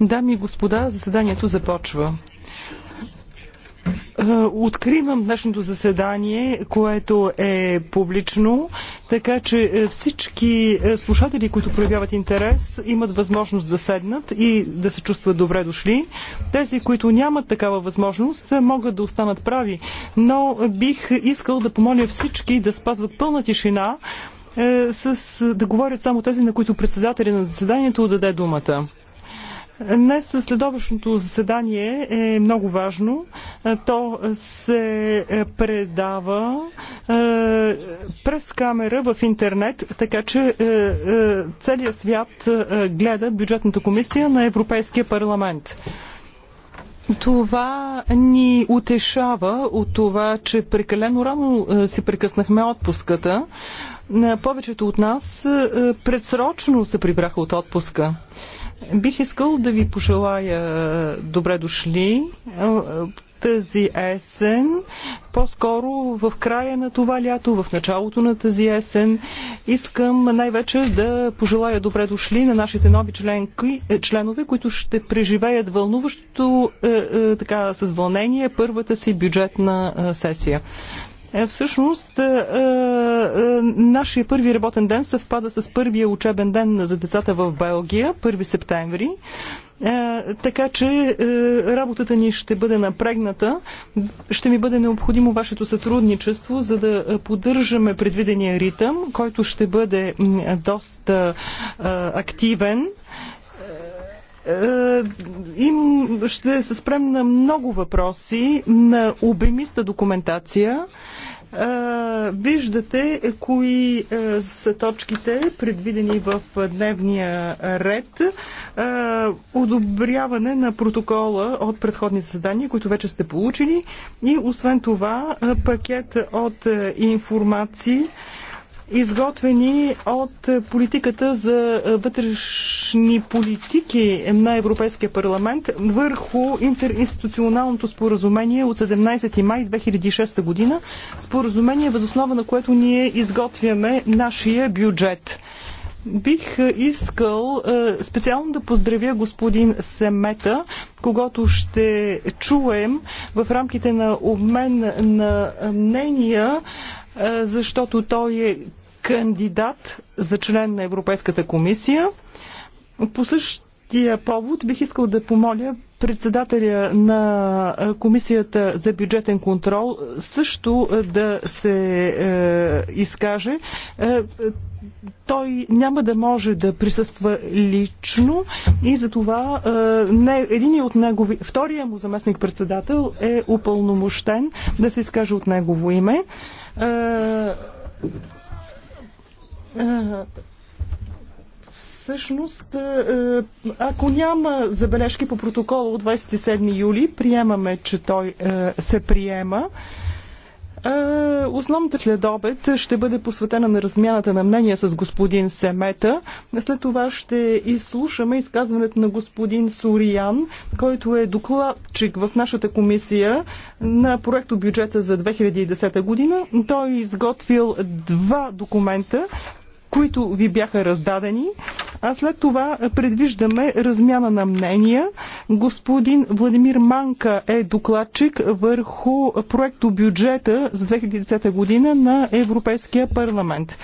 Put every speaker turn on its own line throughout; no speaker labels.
Дами и господа, заседанието започва. Е, откривам днешното заседание, което е публично, така че е, всички е, слушатели, които проявяват интерес, имат възможност да седнат и да се чувстват добре дошли. Тези, които нямат такава възможност, могат да останат прави, но бих искал да помоля всички да спазват пълна тишина, е, с, да говорят само тези, на които председателя на заседанието даде думата. Днес следобъчното заседание е много важно. Е, то се предава е, през камера в интернет, така че е, е, целият свят е, гледа бюджетната комисия на Европейския парламент. Това ни утешава от това, че прекалено рано е, си прекъснахме отпуската. На повечето от нас е, предсрочно се прибраха от отпуска. Бих искал да ви пожелая е, добре дошли е, тази есен, по-скоро в края на това лято, в началото на тази есен. Искам най-вече да пожелая добре дошли на нашите нови членки, членове, които ще преживеят вълнуващо, така, с вълнение първата си бюджетна сесия. Е, всъщност, е, е, нашия първи работен ден съвпада с първия учебен ден за децата в Белгия, 1 септември така че работата ни ще бъде напрегната. Ще ми бъде необходимо вашето сътрудничество, за да поддържаме предвидения ритъм, който ще бъде доста активен. Е, им ще се спрем на много въпроси, на обемиста документация. Е, виждате кои е, са точките, предвидени в дневния ред. Одобряване на протокола от предходни създания, които вече сте получили. И освен това пакет от информации изготвени от политиката за вътрешни политики на Европейския парламент върху интеринституционалното споразумение от 17 май 2006 година. Споразумение, възоснова на което ние изготвяме нашия бюджет. Бих искал е, специално да поздравя господин Семета, когато ще чуем в рамките на обмен на мнения, е, защото той е кандидат за член на Европейската комисия. По същия повод бих искал да помоля председателя на Комисията за бюджетен контрол също е, да се е, изкаже. Е, той няма да може да присъства лично и затова е, не, един от негови, втория му заместник председател е упълномощен да се изкаже от негово име. Е, Всъщност, е, е, ако няма забележки по протокола от 27 юли, приемаме, че той е, се приема. Основната следобед ще бъде посветена на размяната на мнения с господин Семета. След това ще изслушаме изказването на господин Сориян, който е докладчик в нашата комисия на проекто бюджета за 2010 година. Той е изготвил два документа които ви бяха раздадени. А след това предвиждаме размяна на мнения. Господин Владимир Манка е докладчик върху проекто бюджета за 2010 година на Европейския парламент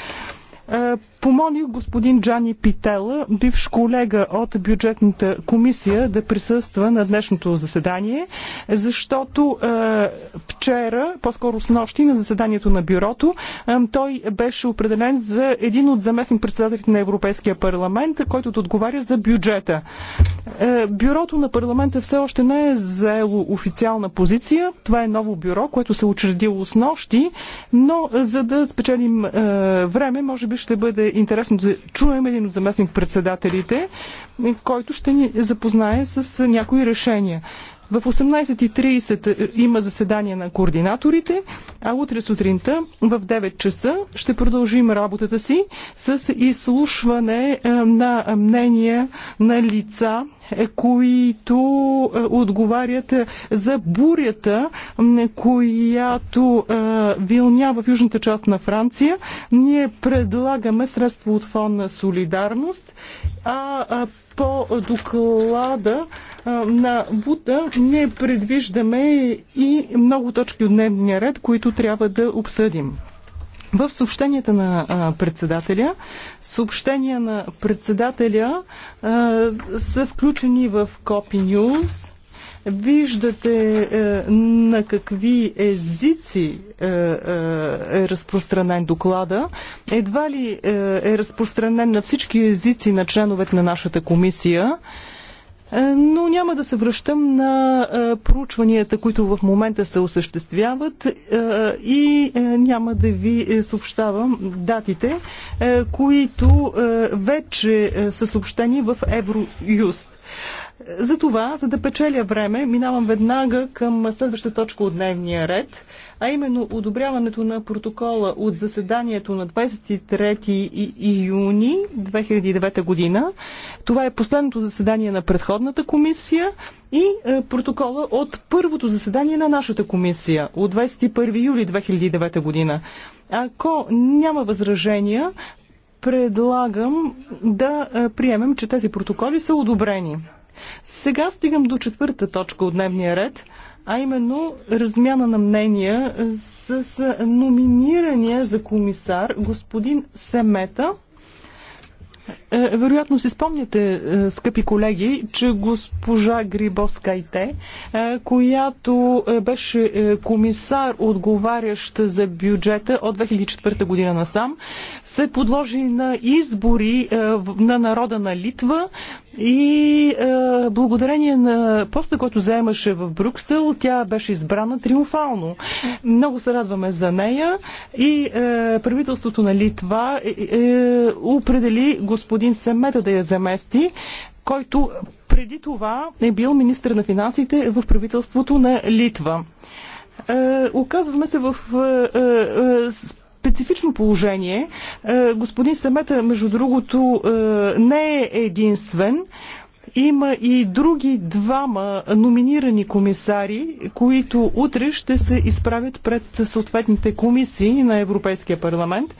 Помолих господин Джани Питела, бивш колега от бюджетната комисия, да присъства на днешното заседание, защото е, вчера, по-скоро с нощи, на заседанието на бюрото, е, той беше определен за един от заместник-председателите на Европейския парламент, който да отговаря за бюджета. Е, бюрото на парламента все още не е заело официална позиция. Това е ново бюро, което се учредило с нощи, но е, за да спечелим е, време, може би ще бъде е интересно да чуем един от заместник председателите, който ще ни запознае с някои решения. В 18.30 е, има заседание на координаторите, а утре сутринта в 9 часа ще продължим работата си с изслушване е, на мнения на лица, е, които отговарят за бурята, която вилня в южната част на Франция. Ние предлагаме средство от фонда Солидарност, а по доклада на ВУТА ние предвиждаме и много точки от дневния ред, които трябва да обсъдим. В съобщенията на а, председателя, съобщения на председателя а, са включени в Copy News. Виждате е, на какви езици е, е, е разпространен доклада. Едва ли е, е разпространен на всички езици на членовете на нашата комисия. Е, но няма да се връщам на е, проучванията, които в момента се осъществяват е, и няма да ви съобщавам датите, които вече са съобщени в Евроюст. За това, за да печеля време, минавам веднага към следващата точка от дневния ред, а именно одобряването на протокола от заседанието на 23 июни 2009 година. Това е последното заседание на предходната комисия и е, протокола от първото заседание на нашата комисия от 21 юли 2009 година. Ако няма възражения, предлагам да е, приемем, че тези протоколи са одобрени. Сега стигам до четвърта точка от дневния ред, а именно размяна на мнения с, с номинирания за комисар господин Семета. Е, вероятно си спомняте, е, скъпи колеги, че госпожа Грибовскайте, е, която беше комисар, отговарящ за бюджета от 2004 година насам, се подложи на избори на народа на Литва и е, благодарение на поста, който заемаше в Брюксел, тя беше избрана триумфално. Много се радваме за нея и е, правителството на Литва е, е, определи господин Семета да я замести, който преди това е бил министр на финансите в правителството на Литва. Е, оказваме се в е, е, специфично положение. Е, господин Самета, между другото, е, не е единствен. Има и други двама номинирани комисари, които утре ще се изправят пред съответните комисии на Европейския парламент.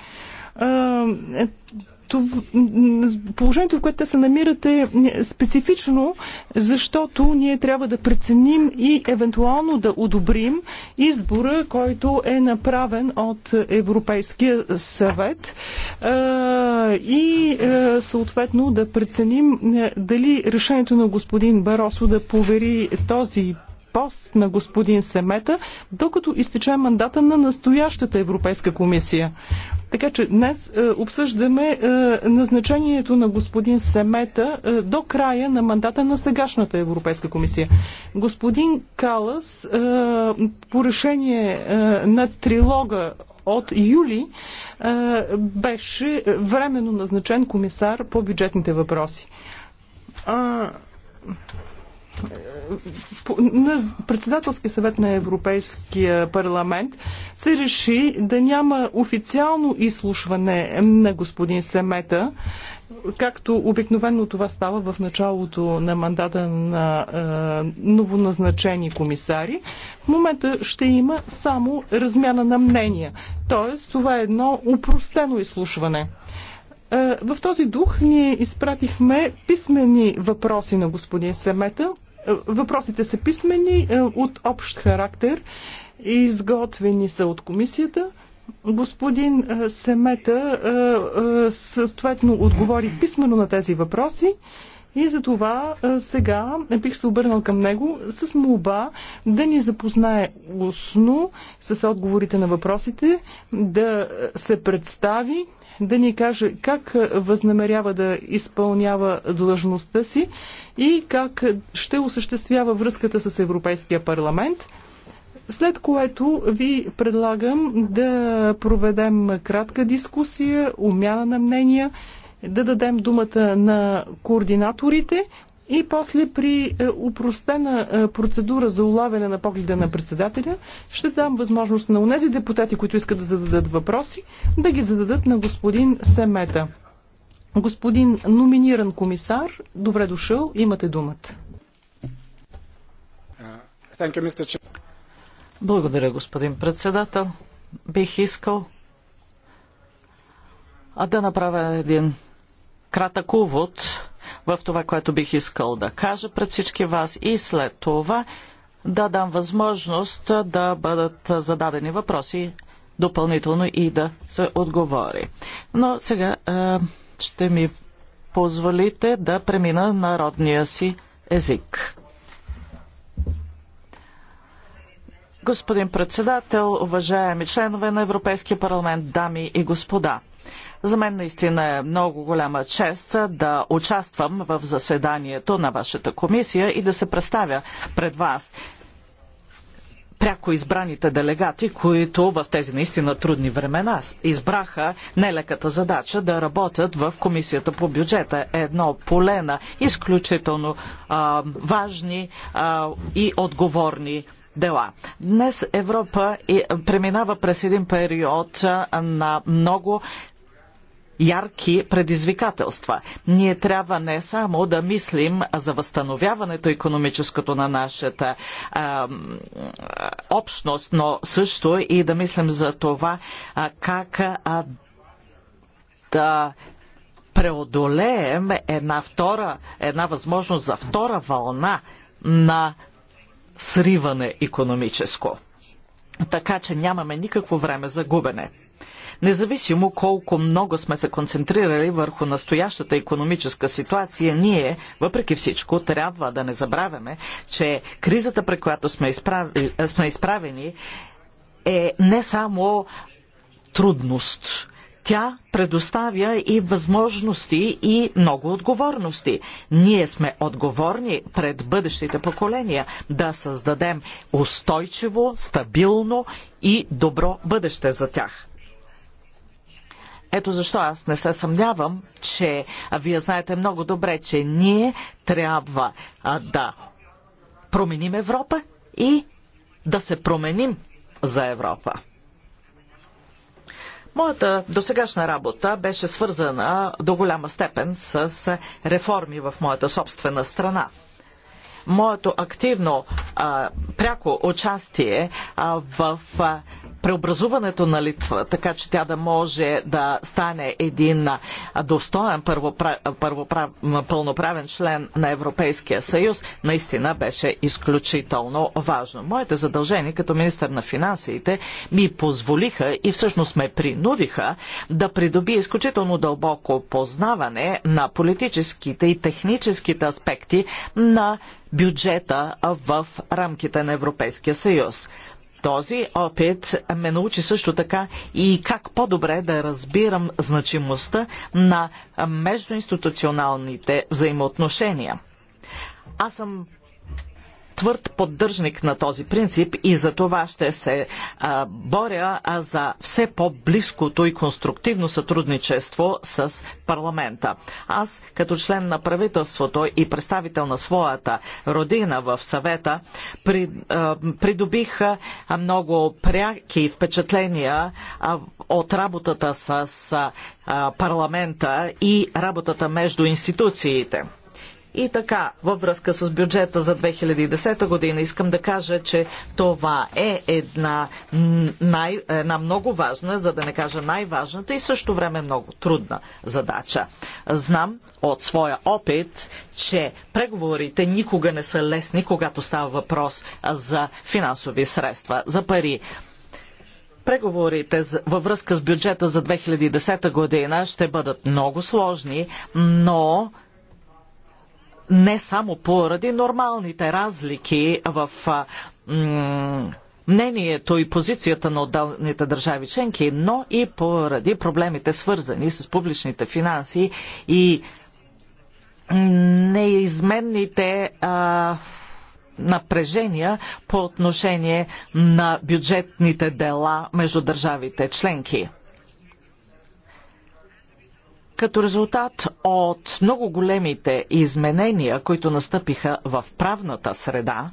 Е, положението, в което те се намират е специфично, защото ние трябва да преценим и евентуално да одобрим избора, който е направен от Европейския съвет и съответно да преценим е, дали решението на господин Баросо да повери този пост на господин Семета, докато изтече мандата на настоящата Европейска комисия. Така че днес е, обсъждаме е, назначението на господин Семета е, до края на мандата на сегашната Европейска комисия. Господин Калас е, по решение е, на трилога от юли е, беше временно назначен комисар по бюджетните въпроси. А, на председателски съвет на Европейския парламент се реши да няма официално изслушване на господин Семета, както обикновено това става в началото на мандата на е, новоназначени комисари, в момента ще има само размяна на мнения. Тоест, това е едно упростено изслушване. Е, в този дух ние изпратихме писмени въпроси на господин Семета, е, въпросите са писмени е, от общ характер. Изготвени са от комисията. Господин е, Семета съответно отговори писменно на тези въпроси. И за това сега бих се обърнал към него с молба да ни запознае устно с отговорите на въпросите, да се представи да ни каже как възнамерява да изпълнява длъжността си и как ще осъществява връзката с Европейския парламент. След което ви предлагам да проведем кратка дискусия, умяна на мнения, да дадем думата на координаторите и после при е, упростена е, процедура за улавяне на погледа на председателя ще дам възможност на унези депутати, които искат да зададат въпроси, да ги зададат на господин Семета. Господин номиниран комисар, добре дошъл, имате думата.
Благодаря, господин председател. Бих искал а да направя един кратък увод в това, което бих искал да кажа пред всички вас и след това да дам възможност да бъдат зададени въпроси допълнително и да се отговори. Но сега е, ще ми позволите да премина народния си език. Господин председател, уважаеми членове на Европейския парламент, дами и господа! За мен наистина е много голяма чест да участвам в заседанието на вашата комисия и да се представя пред вас пряко избраните делегати, които в тези наистина трудни времена избраха нелеката задача да работят в Комисията по бюджета. Едно поле на изключително а, важни а, и отговорни дела. Днес Европа преминава през един период на много ярки предизвикателства. Ние трябва не само да мислим за възстановяването економическото на нашата а, общност, но също и да мислим за това а, как а, да преодолеем една втора, една възможност за втора вълна на сриване економическо. Така че нямаме никакво време за губене. Независимо колко много сме се концентрирали върху настоящата економическа ситуация, ние, въпреки всичко, трябва да не забравяме, че кризата, при която сме, изправи, е, сме изправени, е не само трудност. Тя предоставя и възможности и много отговорности. Ние сме отговорни пред бъдещите поколения да създадем устойчиво, стабилно и добро бъдеще за тях. Ето защо аз не се съмнявам, че вие знаете много добре, че ние трябва а, да променим Европа и да се променим за Европа. Моята досегашна работа беше свързана до голяма степен с реформи в моята собствена страна. Моето активно, а, пряко участие а, в а, преобразуването на Литва, така че тя да може да стане един достоен първопра... пълноправен член на Европейския съюз, наистина беше изключително важно. Моите задължения като министър на финансите ми позволиха и всъщност ме принудиха да придоби изключително дълбоко познаване на политическите и техническите аспекти на бюджета в рамките на Европейския съюз. Този опит ме научи също така и как по-добре да разбирам значимостта на междуинституционалните взаимоотношения. Аз съм твърд поддържник на този принцип и за това ще се а, боря а за все по-близкото и конструктивно сътрудничество с парламента. Аз, като член на правителството и представител на своята родина в съвета, при, а, придобих много пряки впечатления а, от работата с а, парламента и работата между институциите. И така, във връзка с бюджета за 2010 година, искам да кажа, че това е една, най, една много важна, за да не кажа най-важната и също време много трудна задача. Знам от своя опит, че преговорите никога не са лесни, когато става въпрос за финансови средства, за пари. Преговорите във връзка с бюджета за 2010 година ще бъдат много сложни, но не само поради нормалните разлики в мнението и позицията на отдалните държави членки, но и поради проблемите свързани с публичните финанси и неизменните а, напрежения по отношение на бюджетните дела между държавите членки. Като резултат от много големите изменения, които настъпиха в правната среда,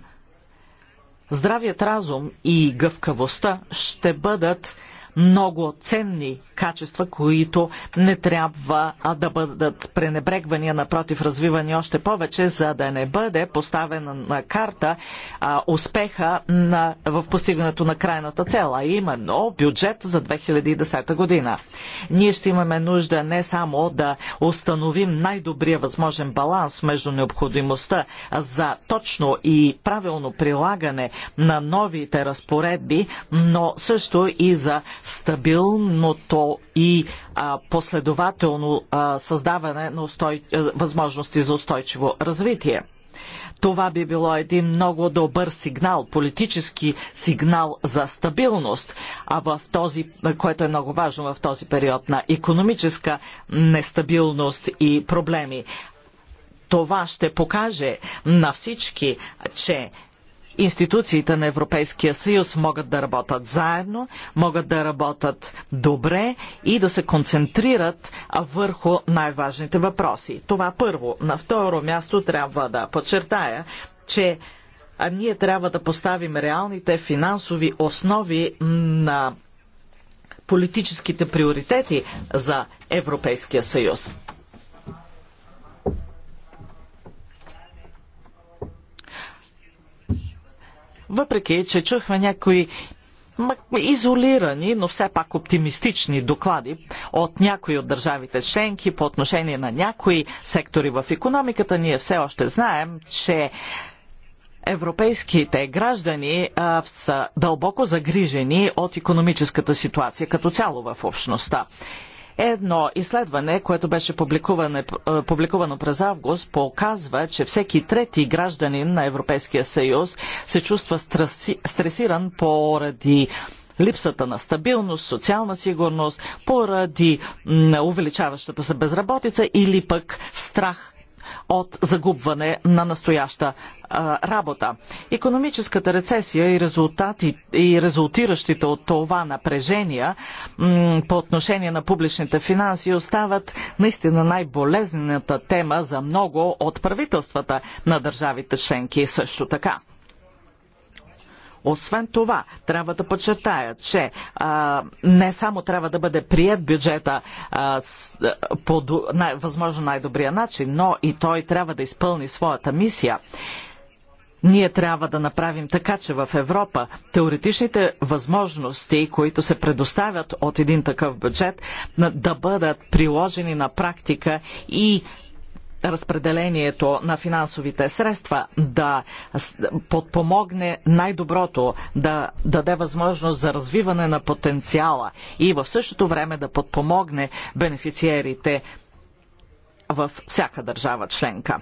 здравият разум и гъвкавостта ще бъдат много ценни качества, които не трябва да бъдат пренебрегвани, а напротив развивани още повече, за да не бъде поставена на карта а, успеха на, в постигането на крайната цел, а именно бюджет за 2010 година. Ние ще имаме нужда не само да установим най-добрия възможен баланс между необходимостта за точно и правилно прилагане на новите разпоредби, но също и за стабилното и а, последователно а, създаване на устой... възможности за устойчиво развитие. Това би било един много добър сигнал, политически сигнал за стабилност, а в този, което е много важно в този период на економическа нестабилност и проблеми. Това ще покаже на всички, че институциите на Европейския съюз могат да работят заедно, могат да работят добре и да се концентрират върху най-важните въпроси. Това първо. На второ място трябва да подчертая, че ние трябва да поставим реалните финансови основи на политическите приоритети за Европейския съюз. въпреки че чухме някои изолирани, но все пак оптимистични доклади от някои от държавите членки по отношение на някои сектори в економиката, ние все още знаем, че европейските граждани а, са дълбоко загрижени от економическата ситуация като цяло в общността. Едно изследване, което беше е, публикувано, през август, показва, че всеки трети гражданин на Европейския съюз се чувства стресиран поради липсата на стабилност, социална сигурност, поради увеличаващата се безработица или пък страх от загубване на настояща работа. Економическата рецесия и, резултати, и резултиращите от това напрежения по отношение на публичните финанси остават наистина най-болезнената тема за много от правителствата на държавите членки също така. Освен това, трябва да подчертая, че а, не само трябва да бъде прият бюджета а, с, по най, възможно най-добрия начин, но и той трябва да изпълни своята мисия. Ние трябва да направим така, че в Европа теоретичните възможности, които се предоставят от един такъв бюджет, да бъдат приложени на практика и разпределението на финансовите средства да подпомогне най-доброто, да даде възможност за развиване на потенциала и в същото време да подпомогне бенефициерите във всяка държава членка.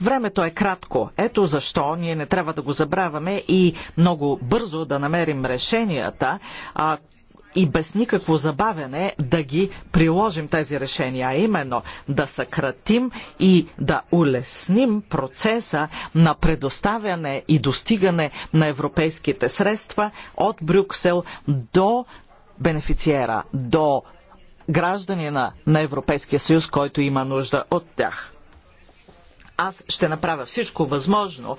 Времето е кратко. Ето защо ние не трябва да го забравяме и много бързо да намерим решенията, и без никакво забавяне да ги приложим тези решения, а именно да съкратим и да улесним процеса на предоставяне и достигане на европейските средства от Брюксел до бенефициера, до гражданина на Европейския съюз, който има нужда от тях аз ще направя всичко възможно,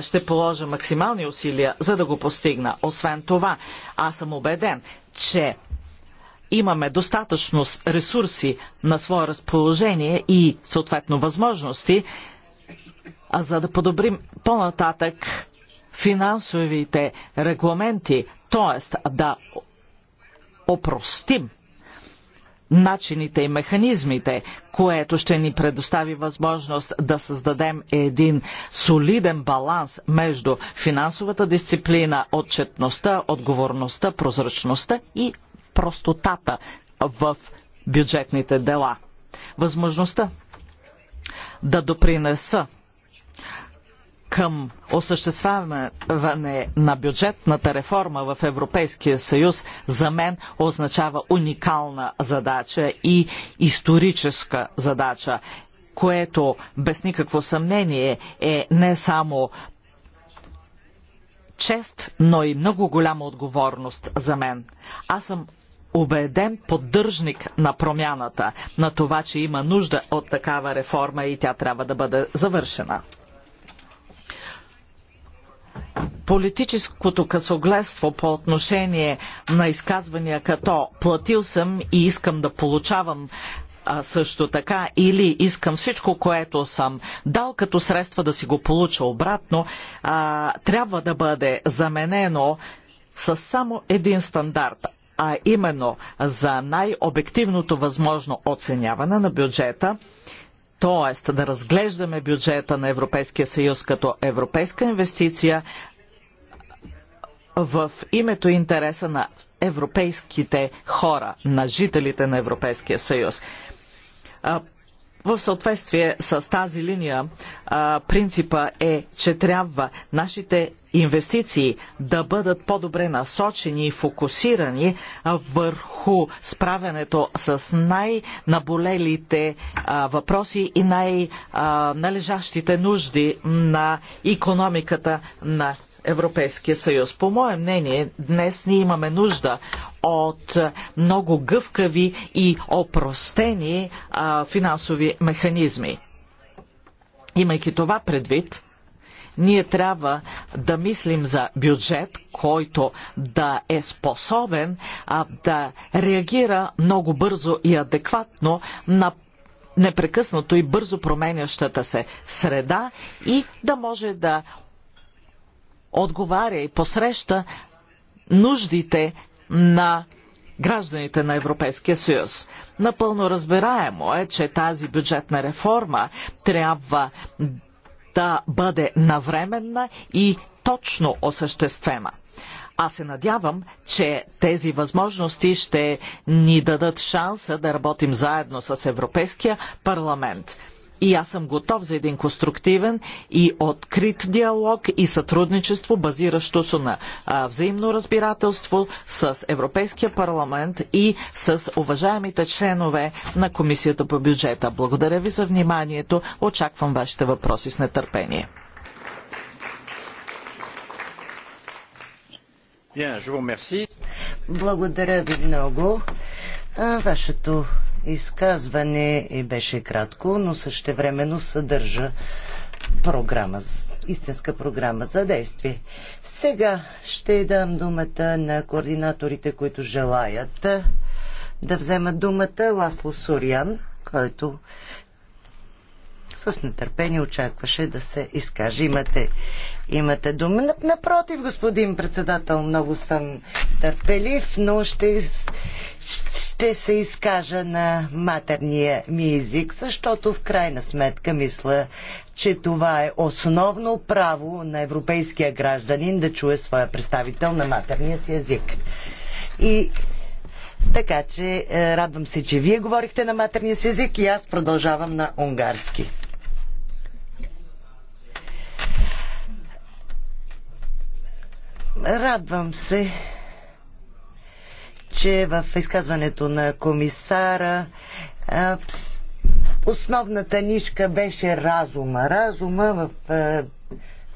ще положа максимални усилия, за да го постигна. Освен това, аз съм убеден, че имаме достатъчно ресурси на свое разположение и съответно възможности, а за да подобрим по-нататък финансовите регламенти, т.е. да опростим начините и механизмите, което ще ни предостави възможност да създадем един солиден баланс между финансовата дисциплина, отчетността, отговорността, прозрачността и простотата в бюджетните дела. Възможността да допринеса към осъществяване на бюджетната реформа в Европейския съюз за мен означава уникална задача и историческа задача, което без никакво съмнение е не само чест, но и много голяма отговорност за мен. Аз съм убеден поддържник на промяната, на това, че има нужда от такава реформа и тя трябва да бъде завършена политическото късогледство по отношение на изказвания като платил съм и искам да получавам а, също така или искам всичко, което съм дал като средства да си го получа обратно, а, трябва да бъде заменено с само един стандарт, а именно за най-обективното възможно оценяване на бюджета Тоест да разглеждаме бюджета на Европейския съюз като европейска инвестиция в името и интереса на европейските хора, на жителите на Европейския съюз в съответствие с тази линия принципа е, че трябва нашите инвестиции да бъдат по-добре насочени и фокусирани върху справянето с най-наболелите въпроси и най-належащите нужди на икономиката на Европейския съюз. По мое мнение, днес ние имаме нужда от много гъвкави и опростени а, финансови механизми. Имайки това предвид, ние трябва да мислим за бюджет, който да е способен а, да реагира много бързо и адекватно на непрекъснато и бързо променящата се среда и да може да отговаря и посреща нуждите на гражданите на Европейския съюз. Напълно разбираемо е, че тази бюджетна реформа трябва да бъде навременна и точно осъществена. Аз се надявам, че тези възможности ще ни дадат шанса да работим заедно с Европейския парламент. И аз съм готов за един конструктивен и открит диалог и сътрудничество, базиращо се на а, взаимно разбирателство с Европейския парламент и с уважаемите членове на Комисията по бюджета. Благодаря ви за вниманието. Очаквам вашите въпроси с нетърпение.
Благодаря ви много. Вашето изказване и беше кратко, но същевременно съдържа програма, истинска програма за действие. Сега ще дам думата на координаторите, които желаят да вземат думата. Ласло Сурян, който с нетърпение очакваше да се изкаже. Имате, имате дума. Напротив, господин председател, много съм търпелив, но ще ще се изкажа на матерния ми език, защото в крайна сметка мисля, че това е основно право на европейския гражданин да чуе своя представител на матерния си език. И така че е, радвам се, че вие говорихте на матерния си език и аз продължавам на унгарски. Радвам се, че в изказването на комисара основната нишка беше разума. Разума в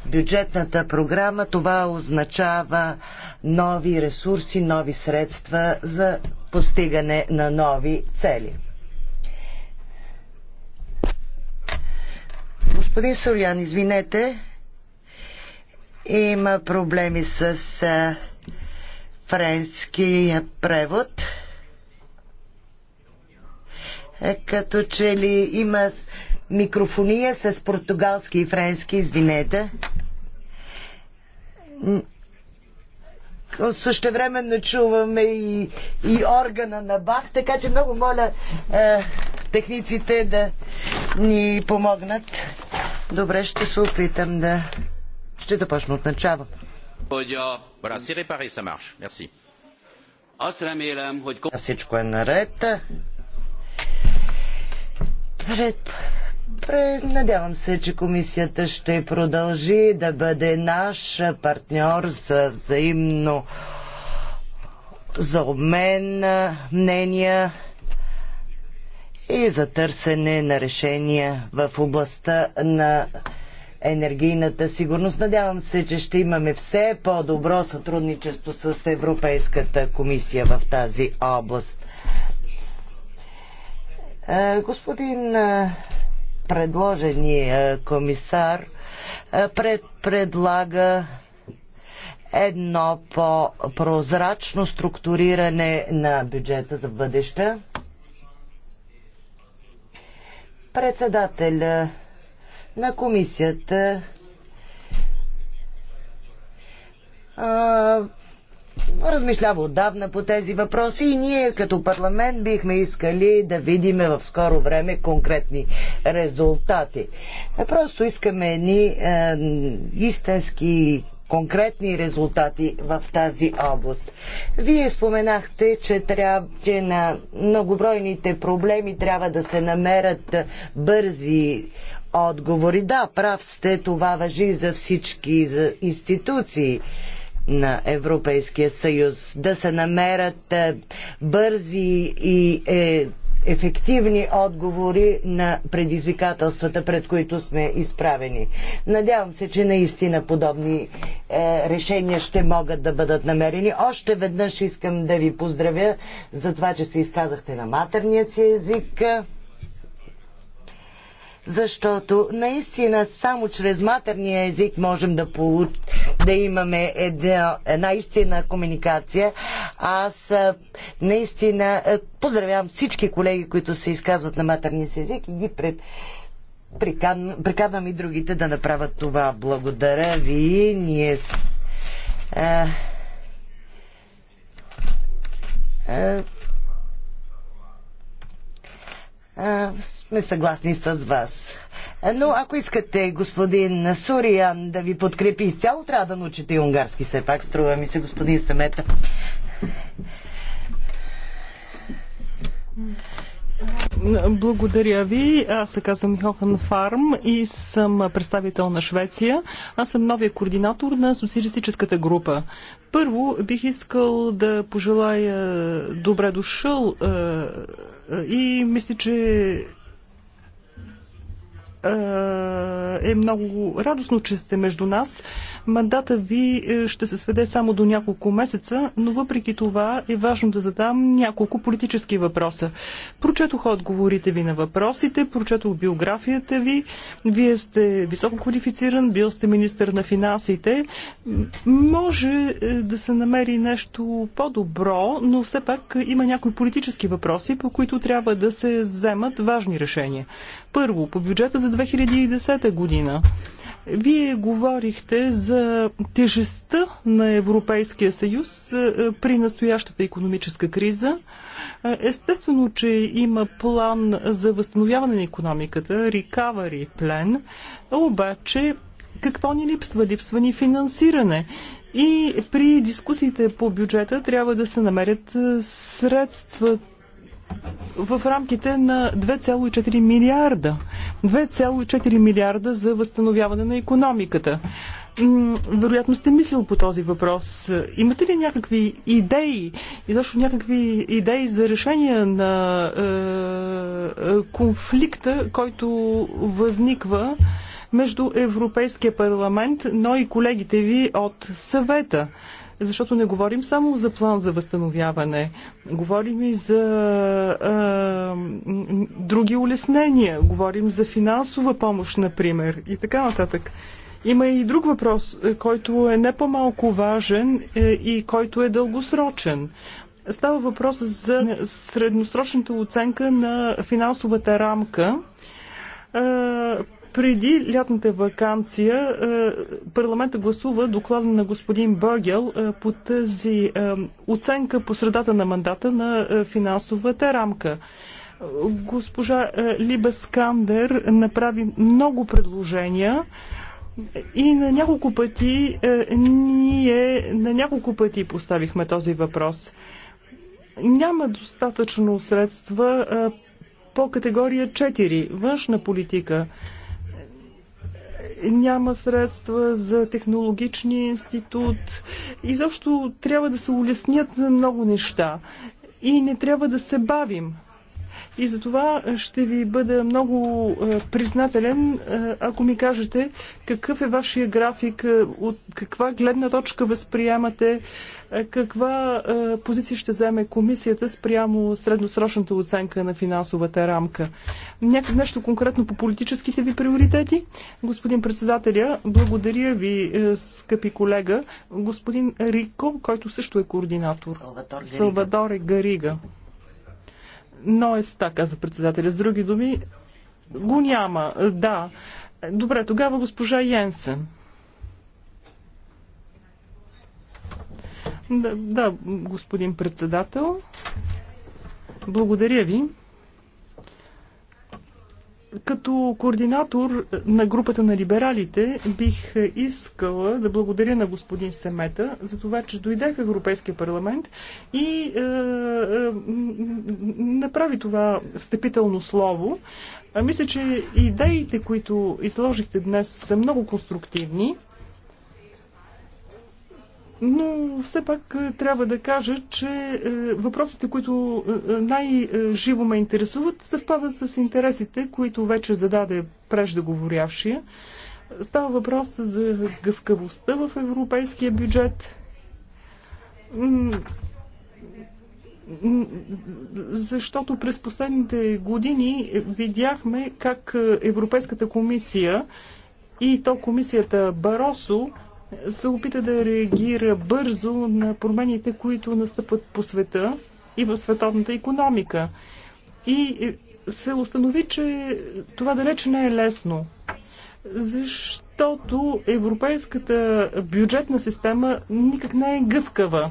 бюджетната програма, това означава нови ресурси, нови средства за постигане на нови цели. Господин Солян, извинете, има проблеми с френски превод. Е, като че ли има микрофония с португалски и френски, извинете. Също времено чуваме и, и органа на Бах, така че много моля е, техниците да ни помогнат. Добре, ще се опитам да... Ще започна от начало. Всичко е наред. Пред, пред, надявам се, че комисията ще продължи да бъде наш партньор за взаимно за обмен на мнения и за търсене на решения в областта на енергийната сигурност. Надявам се, че ще имаме все по-добро сътрудничество с Европейската комисия в тази област. Е, господин е, предложения комисар е, предлага едно по-прозрачно структуриране на бюджета за бъдеща. Председателя на комисията. А, размишлява отдавна по тези въпроси и ние като парламент бихме искали да видиме в скоро време конкретни резултати. Просто искаме едни е, истински конкретни резултати в тази област. Вие споменахте, че, трябва, че на многобройните проблеми трябва да се намерят бързи отговори. Да, прав сте, това въжи за всички за институции на Европейския съюз. Да се намерят е, бързи и е, ефективни отговори на предизвикателствата, пред които сме изправени. Надявам се, че наистина подобни е, решения ще могат да бъдат намерени. Още веднъж искам да ви поздравя за това, че се изказахте на матерния си език защото наистина само чрез матерния език можем да, получ... да имаме една, една истина комуникация. Аз наистина поздравявам всички колеги, които се изказват на матерния си език и ги пред... Прикан... приканвам и другите да направят това. Благодаря ви. Ние... А... А сме съгласни с вас. Но ако искате, господин Суриан, да ви подкрепи изцяло, трябва да научите и унгарски все пак, струва ми се, господин Самета.
Благодаря ви. Аз се казвам Йохан Фарм и съм представител на Швеция. Аз съм новия координатор на социалистическата група. Първо бих искал да пожелая добре дошъл е, и мисля, че е, е много радостно, че сте между нас. Мандата ви е, ще се сведе само до няколко месеца, но въпреки това е важно да задам няколко политически въпроса. Прочетох отговорите ви на въпросите, прочетох биографията ви. Вие сте високо квалифициран, бил сте министър на финансите. Може е, да се намери нещо по-добро, но все пак има някои политически въпроси, по които трябва да се вземат важни решения. Първо, по бюджета за 2010 година. Вие говорихте за тежестта на Европейския съюз е, при настоящата економическа криза. Е, естествено, че има план за възстановяване на економиката, recovery plan, обаче какво ни липсва? Липсва ни финансиране. И при дискусиите по бюджета трябва да се намерят е, средствата в рамките на 2,4 милиарда. 2,4 милиарда за възстановяване на економиката. Вероятно сте мислил по този въпрос. Имате ли някакви идеи, изобщо някакви идеи за решение на е, е конфликта, който възниква между Европейския парламент, но и колегите ви от съвета? Защото не говорим само за план за възстановяване, говорим и за а, други улеснения, говорим за финансова помощ, например, и така нататък. Има и друг въпрос, е, който е не по-малко важен е, и който е дългосрочен. Става въпрос за средносрочната оценка на финансовата рамка преди лятната вакансия е, парламента гласува доклада на господин Бъргел е, по тази е, оценка по средата на мандата на финансовата рамка. Госпожа Либа Скандер направи много предложения. И на няколко пъти ние на няколко пъти поставихме този въпрос. Няма достатъчно средства по категория 4 външна политика няма средства за технологичния институт. И защо трябва да се улеснят много неща. И не трябва да се бавим. И за това ще ви бъда много е, признателен, е, ако ми кажете какъв е вашия график, е, от каква гледна точка възприемате, каква позиция ще вземе комисията спрямо средносрочната оценка на финансовата рамка. Някакво нещо конкретно по политическите ви приоритети? Господин председателя, благодаря ви, скъпи колега. Господин Рико, който също е координатор. Гарига. Салвадоре Гарига. Ноеста, казва председателя. С други думи, го няма. Да. Добре, тогава госпожа Йенсен. Да, да, господин председател. Благодаря ви. Като координатор на групата на либералите бих искала да благодаря на господин Семета за това, че дойде в Европейския парламент и е, е, направи това встъпително слово. А мисля, че идеите, които изложихте днес, са много конструктивни. Но все пак е, трябва да кажа, че е, въпросите, които е, най-живо ме интересуват, съвпадат с интересите, които вече зададе преждеговорявшия. Става въпрос за гъвкавостта в европейския бюджет, защото през последните години видяхме как Европейската комисия и то комисията Баросо се опита да реагира бързо на промените, които настъпват по света и в световната економика. И се установи, че това далеч не е лесно, защото европейската бюджетна система никак не е гъвкава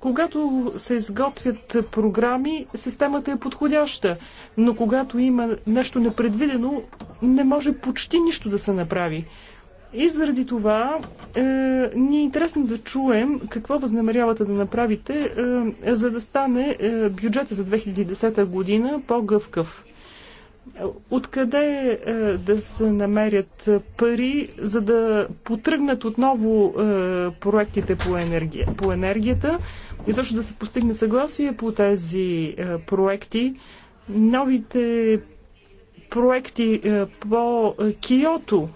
когато се изготвят програми, системата е подходяща, но когато има нещо непредвидено, не може почти нищо да се направи. И заради това е, ни е интересно да чуем какво възнамерявате да направите, е, за да стане е, бюджета за 2010 година по гъвкъв Откъде е, да се намерят пари, за да потръгнат отново е, проектите по, енергия, по енергията и също да се постигне съгласие по тези е, проекти? Новите проекти по Киото.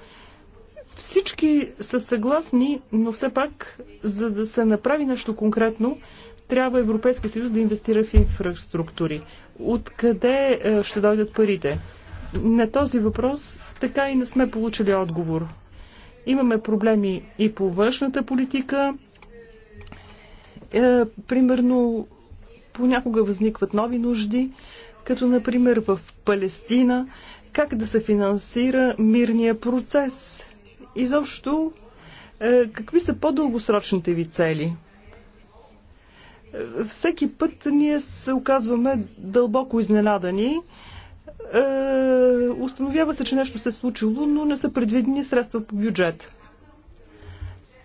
Всички са съгласни, но все пак, за да се направи нещо конкретно, трябва Европейския съюз да инвестира в инфраструктури откъде е, ще дойдат парите. На този въпрос така и не сме получили отговор. Имаме проблеми и по външната политика. Е, примерно, понякога възникват нови нужди, като например в Палестина, как да се финансира мирния процес. Изобщо, е, какви са по-дългосрочните ви цели? всеки път ние се оказваме дълбоко изненадани. Е, установява се, че нещо се е случило, но не са предвидени средства по бюджет.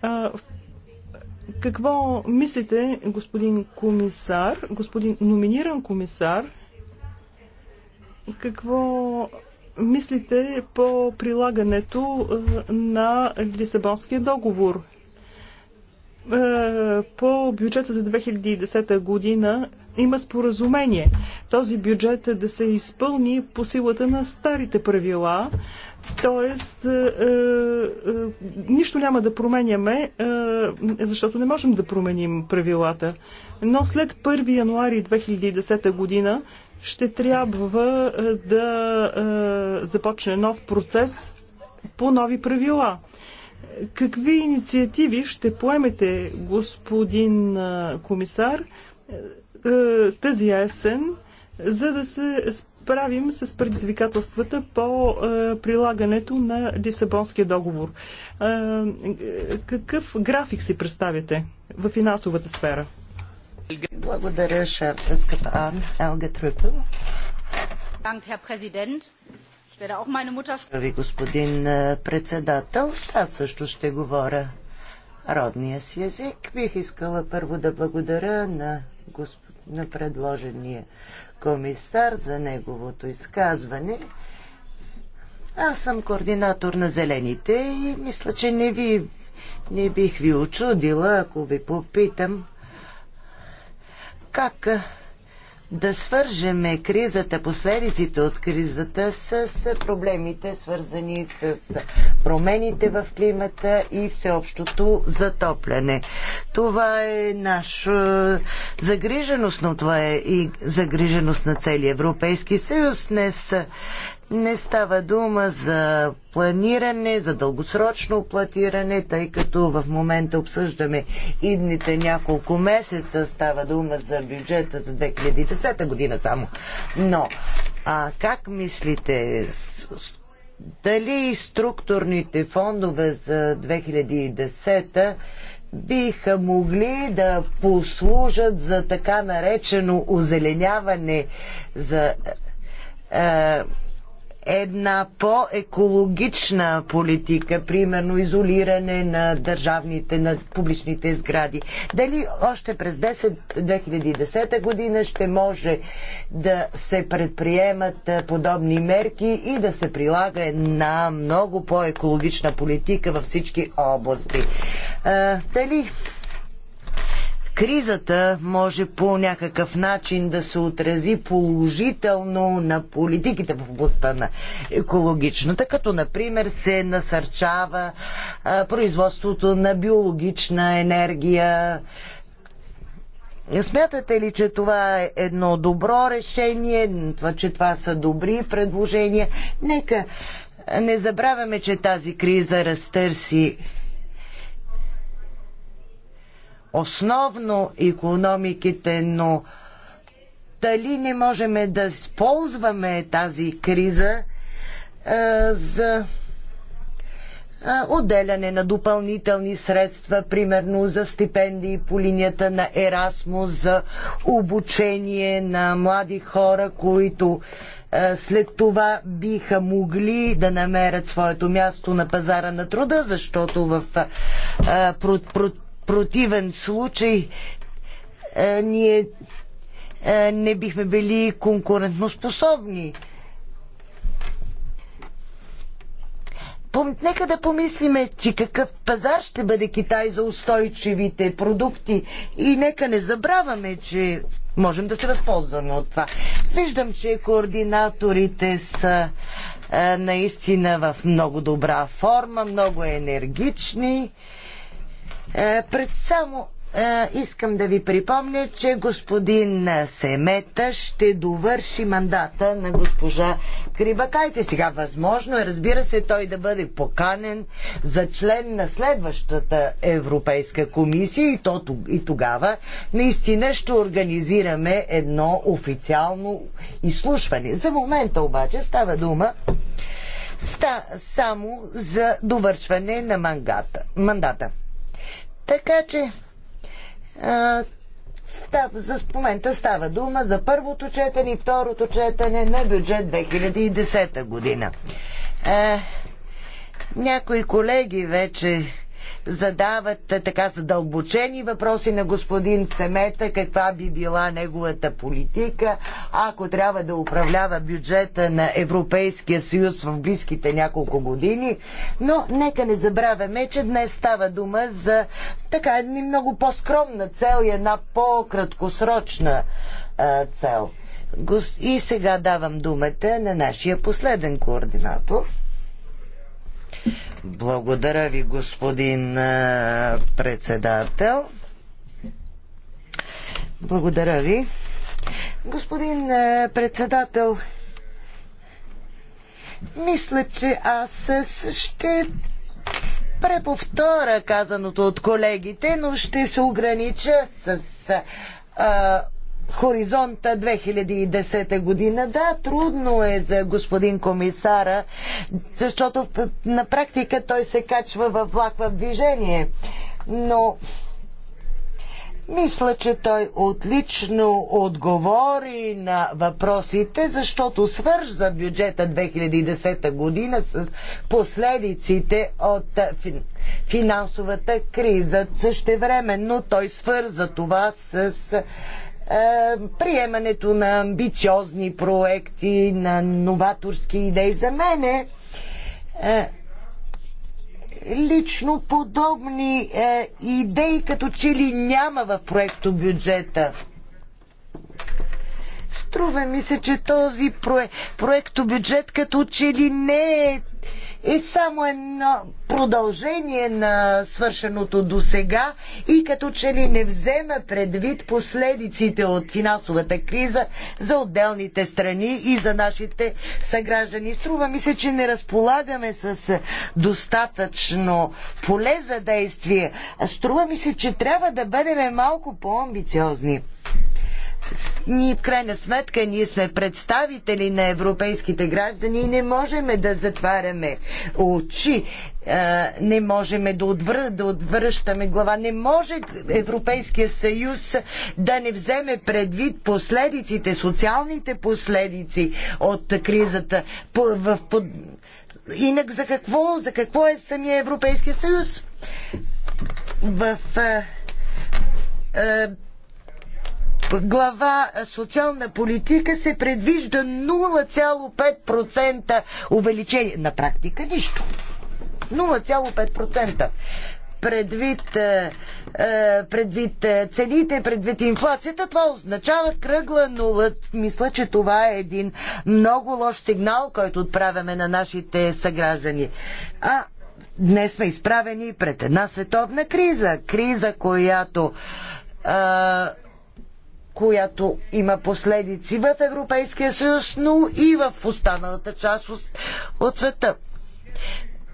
Е, какво мислите, господин комисар, господин номиниран комисар, какво мислите по прилагането е, на Лисабонския договор? Е, по бюджета за 2010 година има споразумение. Този бюджет е да се изпълни по силата на старите правила, т.е. Е, нищо няма да променяме, защото не можем да променим правилата. Но след 1 януари 2010 година ще трябва да започне нов процес по нови правила. Какви инициативи ще поемете, господин комисар, тази есен, за да се справим с предизвикателствата по прилагането на Лисабонския договор? Какъв график си представяте
в финансовата сфера? Благодаря, шеф Ан Елга Трюпел. Ви, господин председател. Аз също ще говоря родния си език. Бих искала първо да благодаря на, госп... на предложения комисар за неговото изказване. Аз съм координатор на Зелените и мисля, че не, ви... не бих ви очудила, ако ви попитам как да свържеме кризата, последиците от кризата с проблемите, свързани с промените в климата и всеобщото затопляне. Това е наша е, загриженост, но това е и загриженост на целия Европейски съюз. Днес не става дума за планиране, за дългосрочно платиране, тъй като в момента обсъждаме идните няколко месеца. Става дума за бюджета за 2010 година само. Но, а как мислите, дали структурните фондове за 2010 биха могли да послужат за така наречено озеленяване за е, една по-екологична политика, примерно изолиране на държавните, на публичните сгради. Дали още през 10, 2010 година ще може да се предприемат подобни мерки и да се прилага една много по-екологична политика във всички области. дали кризата може по някакъв начин да се отрази положително на политиките в областта на екологичната, като например се насърчава а, производството на биологична енергия. Смятате ли, че това е едно добро решение, че това са добри предложения? Нека не забравяме, че тази криза разтърси основно економиките, но дали не можем да използваме тази криза а, е, за а, е, отделяне на допълнителни средства, примерно за стипендии по линията на Ерасмус, за обучение на млади хора, които а, е, след това биха могли да намерят своето място на пазара на труда, защото в а, про, про, противен случай а, е, ние а, е, не бихме били конкурентноспособни. Пом... Нека да помислиме, че какъв пазар ще бъде Китай за устойчивите продукти и нека не забравяме, че можем да се възползваме от това. Виждам, че координаторите са а, е, наистина в много добра форма, много енергични. Е, пред само е, искам да ви припомня, че господин Семета ще довърши мандата на госпожа Крибакайте. Сега възможно е, разбира се, той да бъде поканен за член на следващата Европейска комисия и, то, и тогава наистина ще организираме едно официално изслушване. За момента обаче става дума ста, само за довършване на мандата. Така че а, за момента става дума за първото четене и второто четене на бюджет 2010 година. А, е, някои колеги вече задават така задълбочени въпроси на господин Семета, каква би била неговата политика, ако трябва да управлява бюджета на Европейския съюз в близките няколко години. Но нека не забравяме, че днес става дума за така една много по-скромна цел и една по-краткосрочна цел. И сега давам думата на нашия последен координатор. Благодаря ви, господин председател. Благодаря ви. Господин председател, мисля, че аз ще преповтора казаното от колегите, но ще се огранича с а, Хоризонта 2010 година. Да, трудно е за господин комисара, защото на практика той се качва във влак в движение. Но мисля, че той отлично отговори на въпросите, защото свърза бюджета 2010 година с последиците от финансовата криза. Същевременно той свърза това с е, приемането на амбициозни проекти, на новаторски идеи. За мен е, е, лично подобни е, идеи като че ли няма в проекто бюджета. Струва ми се, че този проект, бюджет като че ли не е е само едно продължение на свършеното до сега и като че ли не взема предвид последиците от финансовата криза за отделните страни и за нашите съграждани. Струва ми се, че не разполагаме с достатъчно поле за действие. Струва ми се, че трябва да бъдем малко по-амбициозни ние в крайна сметка ние сме представители на европейските граждани и не можем да затваряме очи, е, не можем да, отвър... да отвръщаме глава. Не може Европейския съюз да не вземе предвид последиците, социалните последици от кризата. в, под... Инак за какво? За какво е самия Европейския съюз? В е, е, глава социална политика се предвижда 0,5% увеличение. На практика нищо. 0,5% предвид, е, е, предвид цените, предвид инфлацията, това означава кръгла нула. Мисля, че това е един много лош сигнал, който отправяме на нашите съграждани. А днес сме изправени пред една световна криза. Криза, която а, е, която има последици в Европейския съюз, но и в останалата част от света.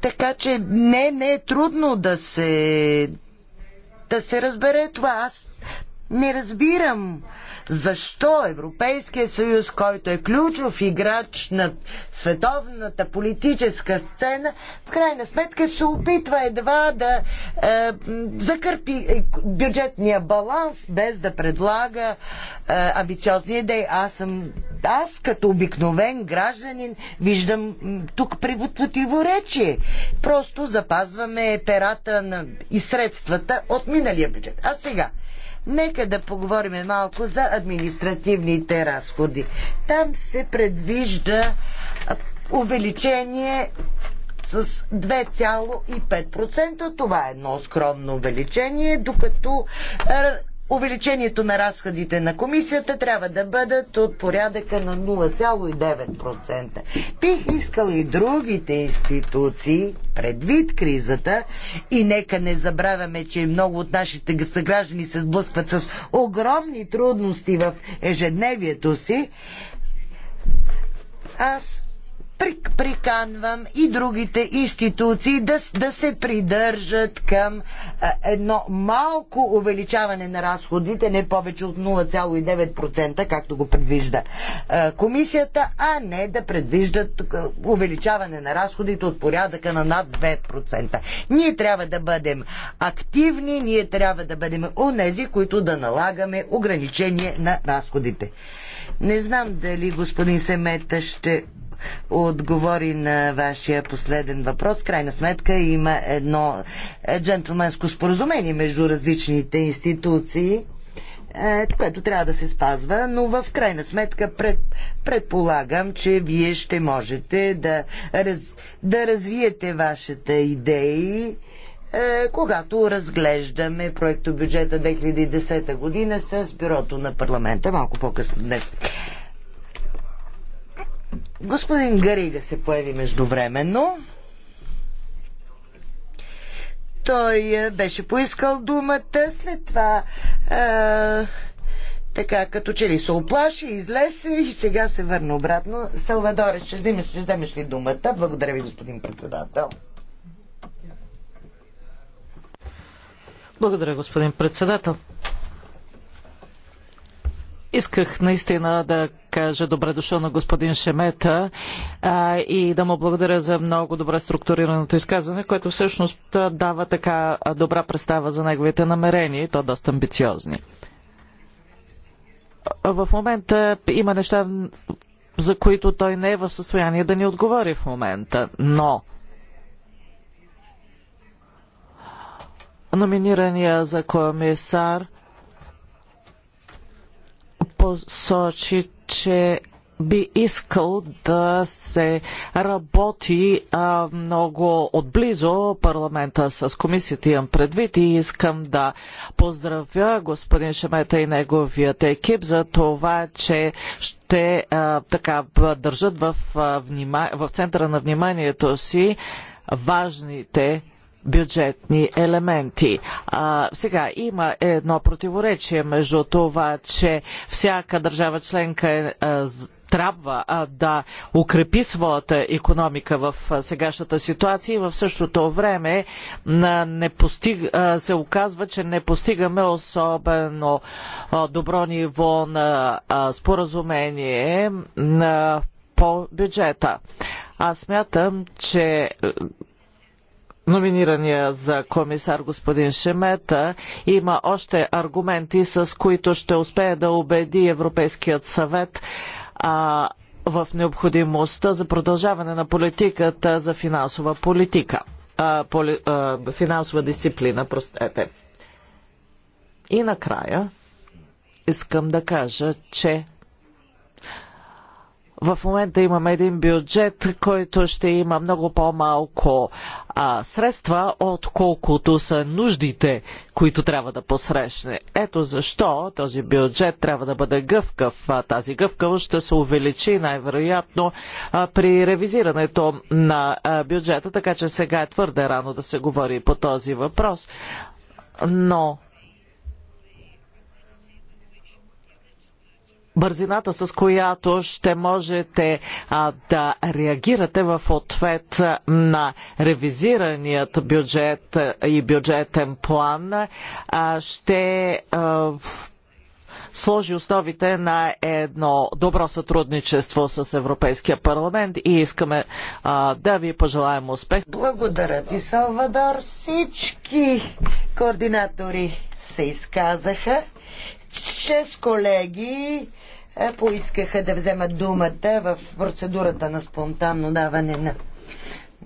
Така че не, не е трудно да се да се разбере това. Аз не разбирам защо Европейския съюз, който е ключов играч на световната политическа сцена, в крайна сметка се опитва едва да е, закърпи бюджетния баланс, без да предлага е, амбициозни идеи. Аз съм аз като обикновен гражданин виждам тук противоречие. Просто запазваме перата на, и средствата от миналия бюджет. А сега, Нека да поговорим малко за административните разходи. Там се предвижда увеличение с 2,5%. Това е едно скромно увеличение, докато увеличението на разходите на комисията трябва да бъдат от порядъка на 0,9%. Бих искала и другите институции, предвид кризата, и нека не забравяме, че много от нашите съграждани се сблъскват с огромни трудности в ежедневието си, аз приканвам и другите институции да, да се придържат към а, едно малко увеличаване на разходите, не повече от 0,9%, както го предвижда а, комисията, а не да предвиждат увеличаване на разходите от порядъка на над 2%. Ние трябва да бъдем активни, ние трябва да бъдем онези, които да налагаме ограничение на разходите. Не знам дали господин Семета ще отговори на вашия последен въпрос. Крайна сметка има едно е, джентлменско споразумение между различните институции, е, което трябва да се спазва, но в крайна сметка пред, предполагам, че вие ще можете да, раз, да развиете вашите идеи е, когато разглеждаме проекто бюджета 2010 година с бюрото на парламента малко по-късно днес. Господин Гарига се появи междувременно. Той е, беше поискал думата, след това а, е, така като че ли се оплаши, излезе и сега се върна обратно. Салвадоре, ще вземеш, ще вземеш ли думата? Благодаря ви, господин председател.
Благодаря, господин председател. Исках наистина да кажа добре дошъл на господин Шемета а, и да му благодаря за много добре структурираното изказване, което всъщност дава така добра представа за неговите намерения и то доста амбициозни. В момента има неща, за които той не е в състояние да ни отговори в момента, но номинирания за комисар посочи, че би искал да се работи а, много отблизо парламента с комисията имам предвид и искам да поздравя господин Шемета и неговият екип за това, че ще а, така държат в, а, внима... в центъра на вниманието си важните бюджетни елементи. А, сега има едно противоречие между това, че всяка държава членка е трябва а, да укрепи своята економика в а, сегашната ситуация и в същото време а, постиг, се оказва, че не постигаме особено добро ниво на споразумение по бюджета. Аз смятам, че номинирания за комисар господин Шемета има още аргументи, с които ще успее да убеди Европейският съвет а, в необходимостта за продължаване на политиката за финансова политика. А, поли, а, финансова дисциплина, простете. И накрая искам да кажа, че в момента имаме един бюджет, който ще има много по-малко средства, отколкото са нуждите, които трябва да посрещне. Ето защо този бюджет трябва да бъде гъвкав. а Тази гъвкавост ще се увеличи най-вероятно при ревизирането на бюджета, така че сега е твърде рано да се говори по този въпрос. Но бързината, с която ще можете а, да реагирате в ответ на ревизираният бюджет и бюджетен план, а, ще а, сложи основите на едно добро сътрудничество с Европейския парламент и искаме а, да ви пожелаем успех.
Благодаря ти, Салвадор. Всички координатори се изказаха. Шест колеги е, поискаха да вземат думата в процедурата на спонтанно даване на,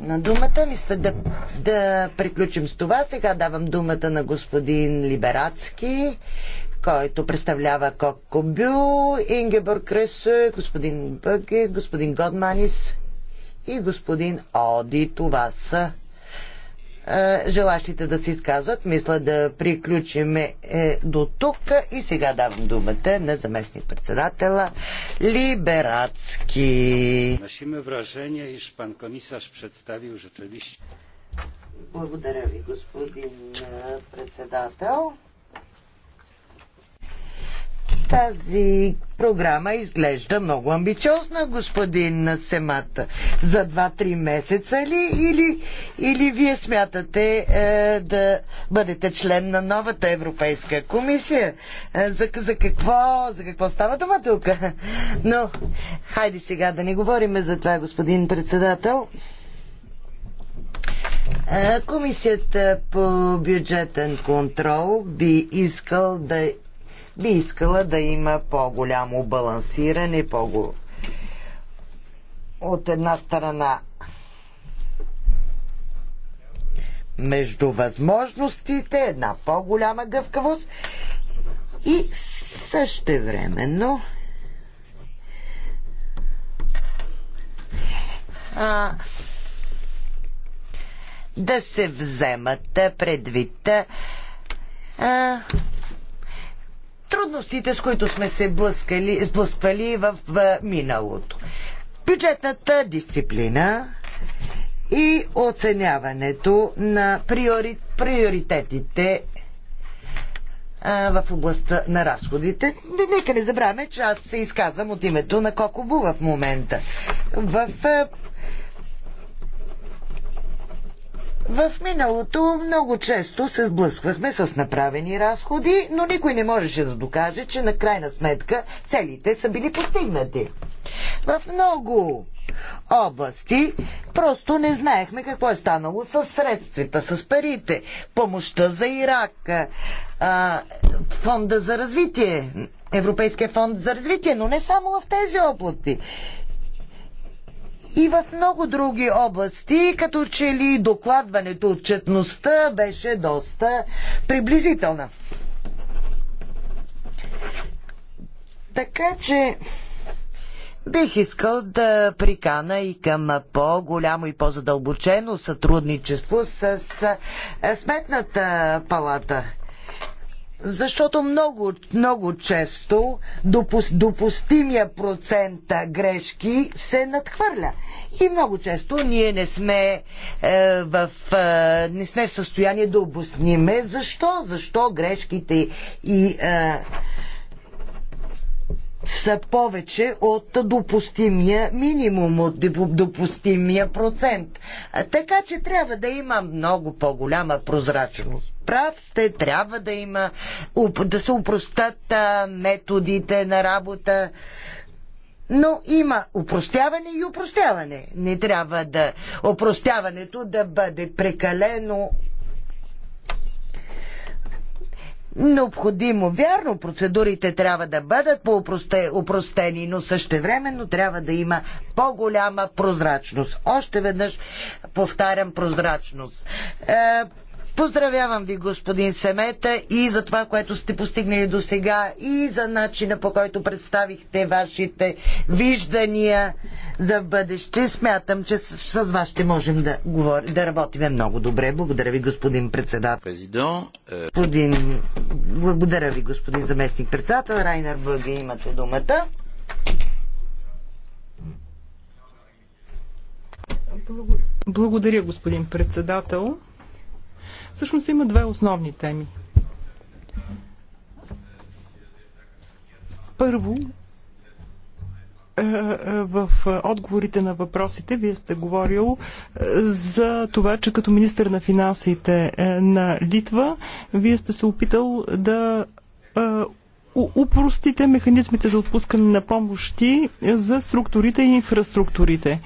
на думата. Мисля да, да приключим с това. Сега давам думата на господин Либерацки, който представлява Кокко Бю, Ингебор Кресо, господин Бъге, господин Годманис и господин Оди. Това са е, желащите да се изказват. Мисля да приключим е, до тук и сега давам думата на заместник председателя Либерацки. Нашиме
вражение, и
пан комисар представил rzeczywiście. Благодаря ви, господин е, председател. Тази програма изглежда много амбициозна, господин Семата. За 2-3 месеца ли? Или, или вие смятате е, да бъдете член на новата Европейска комисия? Е, за, за, какво, за какво става дума тук? Но, хайде сега да не говорим за това, господин председател. Е, комисията по бюджетен контрол би искал да би искала да има по-голямо балансиране, по от една страна между възможностите, една по-голяма гъвкавост и същевременно а, да се вземат предвид а, трудностите, с които сме се блъскали, сблъсквали в миналото. Бюджетната дисциплина и оценяването на приори, приоритетите а, в областта на разходите. Нека не забравяме, че аз се изказвам от името на Кокобу в момента. В а, в миналото много често се сблъсквахме с направени разходи, но никой не можеше да докаже, че на крайна сметка целите са били постигнати. В много области просто не знаехме какво е станало с средствата, с парите, помощта за Ирак, фонда за развитие, Европейския фонд за развитие, но не само в тези области и в много други области, като че ли докладването от четността беше доста приблизителна. Така че бих искал да прикана и към по-голямо и по-задълбочено сътрудничество с Сметната палата. Защото много, много често допус, допустимия процент грешки се надхвърля. И много често ние не сме, е, в, е, не сме в състояние да обосниме защо, защо грешките и е, са повече от допустимия минимум, от допустимия процент. Така че трябва да има много по-голяма прозрачност. Прав сте, трябва да има, да се упростат методите на работа. Но има упростяване и упростяване. Не трябва да упростяването да бъде прекалено необходимо. Вярно, процедурите трябва да бъдат по-упростени, но същевременно трябва да има по-голяма прозрачност. Още веднъж повтарям прозрачност. Е, Поздравявам ви, господин Семета, и за това, което сте постигнали до сега, и за начина по който представихте вашите виждания за бъдеще. Смятам, че с, с вас ще можем да, говори, да работиме много добре. Благодаря ви, господин председател.
Президент, е,
Господин... Благодаря ви, господин заместник председател. Райнер Бъге, имате думата. Благодаря, господин председател.
Всъщност има две основни теми. Първо, е, е, в отговорите на въпросите вие сте говорил е, за това, че като министър на финансите на Литва, вие сте се опитал да упростите механизмите за отпускане на помощи за структурите и инфраструктурите.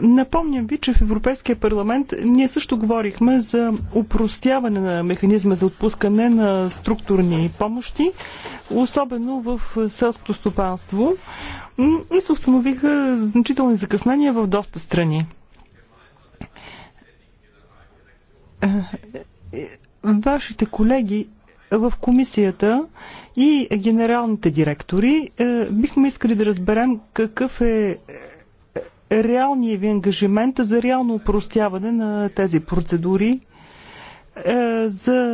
Напомням ви, че в Европейския парламент ние също говорихме за упростяване на механизма за отпускане на структурни помощи, особено в селското стопанство и се установиха значителни закъснения в доста страни. Вашите колеги в комисията и генералните директори е, бихме искали да разберем какъв е реалния ви ангажимент за реално упростяване на тези процедури е, за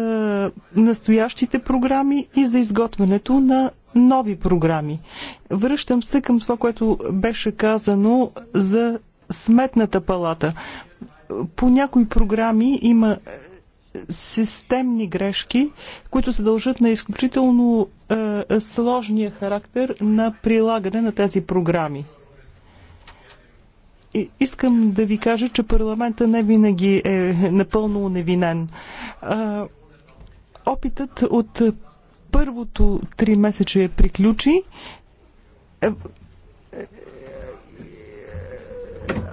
настоящите програми и за изготвянето на нови програми. Връщам се към това, което беше казано за Сметната палата. По някои програми има системни грешки, които се дължат на изключително е, сложния характер на прилагане на тези програми. Искам да ви кажа, че парламента не винаги е напълно невинен. Опитът от първото три месече приключи. Е, е,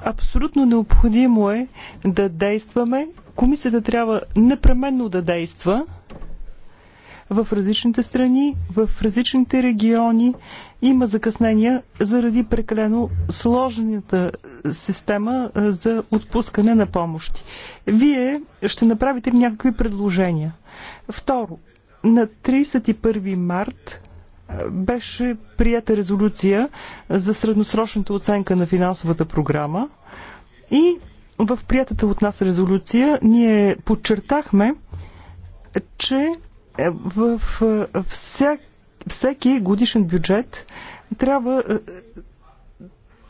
абсолютно необходимо е да действаме. Комисията трябва непременно да действа в различните страни, в различните региони. Има закъснения заради прекалено сложната система за отпускане на помощи. Вие ще направите някакви предложения. Второ, на 31 март беше прията резолюция за средносрочната оценка на финансовата програма и в приятата от нас резолюция ние подчертахме, че е, в е, вся, всеки годишен бюджет трябва е,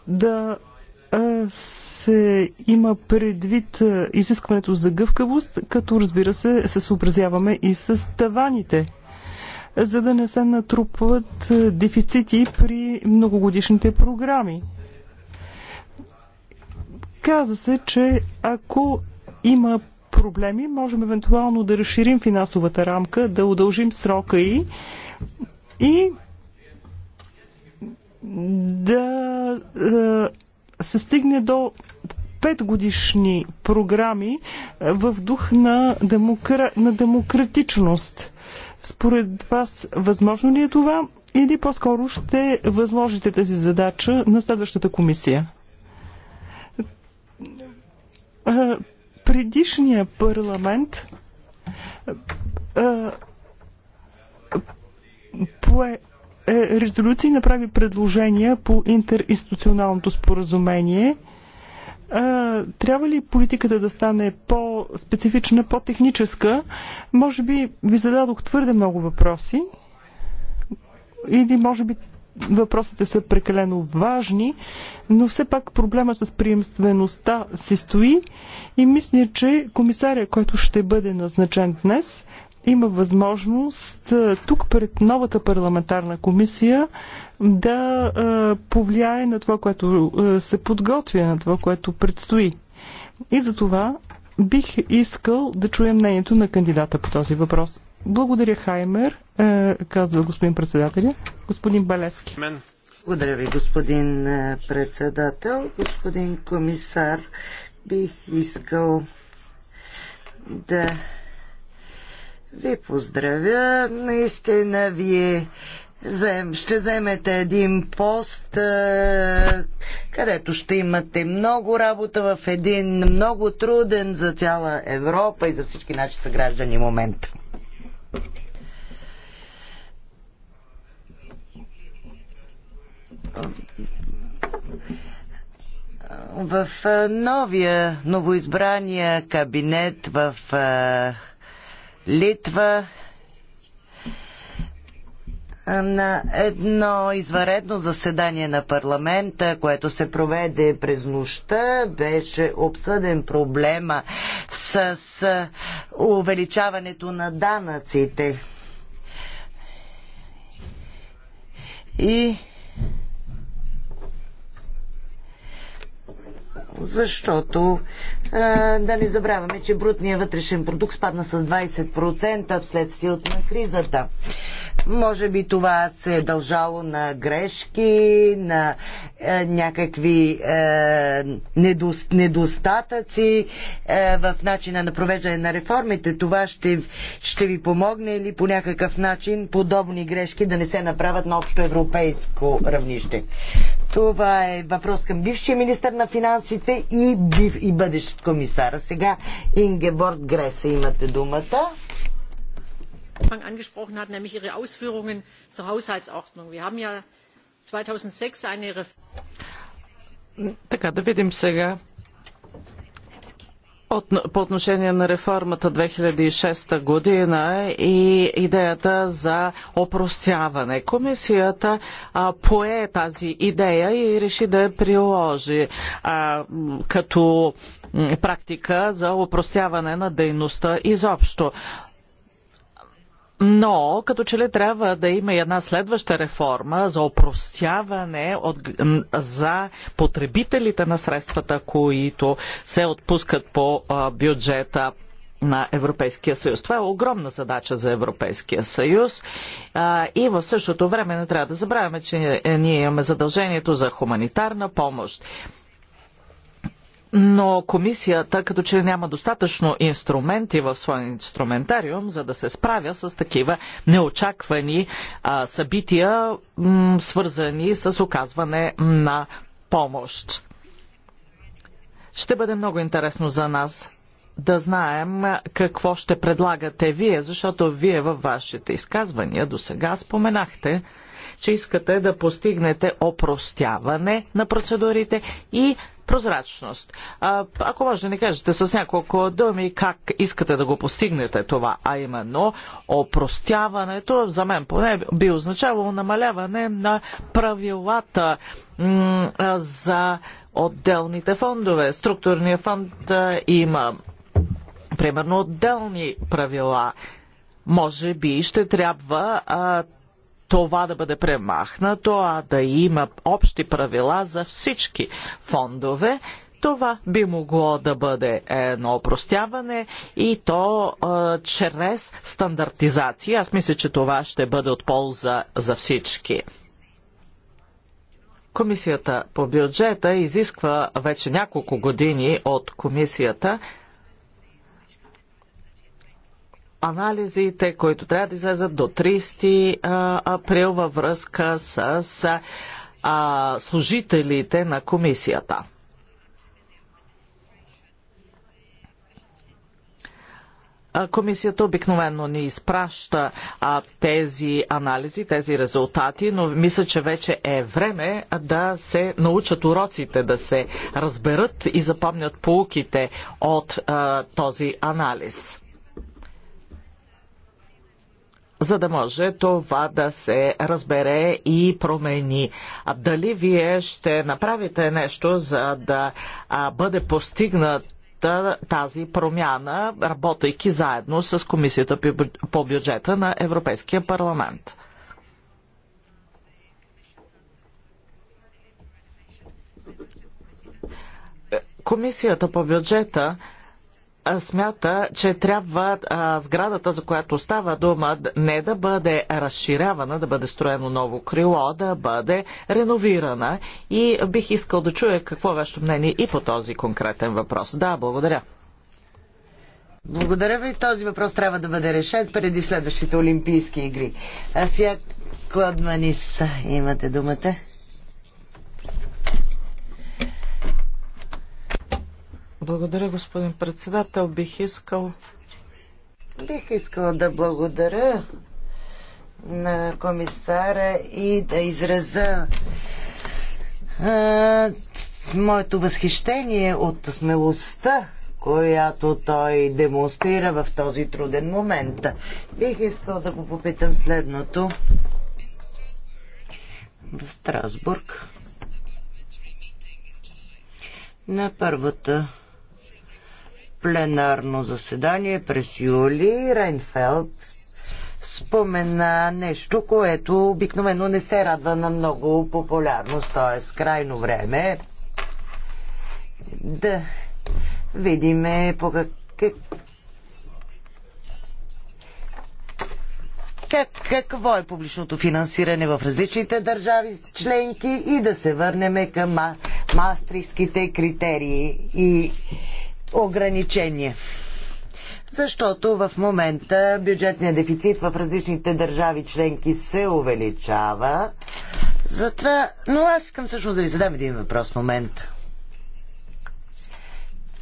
да се има предвид изискването за гъвкавост, като разбира се се съобразяваме и с таваните, за да не се натрупват дефицити при многогодишните програми. Каза се, че ако има проблеми, можем евентуално да разширим финансовата рамка, да удължим срока и, и да е, се стигне до петгодишни програми е, в дух на, демокра... на демократичност. Според вас, възможно ли е това или по-скоро ще възложите тази задача на следващата комисия? Е, предишния парламент пое е, резолюции, направи предложения по интеринституционалното споразумение. Трябва ли политиката да стане по-специфична, по-техническа? Може би ви зададох твърде много въпроси. Или може би въпросите са прекалено важни, но все пак проблема с приемствеността се стои и мисля, че комисаря, който ще бъде назначен днес, има възможност тук пред новата парламентарна комисия да повлияе на това, което се подготвя, на това, което предстои. И за това бих искал да чуя мнението на кандидата по този въпрос. Благодаря, Хаймер. Е, казва господин председателя. Господин
Балески. Благодаря ви, господин е, председател. Господин комисар, бих искал да ви поздравя. Наистина вие ще вземете един пост, е, където ще имате много работа в един много труден за цяла Европа и за всички наши съграждани момент. в новия новоизбрания кабинет в Литва на едно изваредно заседание на парламента, което се проведе през нощта, беше обсъден проблема с увеличаването на данъците. И защото да не забравяме, че брутният вътрешен продукт спадна с 20% вследствие от на кризата. Може би това се е дължало на грешки, на е, някакви е, недостатъци е, в начина на провеждане на реформите. Това ще, ще ви помогне или по някакъв начин подобни грешки да не се направят на общо европейско равнище. Това е въпрос към бившия министр на финансите и, бив, и бъдещ комисара. Сега Ингеборг Греса имате думата.
Anfang angesprochen hat, nämlich Ihre Ausführungen zur Haushaltsordnung. Wir haben ja 2006 eine Reform. Така, да видим сега от, по отношение на реформата 2006 година и идеята за опростяване. Комисията а, пое тази идея и реши да я приложи а, като практика за опростяване на дейността изобщо но като че ли трябва да има и една следваща реформа за опростяване от, за потребителите на средствата, които се отпускат по бюджета на Европейския съюз. Това е огромна задача за Европейския съюз а, и в същото време не трябва да забравяме, че е, ние имаме задължението за хуманитарна помощ но комисията като че няма достатъчно инструменти в своя инструментариум, за да се справя с такива неочаквани а, събития, свързани с оказване на помощ. Ще бъде много интересно за нас да знаем какво ще предлагате вие, защото вие във вашите изказвания до сега споменахте, че искате да постигнете опростяване на процедурите и прозрачност. А, ако може да ни кажете с няколко думи как искате да го постигнете това, а именно опростяването, за мен поне би означавало намаляване на правилата за отделните фондове. Структурния фонд има примерно отделни правила може би ще трябва а, това да бъде премахнато, а да има общи правила за всички фондове. Това би могло да бъде едно опростяване и то а, чрез стандартизация. Аз мисля, че това ще бъде от полза за всички. Комисията по бюджета изисква вече няколко години от комисията анализите, които трябва да излезат до 30 април във връзка с служителите на комисията. Комисията обикновено ни изпраща а, тези анализи, тези резултати, но мисля, че вече е време да се научат уроците, да се разберат и запомнят полуките от а, този анализ за да може това да се разбере и промени. А дали вие ще направите нещо, за да а, бъде постигнат тази промяна, работейки заедно с Комисията по бюджета на Европейския парламент. Комисията по бюджета смята, че трябва а, сградата, за която става дума, не да бъде разширявана, да бъде строено ново крило, да бъде реновирана. И бих искал да чуя какво е вашето мнение и по този конкретен въпрос. Да, благодаря.
Благодаря ви. Този въпрос трябва да бъде решен преди следващите Олимпийски игри. А сега, Кладманис, имате думата. Благодаря, господин председател. Бих искал. Бих искал да благодаря на комисара и да израза а, моето възхищение от смелостта, която той демонстрира в този труден момент. Бих искал да го попитам следното. В Страсбург на първата пленарно заседание през юли Рейнфелд спомена нещо, което обикновено не се радва на много популярност, т.е. крайно време да видиме по как, как, какво е публичното финансиране в различните държави членки и да се върнем към ма, мастриските критерии и ограничение. Защото в момента бюджетният дефицит в различните държави членки се увеличава. Затова, но аз искам всъщност да ви задам един въпрос в момента.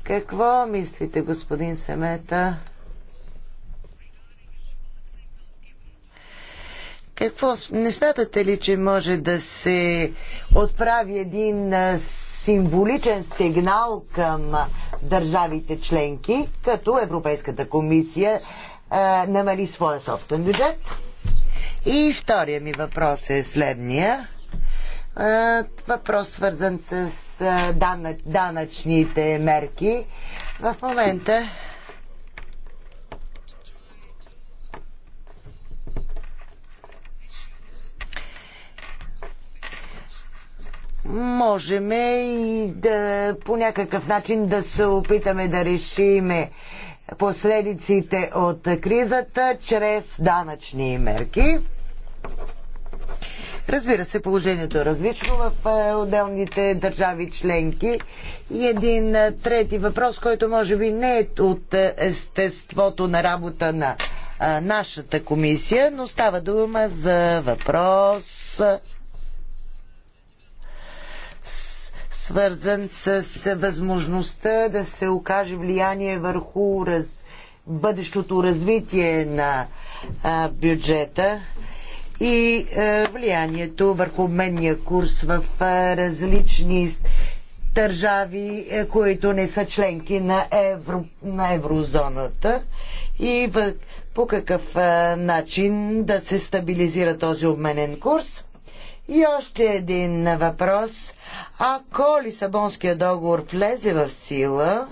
Какво мислите, господин Семета? Какво не смятате ли, че може да се отправи един символичен сигнал към държавите членки, като Европейската комисия е, намали своя собствен бюджет. И втория ми въпрос е следния. Е, въпрос свързан с е, данъчните мерки. В момента можем и да по някакъв начин да се опитаме да решиме последиците от кризата чрез данъчни мерки. Разбира се, положението е различно в е, отделните държави членки. И един е, трети въпрос, който може би не е от естеството на работа на е, нашата комисия, но става дума за въпрос свързан с възможността да се окаже влияние върху раз, бъдещото развитие на а, бюджета и а, влиянието върху обменния курс в а, различни държави, е, които не са членки на, евро, на еврозоната и в, по какъв а, начин да се стабилизира този обменен курс. И още един въпрос. Ако Лисабонския договор влезе в сила,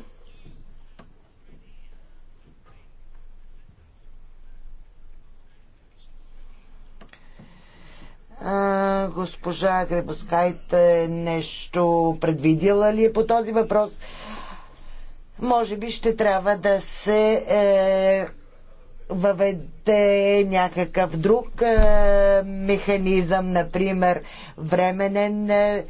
А, госпожа Гребоскайте нещо предвидила ли е по този въпрос? Може би ще трябва да се е, въведе някакъв друг е, механизъм, например временен е,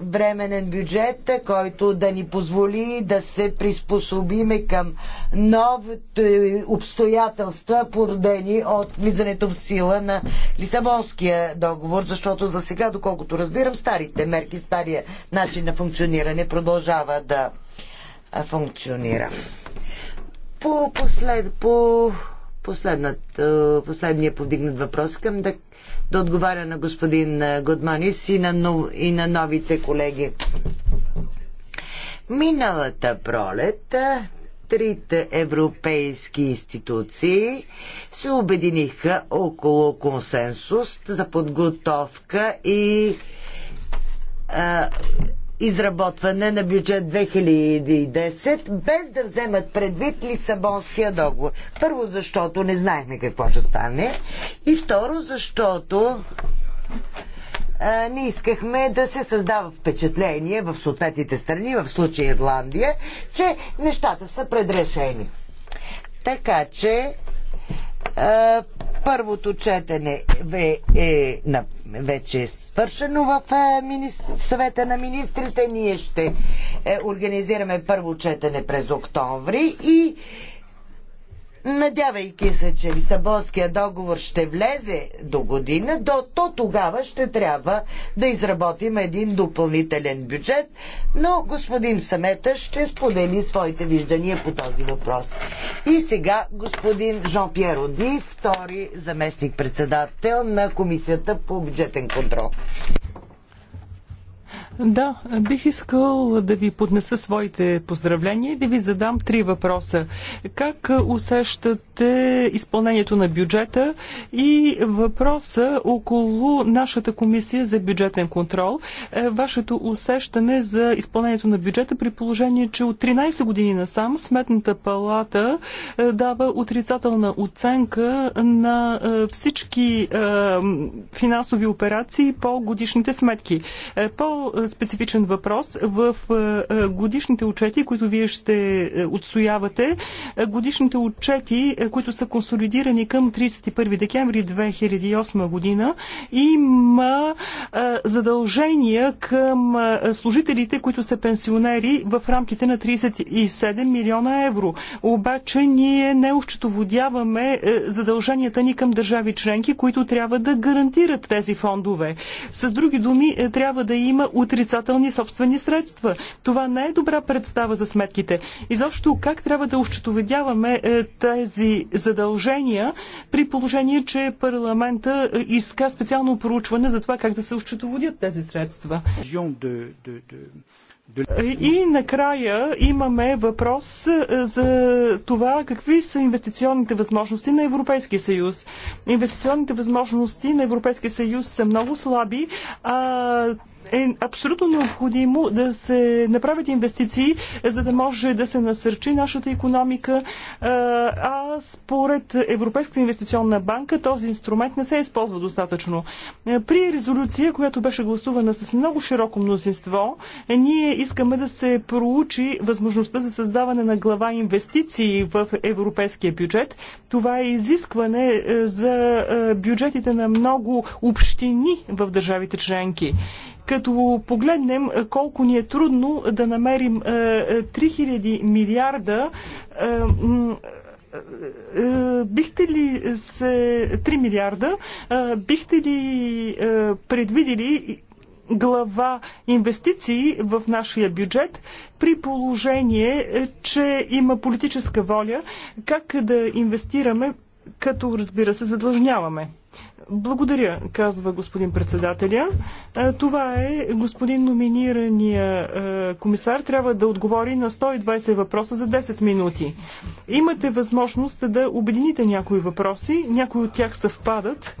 временен бюджет, който да ни позволи да се приспособиме към новите обстоятелства, породени от влизането в сила на Лисабонския договор, защото за сега, доколкото разбирам, старите мерки, стария начин на функциониране продължава да функционира. По, послед, по последния повдигнат въпрос към да, да отговаря на господин Годманис и на, нов, и на новите колеги. Миналата пролет трите европейски институции се обединиха около консенсус за подготовка и а, изработване на бюджет 2010, без да вземат предвид Лисабонския договор. Първо, защото не знаехме какво ще стане. И второ, защото а, не искахме да се създава впечатление в съответните страни, в случая Ирландия, че нещата са предрешени. Така че Първото четене е вече е свършено в съвета на министрите. Ние ще е, организираме първо четене през октомври и Надявайки се, че Лисабонския договор ще влезе до година, до то тогава ще трябва да изработим един допълнителен бюджет, но господин Самета ще сподели своите виждания по този въпрос. И сега господин Жан-Пьер Оди, втори заместник-председател на Комисията по бюджетен контрол.
Да, бих искал да ви поднеса своите поздравления и да ви задам три въпроса. Как усещат е изпълнението на бюджета и въпроса около нашата комисия за бюджетен контрол. Е, вашето усещане за изпълнението на бюджета при положение, че от 13 години насам Сметната палата е, дава отрицателна оценка на е, всички финансови операции по годишните сметки. По-специфичен въпрос в годишните отчети, които вие ще отстоявате, годишните отчети е, които са консолидирани към 31 декември 2008 година, има е, задължения към е, служителите, които са пенсионери в рамките на 37 милиона евро. Обаче ние не ощетоводяваме задълженията ни към държави членки, които трябва да гарантират тези фондове. С други думи, трябва да има отрицателни собствени средства. Това не е добра представа за сметките. Изобщо как трябва да ощетоведяваме тези задължения, при положение, че парламента е, иска специално проучване за това как да се ощетоводят тези средства. Е, и накрая имаме въпрос е, за това какви са инвестиционните възможности на Европейския съюз. Инвестиционните възможности на Европейския съюз са много слаби, а е абсолютно необходимо да се направят инвестиции, за да може да се насърчи нашата економика. А според Европейската инвестиционна банка този инструмент не се използва достатъчно. При резолюция, която беше гласувана с много широко мнозинство, ние искаме да се проучи възможността за създаване на глава инвестиции в европейския бюджет. Това е изискване е, за е, бюджетите на много общини в държавите членки. Като погледнем е, колко ни е трудно да намерим 3000 е, е, милиарда бихте ли се 3 милиарда, бихте ли предвидели глава инвестиции в нашия бюджет, при положение, че има политическа воля как да инвестираме, като разбира се задлъжняваме? Благодаря, казва господин председателя. Е, това е господин номинирания е, комисар. Трябва да отговори на 120 въпроса за 10 минути. Имате възможност да обедините някои въпроси. Някои от тях съвпадат.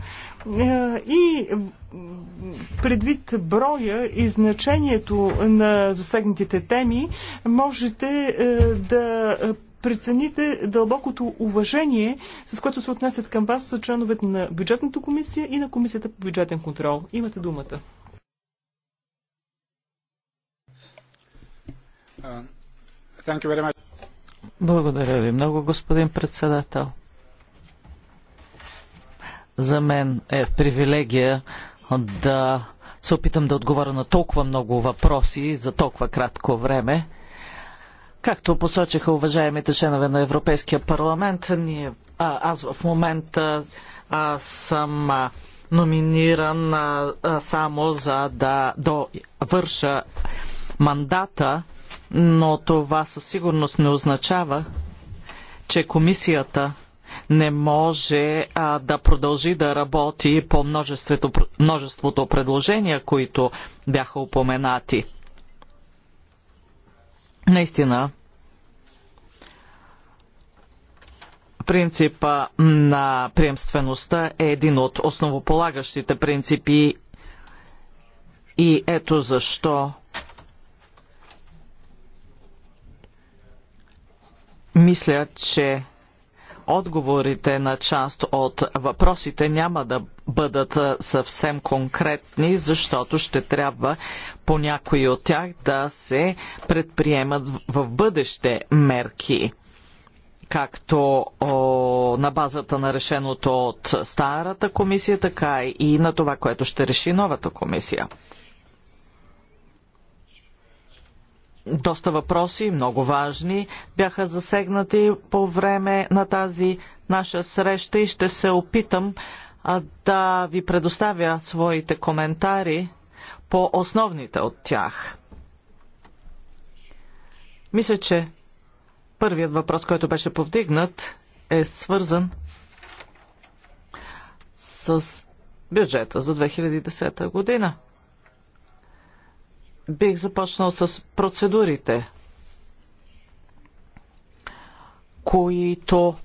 Е, и предвид броя и значението на засегнатите теми, можете да прецените дълбокото уважение, с което се отнесят към вас са членовете на бюджетната комисия и на комисията по бюджетен контрол. Имате думата.
Благодаря ви много, господин председател. За мен е привилегия да се опитам да отговоря на толкова много въпроси за толкова кратко време. Както посочиха уважаемите членове на Европейския парламент, ние, а, аз в момента а, съм а, номиниран а, само за да довърша мандата, но това със сигурност не означава, че комисията не може а, да продължи да работи по множеството, множеството предложения, които бяха упоменати. Наистина, принципа на приемствеността е един от основополагащите принципи и ето защо мисля, че отговорите на част от въпросите няма да бъдат съвсем конкретни, защото ще трябва по някои от тях да се предприемат в бъдеще мерки както о, на базата на решеното от старата комисия, така и на това, което ще реши новата комисия. Доста въпроси, много важни, бяха засегнати по време на тази наша среща и ще се опитам а, да ви предоставя своите коментари по основните от тях. Мисля, че първият въпрос, който беше повдигнат, е свързан с бюджета за 2010 година бих започнал с процедурите, които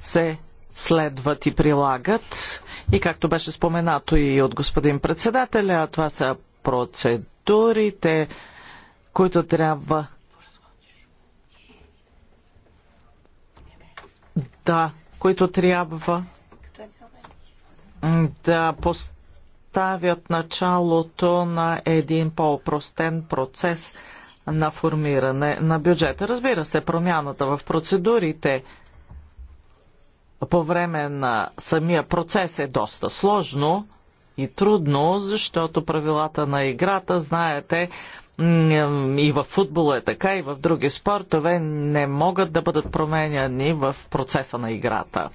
се следват и прилагат. И както беше споменато и от господин председателя, това са процедурите, които трябва да, които трябва да пост поставят началото на един по-опростен процес на формиране на бюджета. Разбира се, промяната в процедурите по време на самия процес е доста сложно и трудно, защото правилата на играта, знаете, и в футбола е така, и в други спортове не могат да бъдат променяни в процеса на играта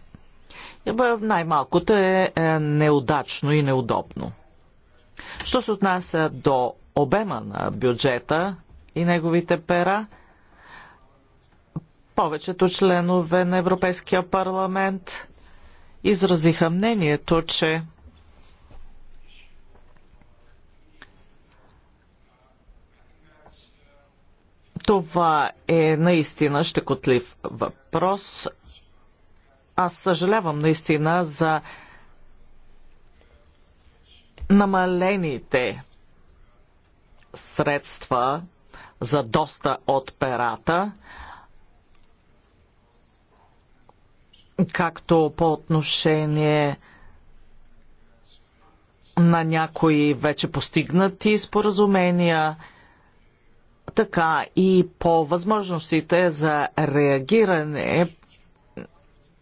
най-малкото е, е неудачно и неудобно. Що се отнася до обема на бюджета и неговите пера, повечето членове на Европейския парламент изразиха мнението, че това е наистина щекотлив въпрос аз съжалявам наистина за намалените средства за доста от перата, както по отношение на някои вече постигнати споразумения, така и по възможностите за реагиране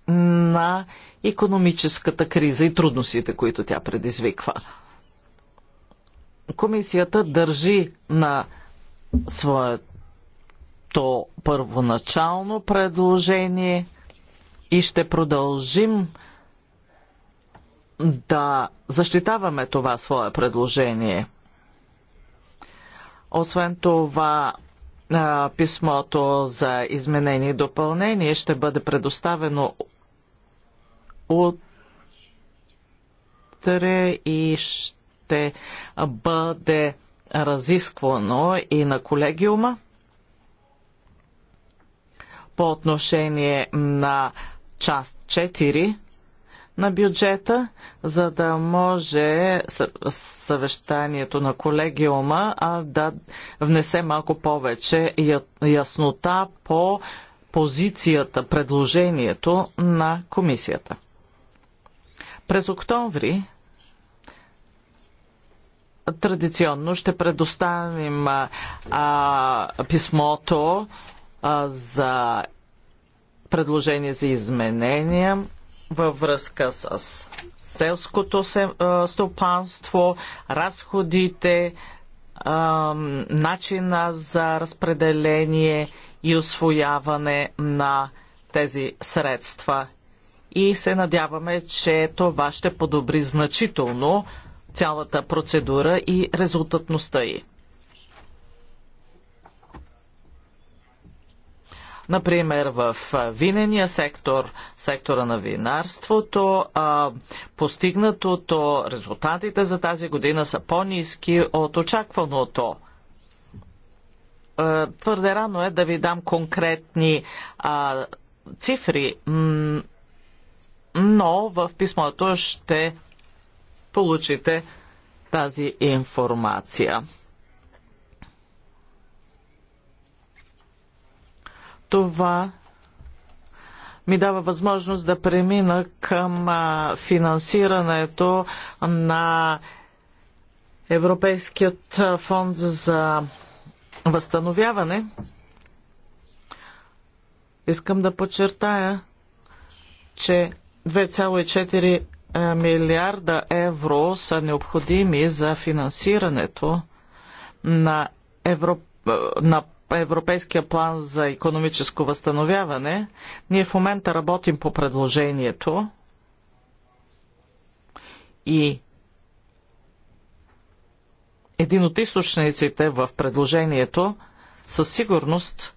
на економическата криза и трудностите, които тя предизвиква. Комисията държи на своето първоначално предложение и ще продължим да защитаваме това свое предложение. Освен това, писмото за изменение и допълнение ще бъде предоставено утре и ще бъде разисквано и на колегиума по отношение на част 4 на бюджета, за да може съвещанието на колегиума да внесе малко повече яснота по позицията, предложението на комисията. През октомври традиционно ще предоставим а, писмото а, за предложение за изменения във връзка с селското стопанство, разходите, а, начина за разпределение и освояване на тези средства и се надяваме, че това ще подобри значително цялата процедура и резултатността й. Например, в винения сектор, сектора на винарството, постигнатото, резултатите за тази година са по-низки от очакваното. Твърде рано е да ви дам конкретни цифри но в писмото ще получите тази информация. Това ми дава възможност да премина към финансирането на Европейският фонд за възстановяване. Искам да подчертая, че 2,4 е, милиарда евро са необходими за финансирането на, Евро... Е, на Европейския план за економическо възстановяване. Ние в момента работим по предложението и един от източниците в предложението със сигурност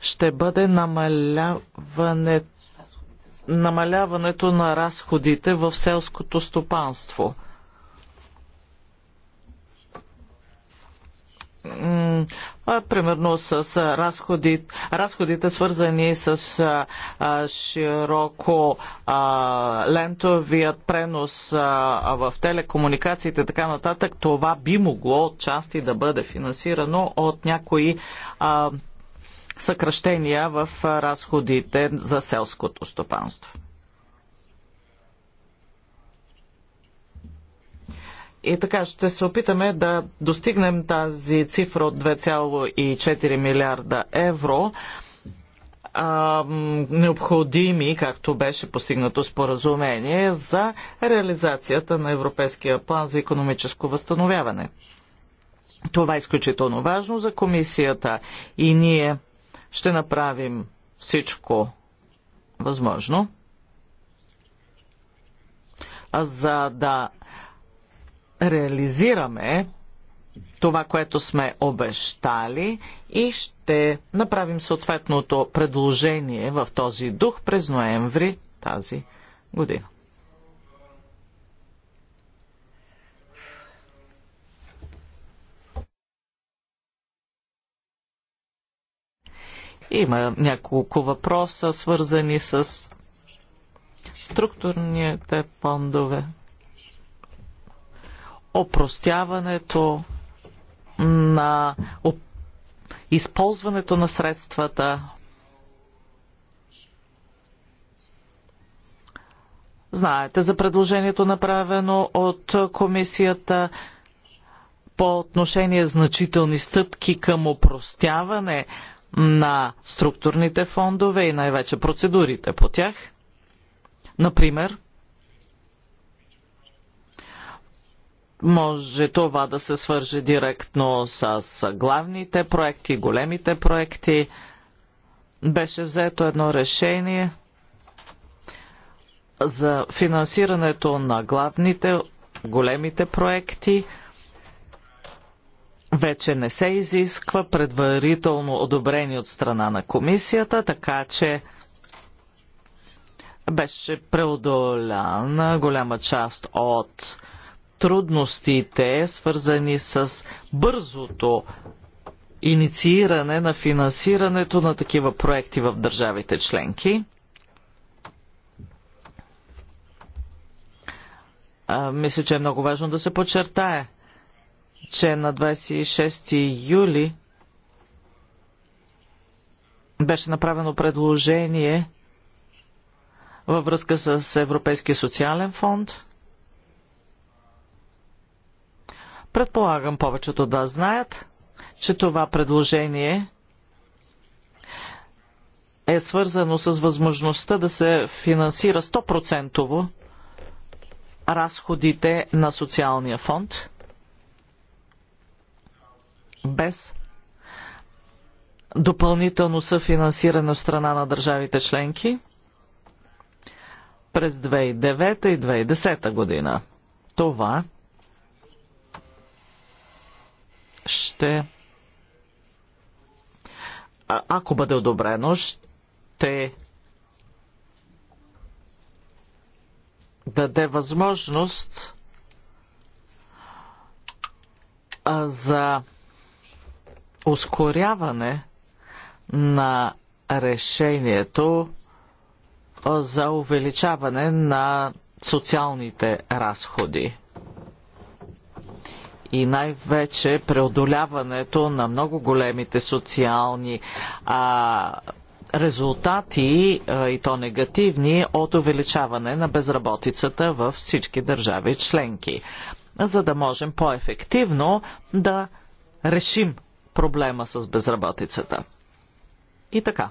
ще бъде намаляването намаляването на разходите в селското стопанство. примерно с разходи, разходите свързани с а, широко а, лентовият пренос а, в телекомуникациите и така нататък, това би могло отчасти да бъде финансирано от някои съкръщения в разходите за селското стопанство. И така ще се опитаме да достигнем тази цифра от 2,4 милиарда евро, а, необходими, както беше постигнато споразумение, за реализацията на Европейския план за економическо възстановяване. Това е изключително важно за комисията и ние ще направим всичко възможно, за да реализираме това, което сме обещали и ще направим съответното предложение в този дух през ноември тази година. Има няколко въпроса, свързани с структурните фондове, опростяването на използването на средствата. Знаете за предложението направено от комисията по отношение значителни стъпки към опростяване на структурните фондове и най-вече процедурите по тях. Например, може това да се свърже директно с главните проекти, големите проекти. Беше взето едно решение за финансирането на главните, големите проекти – вече не се изисква предварително одобрение от страна на комисията, така че беше преодоляна голяма част от трудностите, свързани с бързото иницииране на финансирането на такива проекти в държавите членки. А, мисля, че е много важно да се подчертае – че на 26 юли беше направено предложение във връзка с Европейския социален фонд. Предполагам повечето да знаят, че това предложение е свързано с възможността да се финансира 100% разходите на социалния фонд – без допълнително съфинансиране от страна на държавите членки през 2009 и 2010 година. Това ще ако бъде одобрено, ще даде възможност за ускоряване на решението за увеличаване на социалните разходи и най-вече преодоляването на много големите социални а, резултати а, и то негативни от увеличаване на безработицата във всички държави членки, за да можем по-ефективно да решим проблема с безработицата. И така.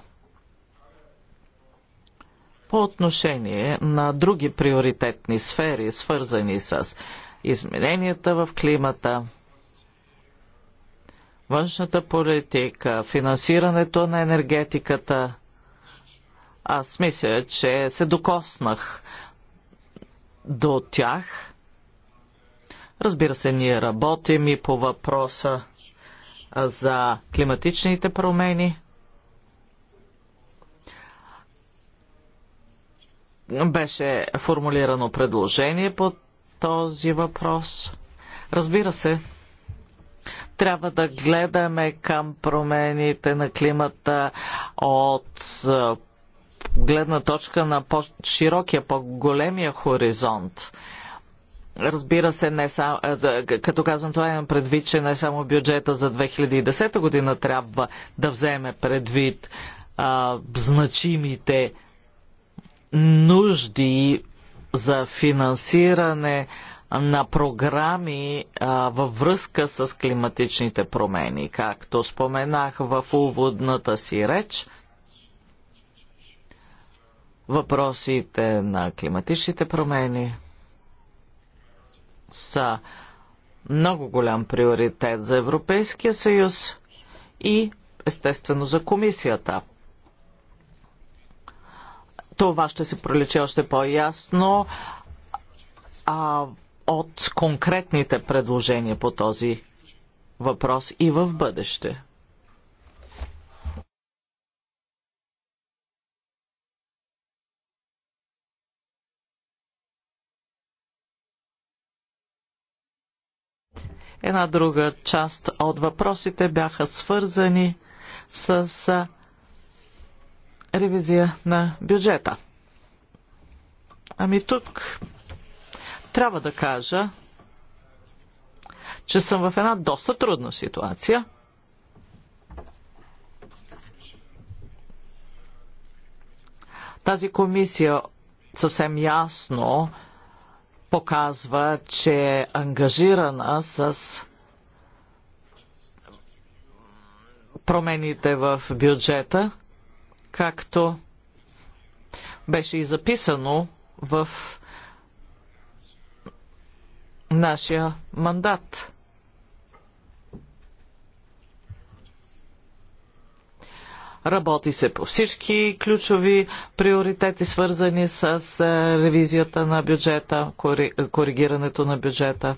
По отношение на други приоритетни сфери, свързани с измененията в климата, външната политика, финансирането на енергетиката, аз мисля, че се докоснах до тях. Разбира се, ние работим и по въпроса за климатичните промени. Беше формулирано предложение по този въпрос. Разбира се, трябва да гледаме към промените на климата от гледна точка на по-широкия, по-големия хоризонт. Разбира се, не само, като казвам това, имам предвид, че не само бюджета за 2010 година трябва да вземе предвид а, значимите нужди за финансиране на програми а, във връзка с климатичните промени. Както споменах в уводната си реч, въпросите на климатичните промени – са много голям приоритет за Европейския съюз и естествено за комисията. Това ще се проличи още по-ясно от конкретните предложения по този въпрос и в бъдеще. Една друга част от въпросите бяха свързани с ревизия на бюджета. Ами тук трябва да кажа, че съм в една доста трудна ситуация. Тази комисия съвсем ясно показва, че е ангажирана с промените в бюджета, както беше и записано в нашия мандат. Работи се по всички ключови приоритети, свързани с е, ревизията на бюджета, коригирането на бюджета.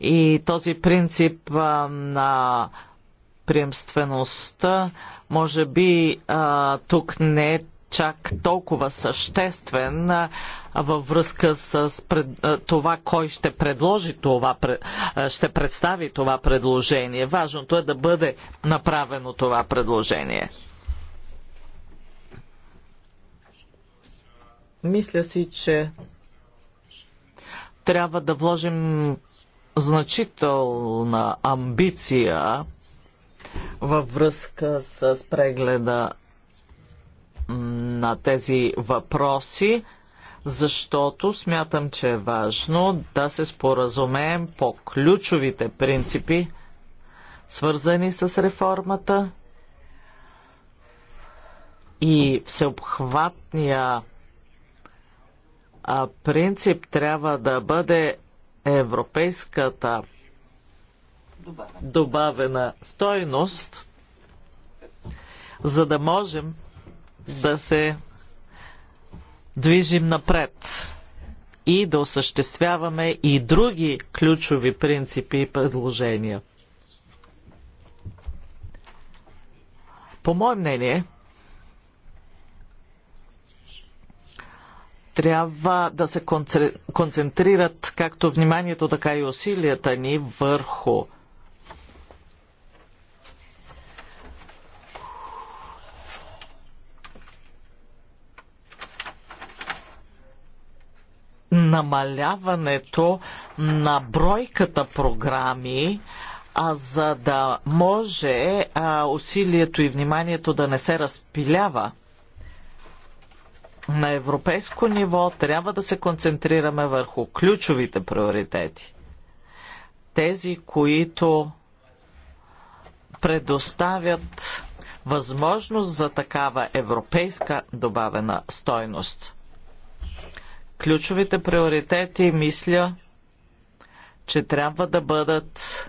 И този принцип е, на приемствеността, може би е, тук не е чак толкова съществен, във връзка с пред, това кой ще предложи това, ще представи това предложение. Важното е да бъде направено това предложение. Мисля си, че трябва да вложим значителна амбиция във връзка с прегледа на тези въпроси защото смятам, че е важно да се споразумеем по ключовите принципи, свързани с реформата и всеобхватния принцип трябва да бъде европейската добавена стойност, за да можем да се движим напред и да осъществяваме и други ключови принципи и предложения. По мое мнение, трябва да се концентрират както вниманието, така и усилията ни върху намаляването на бройката програми, а за да може а, усилието и вниманието да не се разпилява на европейско ниво трябва да се концентрираме върху ключовите приоритети. Тези, които предоставят възможност за такава европейска добавена стойност. Ключовите приоритети, мисля, че трябва да бъдат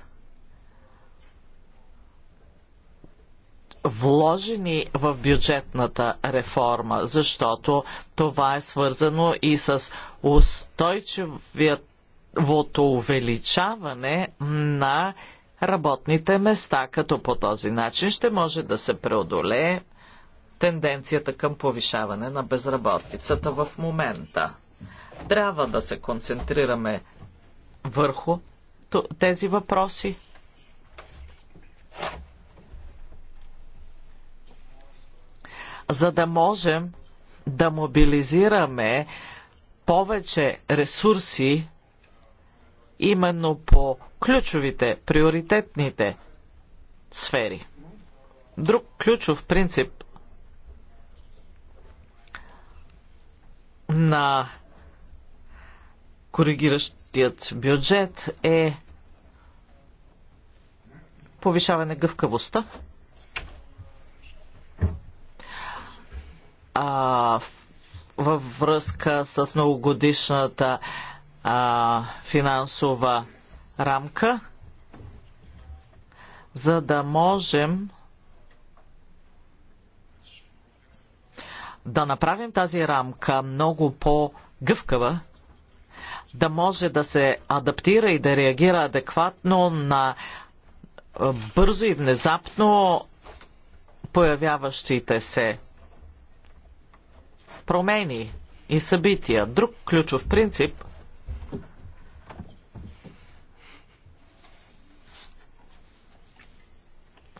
вложени в бюджетната реформа, защото това е свързано и с устойчивото увеличаване на работните места, като по този начин ще може да се преодолее тенденцията към повишаване на безработицата в момента. Трябва да се концентрираме върху тези въпроси. За да можем да мобилизираме повече ресурси именно по ключовите, приоритетните сфери. Друг ключов принцип на коригиращият бюджет е повишаване гъвкавостта. А, във връзка с многогодишната а, финансова рамка, за да можем да направим тази рамка много по-гъвкава, да може да се адаптира и да реагира адекватно на бързо и внезапно появяващите се промени и събития. Друг ключов принцип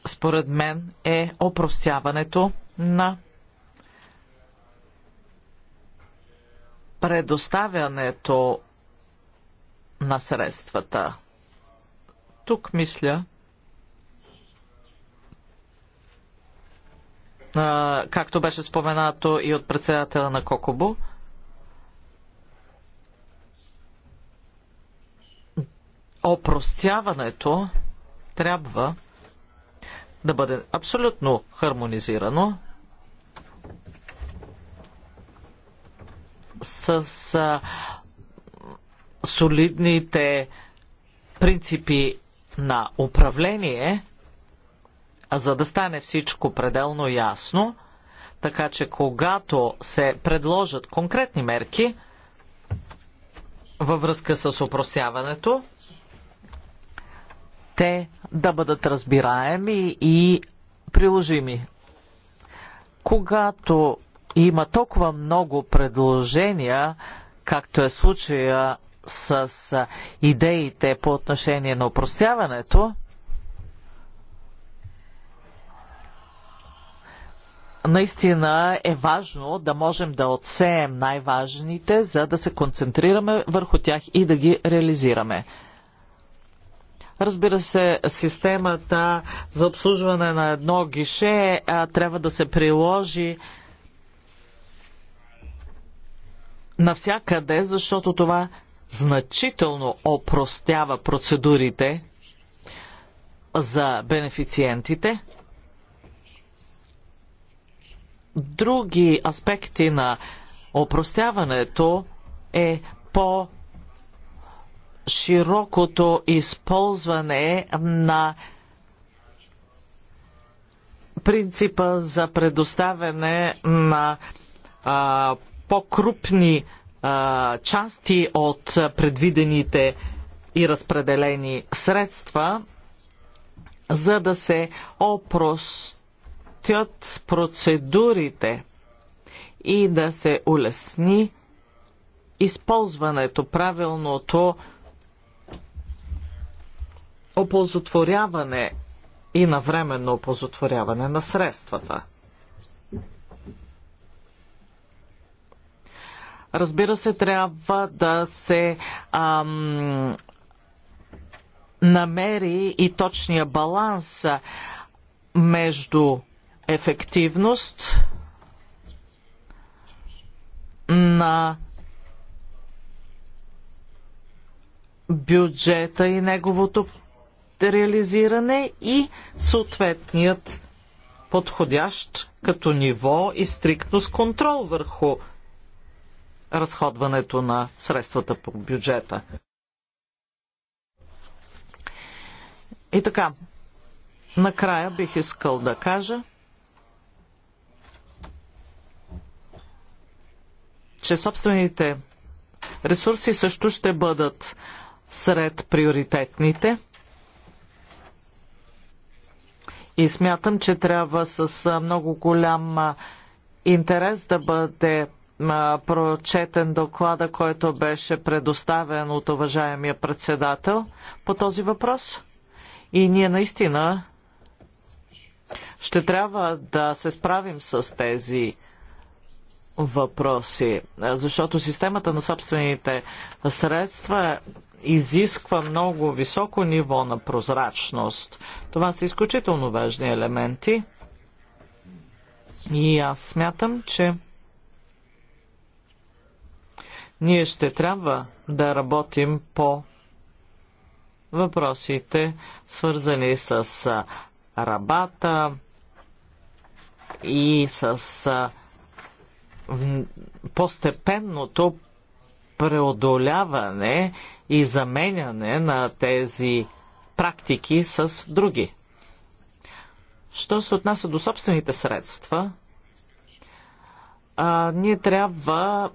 според мен е опростяването на предоставянето на средствата. Тук мисля, както беше споменато и от председателя на Кокобо, опростяването трябва да бъде абсолютно хармонизирано с солидните принципи на управление, за да стане всичко пределно ясно, така че когато се предложат конкретни мерки във връзка с опростяването, те да бъдат разбираеми и приложими. Когато има толкова много предложения, както е случая с идеите по отношение на упростяването, наистина е важно да можем да отсеем най-важните, за да се концентрираме върху тях и да ги реализираме. Разбира се, системата за обслужване на едно гише а, трябва да се приложи навсякъде, защото това значително опростява процедурите за бенефициентите. Други аспекти на опростяването е по широкото използване на принципа за предоставяне на по-крупни части от предвидените и разпределени средства, за да се опростят процедурите и да се улесни използването, правилното оползотворяване и навременно оползотворяване на средствата. Разбира се, трябва да се ам, намери и точния баланс между ефективност на бюджета и неговото реализиране и съответният подходящ като ниво и стриктност контрол върху разходването на средствата по бюджета. И така, накрая бих искал да кажа, че собствените ресурси също ще бъдат сред приоритетните. И смятам, че трябва с много голям интерес да бъде прочетен доклада, който беше предоставен от уважаемия председател по този въпрос. И ние наистина ще трябва да се справим с тези въпроси, защото системата на собствените средства изисква много високо ниво на прозрачност. Това са изключително важни елементи. И аз смятам, че ние ще трябва да работим по въпросите, свързани с рабата и с постепенното преодоляване и заменяне на тези практики с други. Що се отнася до собствените средства – а, ние трябва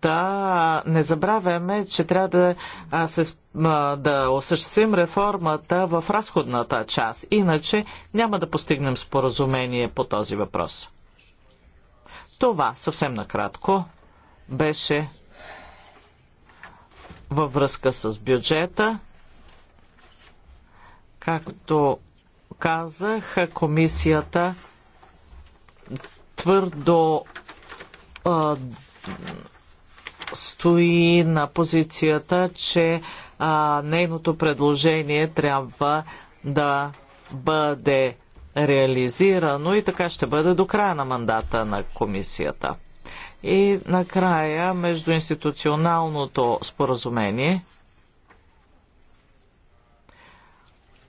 да не забравяме, че трябва да, а, се, а, да осъществим реформата в разходната част. Иначе няма да постигнем споразумение по този въпрос. Това съвсем накратко беше във връзка с бюджета. Както казах, комисията твърдо стои на позицията, че а, нейното предложение трябва да бъде реализирано и така ще бъде до края на мандата на комисията. И накрая между институционалното споразумение.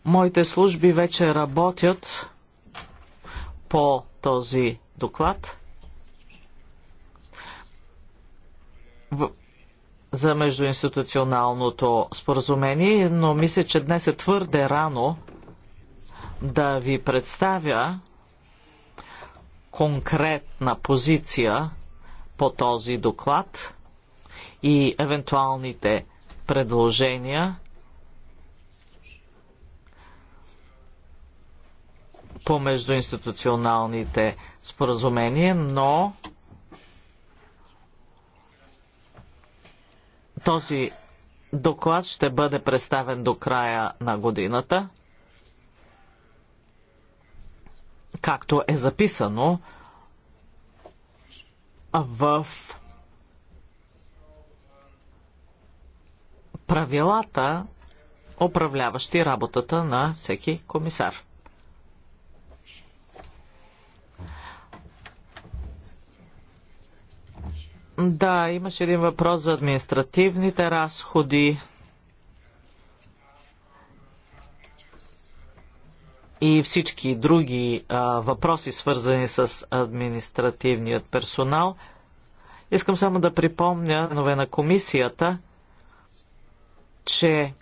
Моите служби вече работят по този доклад. за междуинституционалното споразумение, но мисля, че днес е твърде рано да ви представя конкретна позиция по този доклад и евентуалните предложения по междуинституционалните споразумения, но Този доклад ще бъде представен до края на годината, както е записано в правилата, управляващи работата на всеки комисар. Да, имаше един въпрос за административните разходи. и всички други а, въпроси, свързани с административният персонал. Искам само да припомня нове на комисията, че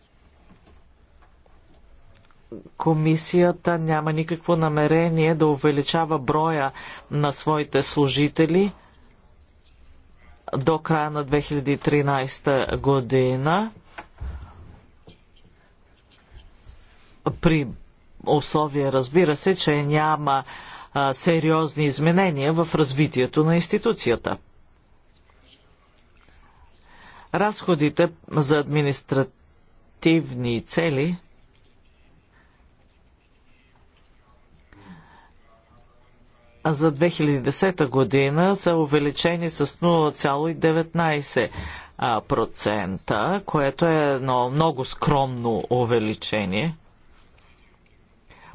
комисията няма никакво намерение да увеличава броя на своите служители до края на 2013 година при условие, разбира се, че няма а, сериозни изменения в развитието на институцията. Разходите за административни цели – за 2010 година са увеличени с 0,19%, което е едно много скромно увеличение.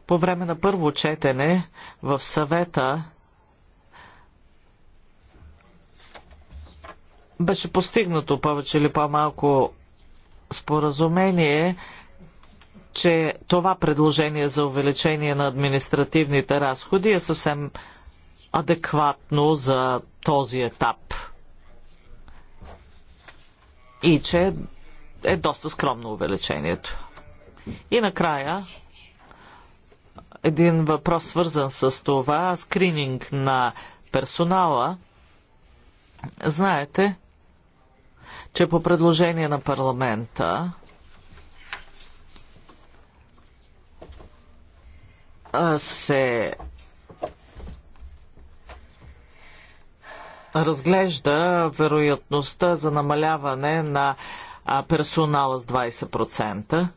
По време на първо четене в съвета беше постигнато повече или по-малко споразумение, че това предложение за увеличение на административните разходи е съвсем адекватно за този етап и че е доста скромно увеличението. И накрая един въпрос свързан с това скрининг на персонала. Знаете, че по предложение на парламента се разглежда вероятността за намаляване на персонала с 20%,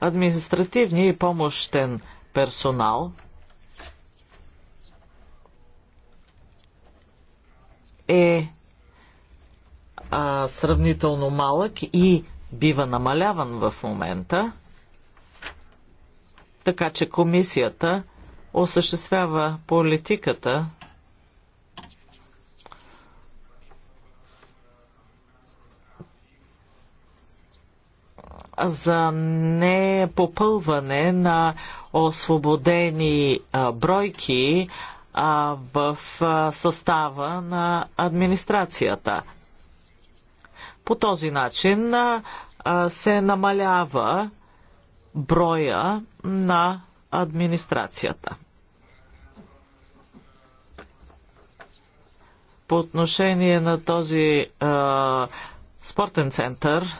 административния и помощен персонал е а, сравнително малък и бива намаляван в момента, така че комисията осъществява политиката за непопълване на освободени бройки в състава на администрацията. По този начин се намалява броя на администрацията. По отношение на този а, спортен център,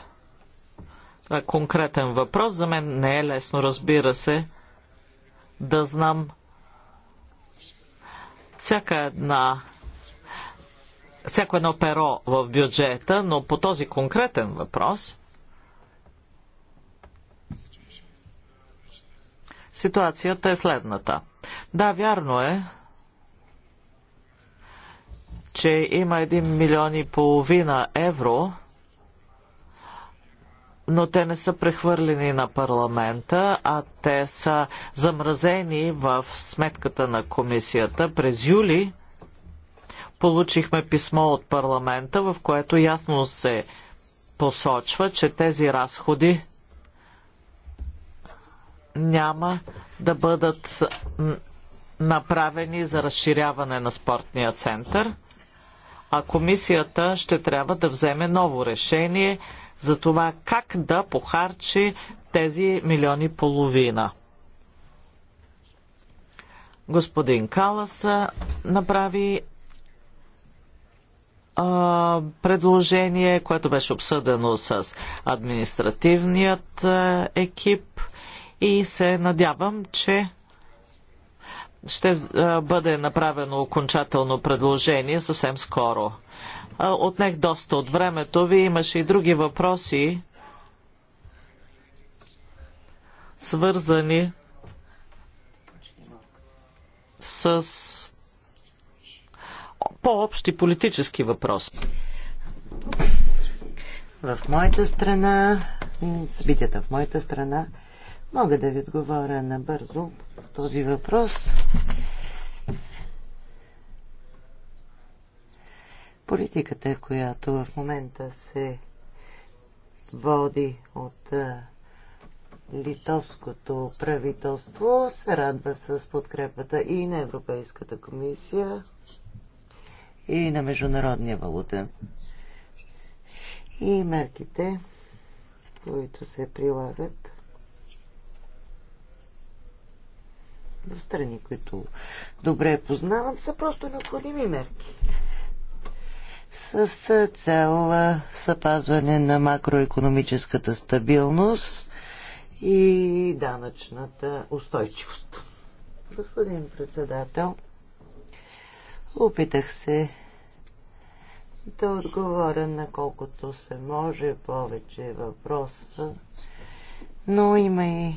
е конкретен въпрос. За мен не е лесно, разбира се, да знам всяка една всяко едно перо в бюджета, но по този конкретен въпрос ситуацията е следната. Да, вярно е, че има 1 милион и половина евро – но те не са прехвърлени на парламента, а те са замразени в сметката на комисията. През юли получихме писмо от парламента, в което ясно се посочва, че тези разходи няма да бъдат направени за разширяване на спортния център, а комисията ще трябва да вземе ново решение – за това как да похарчи тези милиони половина. Господин Калас направи а, предложение, което беше обсъдено с административният а, екип и се надявам, че ще бъде направено окончателно предложение съвсем скоро отнех доста от времето ви. Имаше и други въпроси, свързани с по-общи политически въпроси.
В моята страна, събитията в моята страна, мога да ви отговоря набързо този въпрос. Политиката, която в момента се води от литовското правителство, се радва с подкрепата и на Европейската комисия, и на Международния валутен. И мерките, които се прилагат в страни, които добре познават, са просто необходими мерки с цел съпазване на макроекономическата стабилност и данъчната устойчивост. Господин председател, опитах се да отговоря на колкото се може повече въпроса, но има и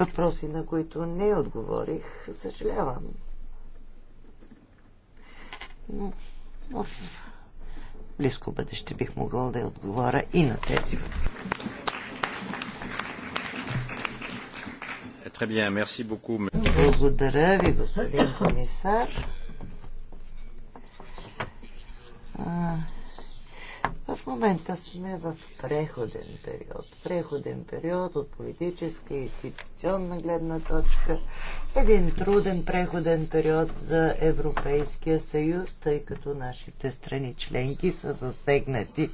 въпроси, на които не отговорих. Съжалявам. Но в близко бъдеще бих могъл да отговоря и на тези въпроси.
Благодаря ви,
господин комисар. В момента сме в преходен период. Преходен период от политическа и институционна гледна точка. Един труден преходен период за Европейския съюз, тъй като нашите страни членки са засегнати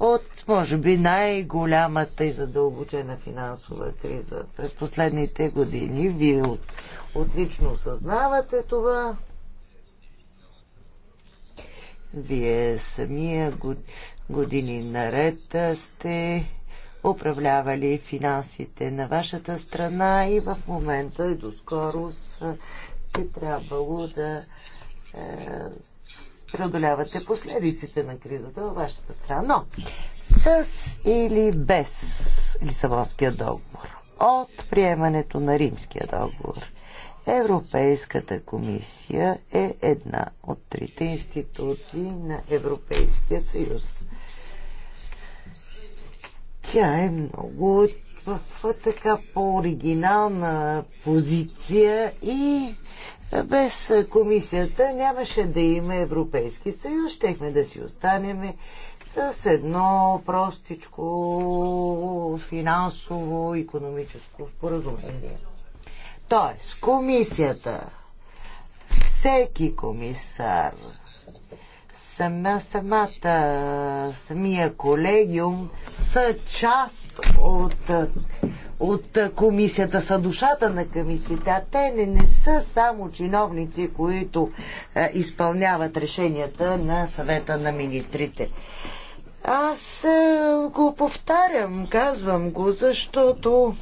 от, може би, най-голямата и задълбочена финансова криза през последните години. Вие отлично осъзнавате това. Вие самия години наред сте управлявали финансите на вашата страна и в момента и доскоро е трябвало да е, преодолявате последиците на кризата във вашата страна. Но с или без Лисабонския договор, от приемането на Римския договор, Европейската комисия е една от трите институции на Европейския съюз. Тя е много в така по-оригинална позиция и без комисията нямаше да има Европейски съюз. Щехме да си останеме с едно простичко финансово-економическо споразумение. Тоест, комисията, всеки комисар, сама, самата, самия колегиум са част от, от комисията, са душата на комисията. Те не, не са само чиновници, които е, изпълняват решенията на съвета на министрите. Аз е, го повтарям, казвам го, защото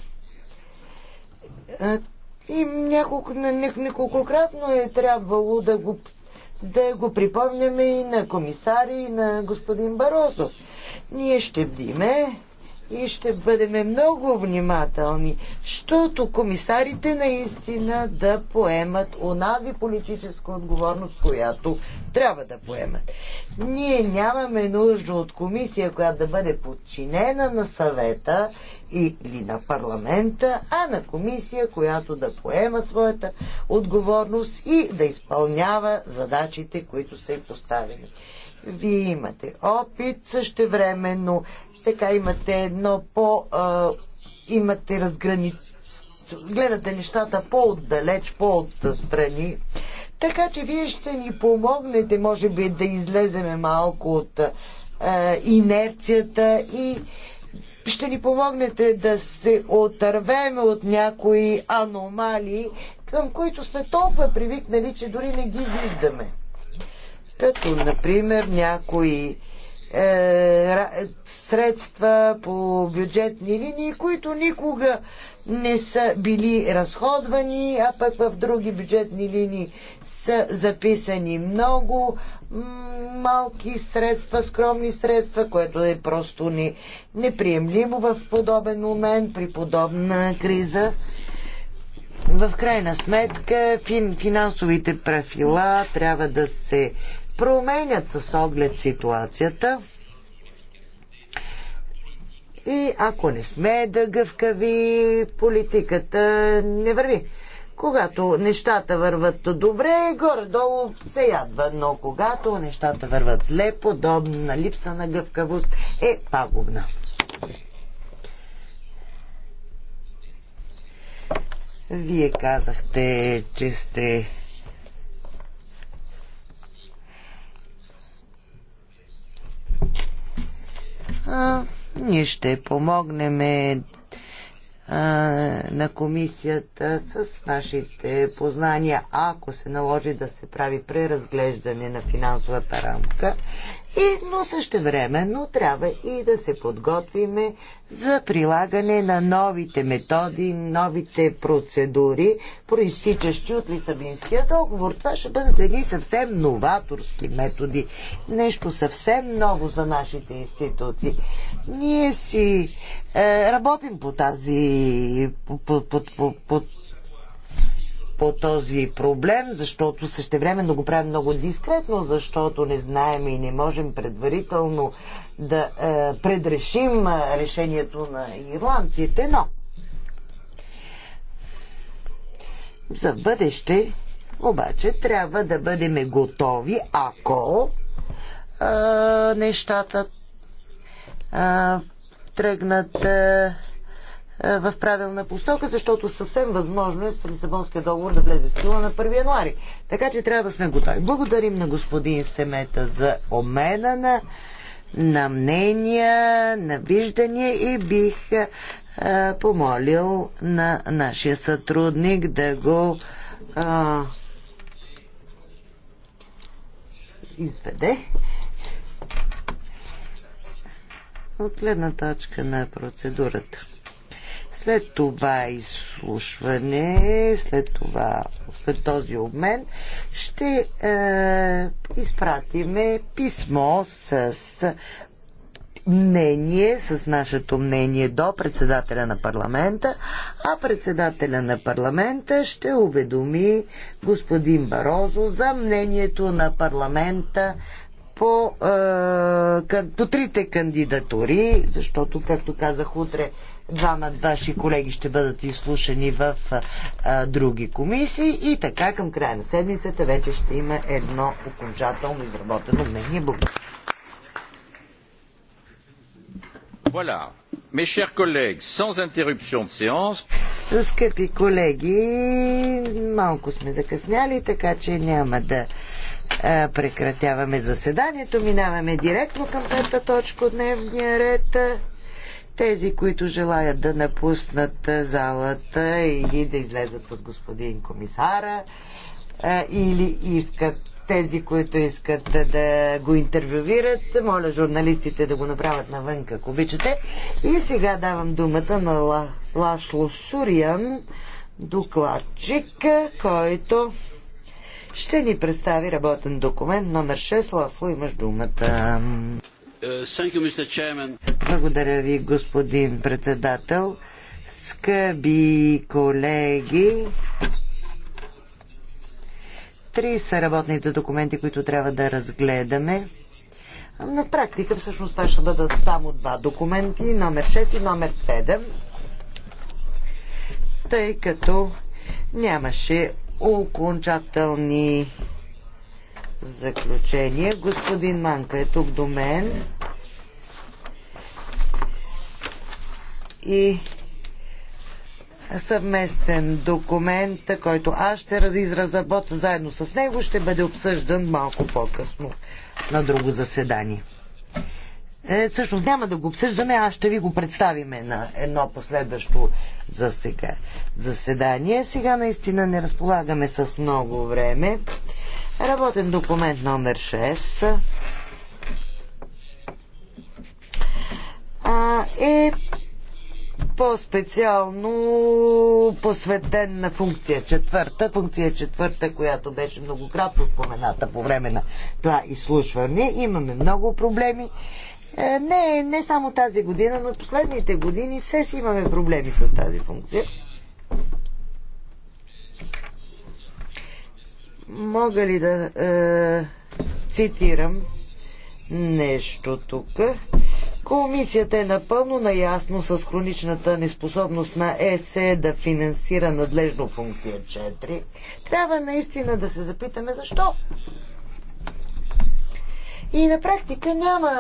е, и няколко, неколкократно е трябвало да го, да го припомняме и на комисари, и на господин Барозо. Ние ще бдиме и ще бъдем много внимателни, защото комисарите наистина да поемат онази политическа отговорност, която трябва да поемат. Ние нямаме нужда от комисия, която да бъде подчинена на съвета или на парламента, а на комисия, която да поема своята отговорност и да изпълнява задачите, които са й поставени. Вие имате опит, същевременно сега имате едно по... А, имате разграни... гледате нещата по-отдалеч, по-отстрани. Така че вие ще ни помогнете, може би, да излеземе малко от а, инерцията и ще ни помогнете да се отървеме от някои аномалии, към които сме толкова привикнали, че дори не ги виждаме като например някои е, средства по бюджетни линии, които никога не са били разходвани, а пък в други бюджетни линии са записани много малки средства, скромни средства, което е просто не, неприемлимо в подобен момент, при подобна криза. В крайна сметка фин, финансовите правила трябва да се променят с оглед ситуацията. И ако не сме да гъвкави, политиката не върви. Когато нещата върват добре, горе-долу се ядва, но когато нещата върват зле, подобна липса на гъвкавост е пагубна. Вие казахте, че сте А, ние ще помогнем е, на комисията с нашите познания, ако се наложи да се прави преразглеждане на финансовата рамка и, но същевременно трябва и да се подготвиме за прилагане на новите методи, новите процедури, проистичащи от Лисабинския договор. Това ще бъдат едни съвсем новаторски методи. Нещо съвсем ново за нашите институции. Ние си е, работим по тази по, по, по, по, по този проблем, защото същевременно го правим много дискретно, защото не знаем и не можем предварително да е, предрешим е, решението на ирландците, но за бъдеще обаче трябва да бъдем готови, ако е, нещата е, тръгнат е, е, в правилна постока, защото съвсем възможно е Лисабонския договор да влезе в сила на 1 януари. Така че трябва да сме готови. Благодарим на господин Семета за омена на, на мнения, на виждания и бих а, е, помолил на нашия сътрудник да го а, е, изведе от гледна точка на процедурата. След това изслушване, след, това, след този обмен, ще е, изпратиме писмо с мнение, с нашето мнение до председателя на парламента, а председателя на парламента ще уведоми господин Барозо за мнението на парламента по, е, по трите кандидатури, защото, както казах, утре двама ваши колеги ще бъдат изслушани в а, други комисии и така към края на седмицата вече ще има едно окончателно изработено мнение. Благодаря.
Mes chers collègues, sans interruption de séance.
Скъпи колеги, малко сме закъсняли, така че няма да а, прекратяваме заседанието. Минаваме директно към пета точка от дневния ред. Тези, които желаят да напуснат залата или да излезат от господин комисара, или искат тези, които искат да го интервювират, моля журналистите да го направят навън, ако обичате. И сега давам думата на Ла, Лашло Сурян, докладчик, който ще ни представи работен документ номер 6. Ласло, имаш думата. Благодаря ви, господин председател. Скъби колеги, три са работните документи, които трябва да разгледаме. На практика всъщност това ще бъдат само два документи, номер 6 и номер 7, тъй като нямаше окончателни заключение. Господин Манка е тук до мен. И съвместен документ, който аз ще изразработя заедно с него, ще бъде обсъждан малко по-късно на друго заседание. Е, всъщност няма да го обсъждаме, аз ще ви го представим на едно последващо за сега заседание. Сега наистина не разполагаме с много време. Работен документ номер 6 е по-специално посветен на функция четвърта. Функция четвърта, която беше многократно спомената по време на това изслушване. Имаме много проблеми. Е, не, не само тази година, но последните години все си имаме проблеми с тази функция мога ли да е, цитирам нещо тук? Комисията е напълно наясно с хроничната неспособност на ЕСЕ да финансира надлежно функция 4. Трябва наистина да се запитаме защо. И на практика няма,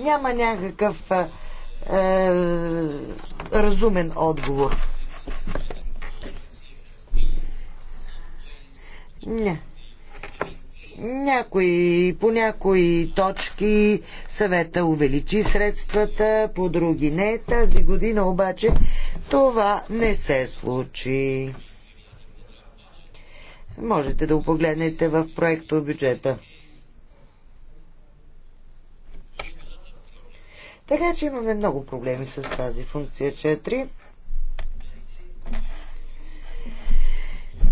няма някакъв е, разумен отговор. Не. Някои, по някои точки съвета увеличи средствата, по други не. Тази година обаче това не се случи. Можете да го погледнете в проекто бюджета. Така че имаме много проблеми с тази функция 4.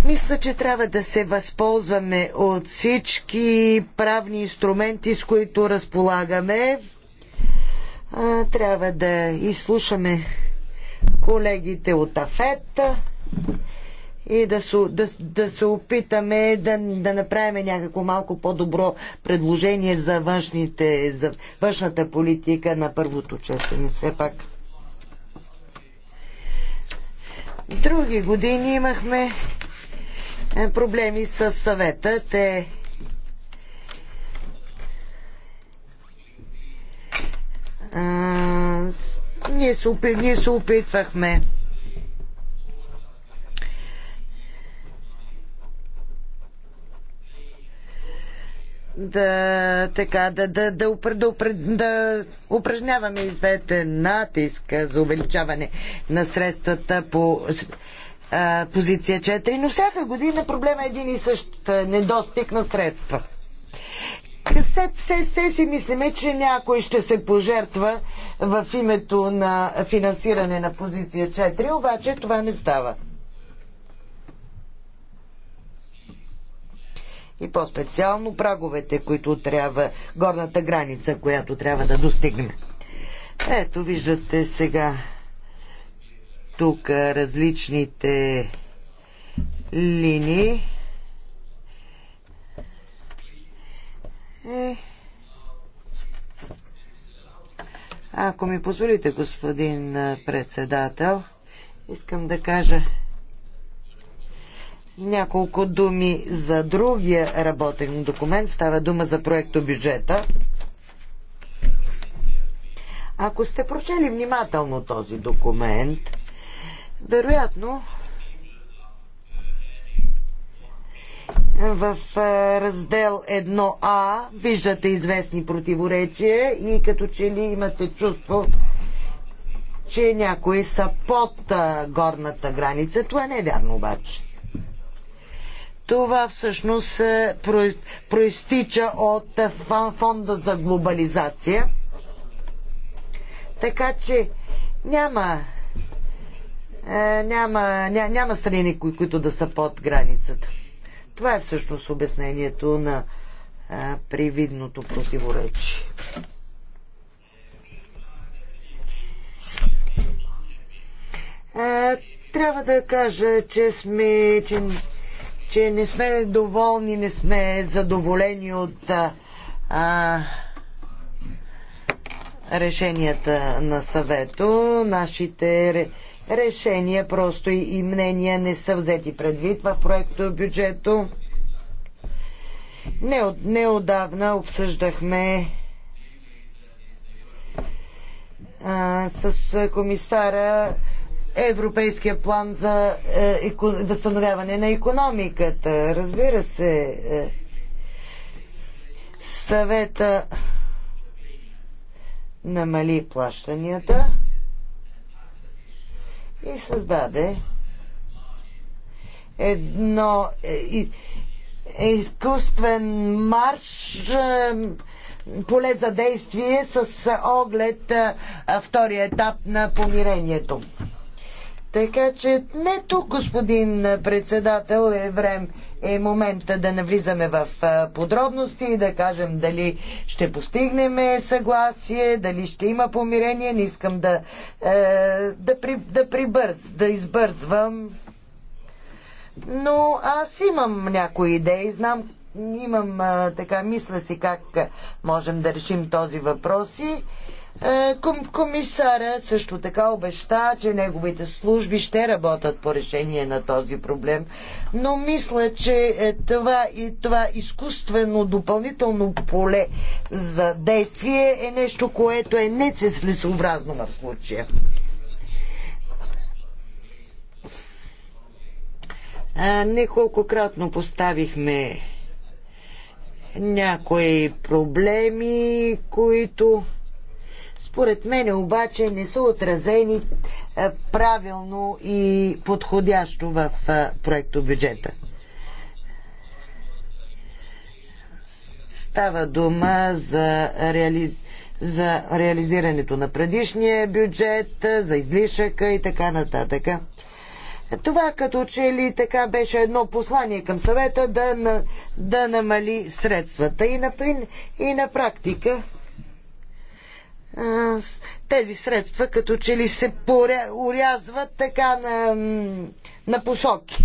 Мисля, че трябва да се възползваме от всички правни инструменти, с които разполагаме. Трябва да изслушаме колегите от АФЕТ и да се, да, да се опитаме да, да направим някакво малко по-добро предложение за, външните, за външната политика на първото четене. Все пак. Други години имахме е, проблеми с съвета. Те а, ние, се опит, ние се опитвахме да, така, да, да, да, упр, да, упр, да упражняваме извете натиск за увеличаване на средствата по позиция 4, но всяка година проблема е един и същ недостиг на средства. Все, все, все си мислиме, че някой ще се пожертва в името на финансиране на позиция 4, обаче това не става. И по-специално праговете, които трябва, горната граница, която трябва да достигнем. Ето, виждате сега тук различните линии. Е... Ако ми позволите, господин председател, искам да кажа няколко думи за другия работен документ. Става дума за проекто бюджета. Ако сте прочели внимателно този документ, вероятно, в раздел 1А виждате известни противоречия и като че ли имате чувство, че някои са под горната граница. Това не е вярно обаче. Това всъщност проистича от фонда за глобализация. Така че няма е, няма, ня, няма страни, кои, които да са под границата. Това е всъщност обяснението на а, е, привидното противоречие. А, е, трябва да кажа, че сме, че, че не сме доволни, не сме задоволени от а, решенията на съвето. Нашите решения просто и мнения не са взети предвид в проекта бюджето. Неодавна обсъждахме а, с комисара Европейския план за е, еко, възстановяване на економиката. Разбира се, е, съвета намали плащанията и създаде едно е, е, изкуствен марш, е, поле за действие с оглед втория етап на помирението. Така че не тук, господин председател, е време е момента да навлизаме в подробности и да кажем дали ще постигнем съгласие, дали ще има помирение. Не искам да, е, да, при, да прибърз, да избързвам. Но аз имам някои идеи, знам, имам така, мисля си как можем да решим този въпрос и е, ком, комисара също така обеща, че неговите служби ще работят по решение на този проблем. Но мисля, че е, това, и това изкуствено допълнително поле за действие е нещо, което е нецеслесообразно в случая. Е, неколкократно поставихме някои проблеми, които според мен обаче не са отразени е, правилно и подходящо в е, проекто бюджета. Става дума за, реали... за реализирането на предишния бюджет, за излишъка и така нататък. Това като че ли така беше едно послание към съвета да, да намали средствата и на, и на практика тези средства като че ли се поря, урязват така на, на посоки.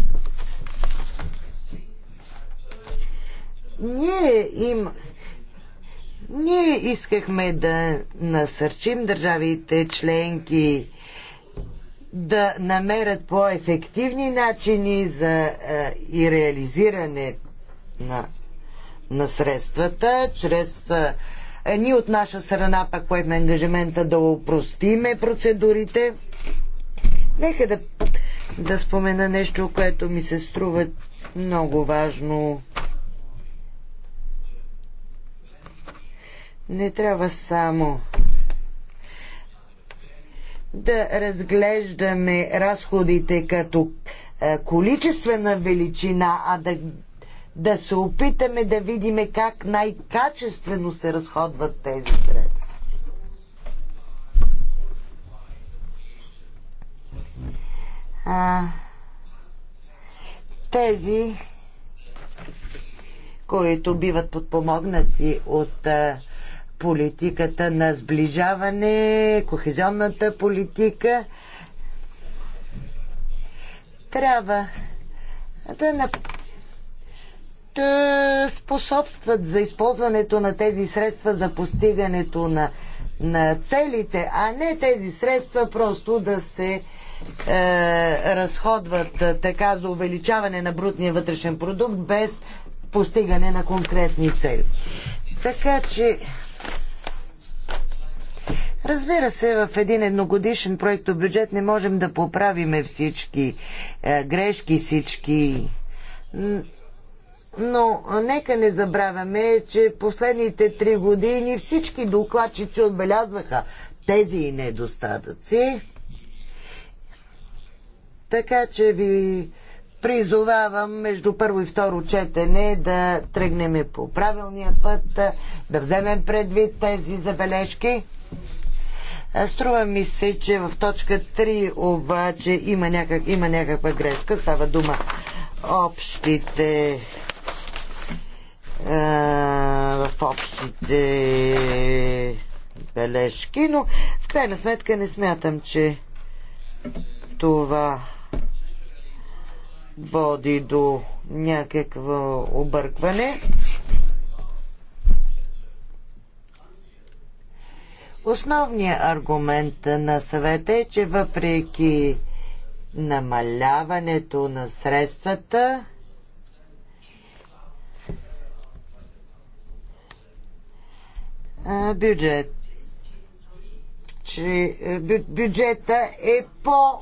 Ние им... Ние искахме да насърчим държавите членки да намерят по-ефективни начини за а, и реализиране на, на средствата чрез а, ние от наша страна пък поехме ангажимента да упростиме процедурите. Нека да, да спомена нещо, което ми се струва много важно. Не трябва само да разглеждаме разходите като е, количествена величина, а да да се опитаме да видиме как най-качествено се разходват тези средства. А, тези, които биват подпомогнати от а, политиката на сближаване, кохезионната политика, трябва да направим способстват за използването на тези средства за постигането на, на целите, а не тези средства просто да се е, разходват е, така за увеличаване на брутния вътрешен продукт без постигане на конкретни цели. Така че Разбира се, в един едногодишен проект бюджет не можем да поправиме всички е, грешки, всички но нека не забравяме, че последните три години всички докладчици отбелязваха тези недостатъци. Така че ви призовавам между първо и второ четене да тръгнем по правилния път, да вземем предвид тези забележки. Струва ми се, че в точка 3 обаче има, някак, има някаква грешка. Става дума общите е, в общите бележки, но в крайна сметка не смятам, че това води до някакво объркване. Основният аргумент на съвета е, че въпреки намаляването на средствата, бюджет че бюджета е по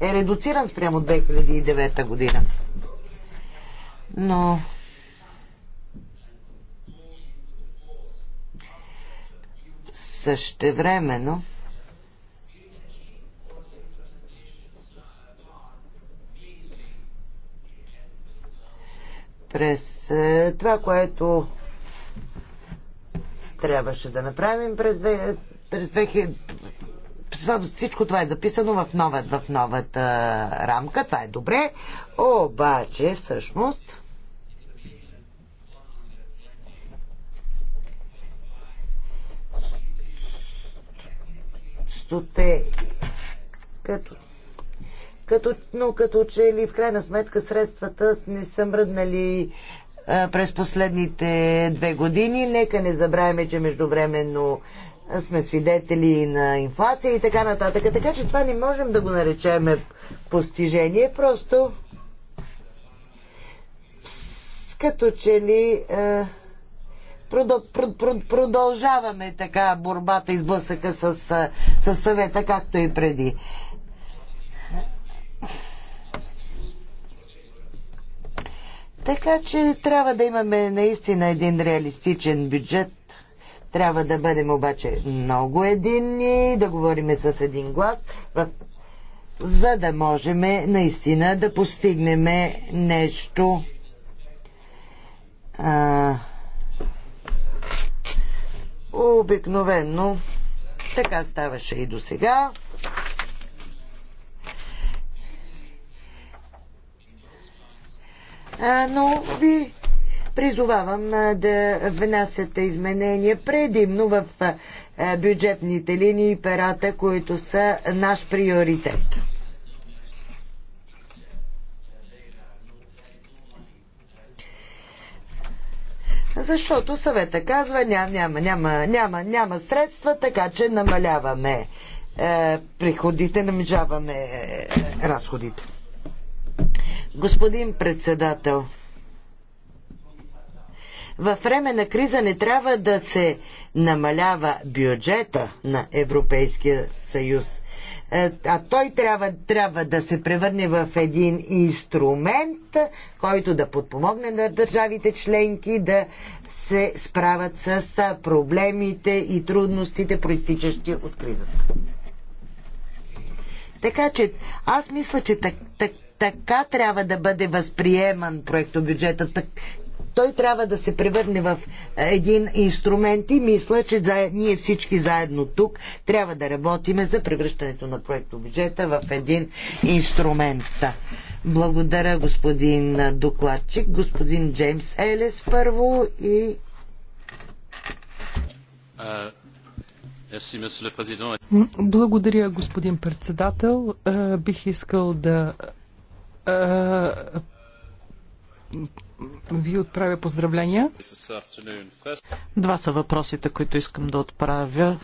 е редуциран спрямо 2009 година. Но същевременно през това, което трябваше да направим през, през 2000 всичко това е записано в, нова, в новата рамка. Това е добре. Обаче, всъщност, стоте като като, но като че ли в крайна сметка средствата не са мръднали през последните две години. Нека не забравяме, че междувременно сме свидетели на инфлация и така нататък. Така че това не можем да го наречеме постижение, просто Пс, като че ли е, продъл, прод, прод, продължаваме така борбата и сблъсъка с, с съвета, както и преди. Така че трябва да имаме наистина един реалистичен бюджет. Трябва да бъдем обаче много единни, да говорим с един глас, за да можем наистина да постигнем нещо. А... Обикновенно така ставаше и до сега. но ви призовавам да внасяте изменения предимно в бюджетните линии и перата, които са наш приоритет. Защото съвета казва няма, няма, няма, няма, няма средства, така че намаляваме е, приходите, намежаваме е, разходите. Господин председател, във време на криза не трябва да се намалява бюджета на Европейския съюз, е, а той трябва, трябва да се превърне в един инструмент, който да подпомогне на държавите членки да се справят с проблемите и трудностите, проистичащи от кризата. Така че аз мисля, че так, так, така трябва да бъде възприеман Так... Той трябва да се превърне в един инструмент и мисля, че за... ние всички заедно тук трябва да работиме за превръщането на проектобюджета в един инструмент. Благодаря, господин докладчик, господин Джеймс Елес първо и... Е, Благодаря, господин председател.
Е, бих искал да е,
ви отправя поздравления. Два са въпросите, които искам да отправя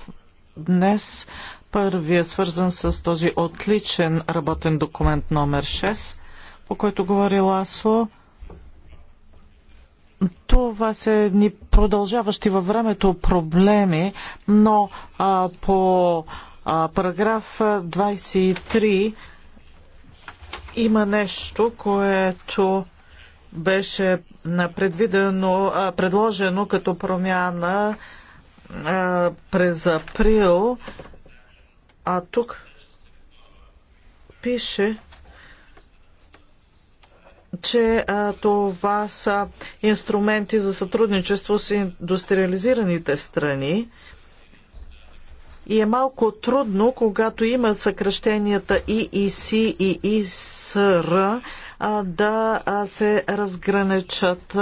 днес. Първият е свързан с този отличен работен документ номер 6, по който говори Ласо. Това са ни продължаващи във времето проблеми, но а, по а, параграф 23 има нещо, което беше предвидено, предложено като промяна през април, а тук пише, че а, това са инструменти за сътрудничество с индустриализираните страни. И е малко трудно, когато има съкръщенията ИИС и ИСР, да се разграничат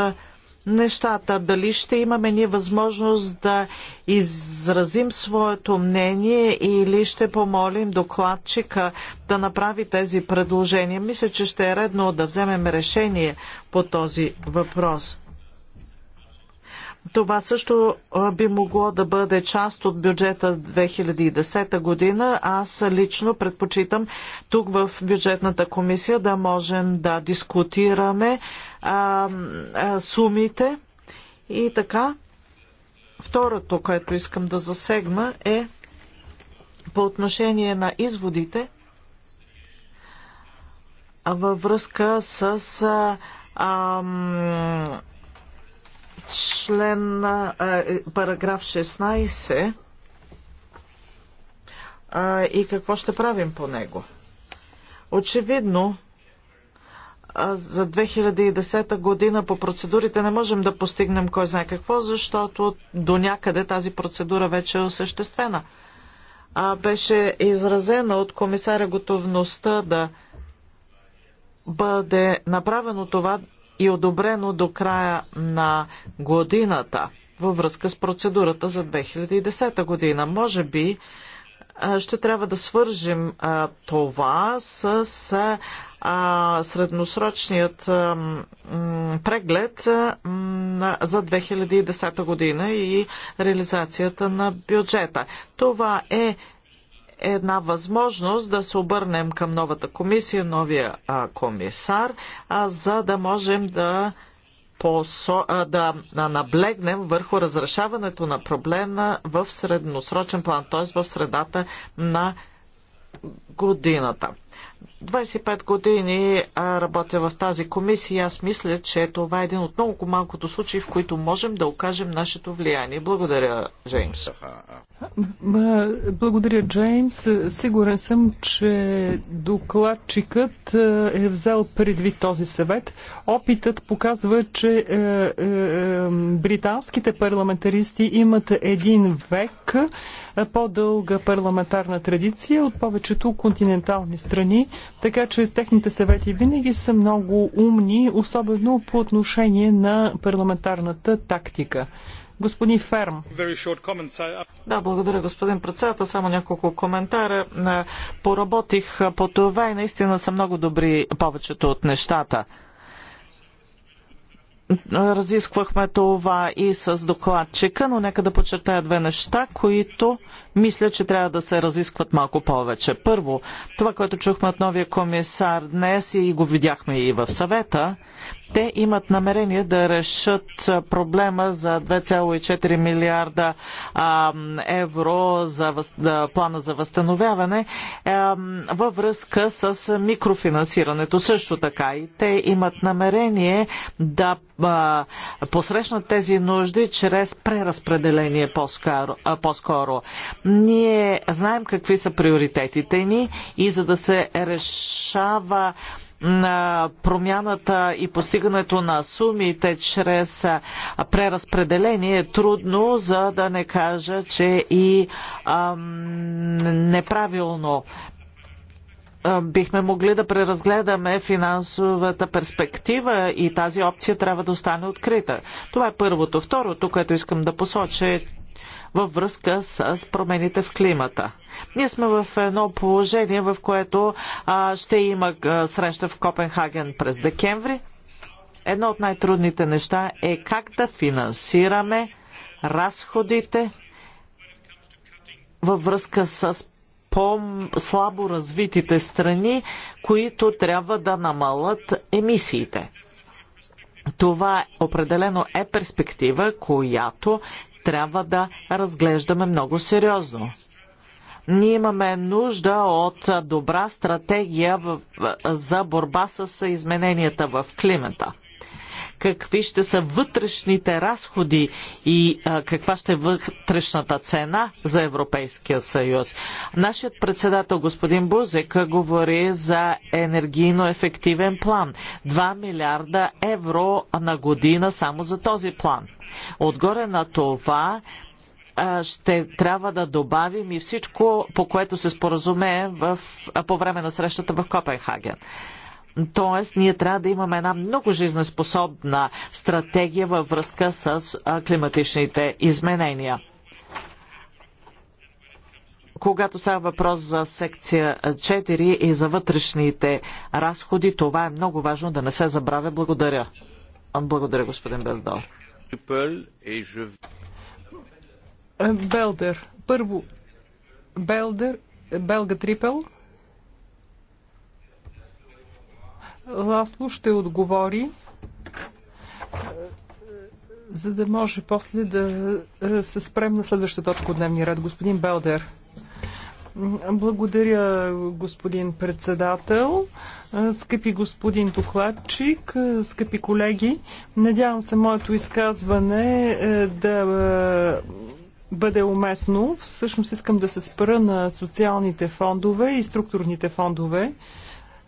нещата. Дали ще имаме ние възможност да изразим своето мнение или ще помолим докладчика да направи тези предложения. Мисля, че ще е редно да вземем решение по този въпрос. Това също би могло да бъде част от бюджета 2010 година. Аз лично предпочитам тук в бюджетната комисия да можем да дискутираме а, а, сумите и така. Второто, което искам да засегна е по отношение на изводите във връзка с а, а, член на е, параграф 16 и какво ще правим по него. Очевидно, за 2010 година по процедурите не можем да постигнем кой знае какво, защото до някъде тази процедура вече е осъществена. А, беше изразена от комисаря готовността да бъде направено това и одобрено до края на годината във връзка с процедурата за 2010 година. Може би ще трябва да свържим това с средносрочният преглед за 2010 година и реализацията на бюджета. Това е една възможност да се обърнем към новата комисия, новия а, комисар, а, за да можем да, посо, а, да наблегнем върху разрешаването на проблема в средносрочен план, т.е. в средата на годината. 25 години работя в тази комисия. Аз мисля, че това е един от много малкото случаи, в които можем да окажем нашето влияние. Благодаря, Джеймс.
Благодаря, Джеймс. Сигурен съм, че докладчикът е, е взел предвид този съвет. Опитът показва, че е, е, британските парламентаристи имат един век по-дълга парламентарна традиция от повечето континентални страни така че техните съвети винаги са много умни, особено по отношение на парламентарната тактика. Господин Ферм.
Да, благодаря, господин председател. Само няколко коментара. Е, поработих по това и наистина са много добри повечето от нещата. Разисквахме това и с докладчика, но нека да подчертая две неща, които мисля, че трябва да се разискват малко повече. Първо, това, което чухме от новия комисар днес и го видяхме и в съвета, те имат намерение да решат проблема за 2,4 милиарда а, евро за въз, плана за възстановяване а, във връзка с микрофинансирането също така. И те имат намерение да а, посрещнат тези нужди чрез преразпределение по-скоро. Ние знаем какви са приоритетите ни и за да се решава на промяната и постигането на сумите чрез преразпределение е трудно, за да не кажа, че и ам, неправилно бихме могли да преразгледаме финансовата перспектива и тази опция трябва да остане открита. Това е първото. Второто, което искам да посоча е, във връзка с промените в климата. Ние сме в едно положение, в което а, ще има а, среща в Копенхаген през декември. Едно от най-трудните неща е как да финансираме разходите във връзка с по-слабо развитите страни, които трябва да намалят емисиите. Това определено е перспектива, която трябва да разглеждаме много сериозно. Ние имаме нужда от добра стратегия в, за борба с измененията в климата какви ще са вътрешните разходи и а, каква ще е вътрешната цена за Европейския съюз. Нашият председател господин Бузек говори за енергийно ефективен план. 2 милиарда евро на година само за този план. Отгоре на това ще трябва да добавим и всичко, по което се споразумеем в, по време на срещата в Копенхаген. Тоест, ние трябва да имаме една много жизнеспособна стратегия във връзка с климатичните изменения. Когато става въпрос за секция 4 и за вътрешните разходи, това е много важно да не се забравя. Благодаря. Благодаря, господин Белдор.
Белдер. Първо, Белдер, Белга Трипел. Ласло ще отговори, за да може после да е, се спрем на следващата точка от дневния ред. Господин Белдер. Благодаря, господин председател. Е, скъпи господин докладчик, е, скъпи колеги, надявам се моето изказване да бъде уместно. Всъщност искам да се спра на социалните фондове и структурните фондове.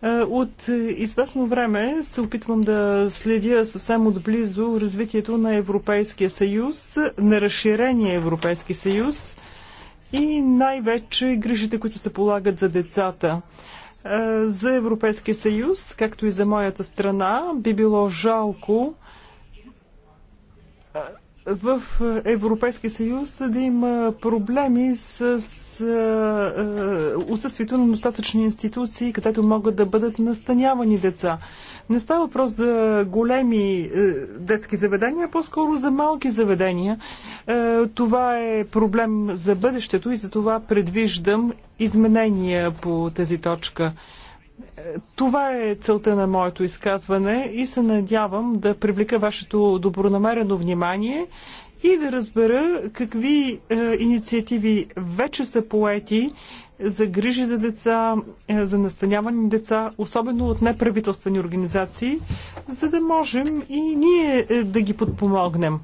Е, от известно време се опитвам да следя съвсем отблизо развитието на Европейския съюз, на разширения Европейски съюз и най-вече грижите, които се полагат за децата. Е, за Европейския съюз, както и за моята страна, би било жалко в Европейския съюз да има проблеми с, с отсъствието на достатъчни институции, където могат да бъдат настанявани деца. Не става въпрос за големи е, детски заведения, а по-скоро за малки заведения. Е, това е проблем за бъдещето и за това предвиждам изменения по тази точка. Това е целта на моето изказване и се надявам да привлека вашето добронамерено внимание и да разбера какви е, инициативи вече са поети за грижи за деца, е, за настаняване на деца, особено от неправителствени организации, за да можем и ние е, да ги подпомогнем.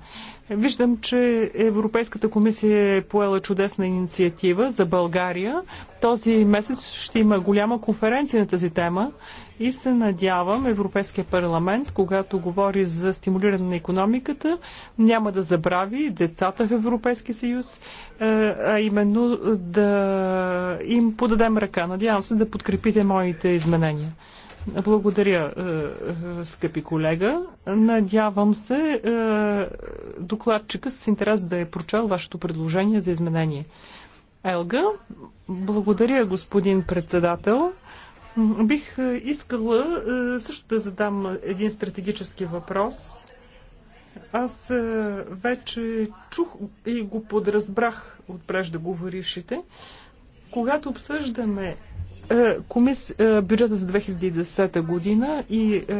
Виждам, че Европейската комисия е поела чудесна инициатива за България. Този месец ще има голяма конференция на тази тема и се надявам Европейския парламент, когато говори за стимулиране на економиката, няма да забрави децата в Европейския съюз, е, а именно да им подадем ръка. Надявам се да подкрепите моите изменения. Благодаря, е, е, скъпи колега. Надявам се е, докладчика с интерес да е прочел вашето предложение за изменение. Елга, благодаря, господин председател. Бих искала също да задам един стратегически въпрос. Аз вече чух и го подразбрах от преждеговорившите. Когато обсъждаме е, комис... Е, бюджета за 2010 година и е,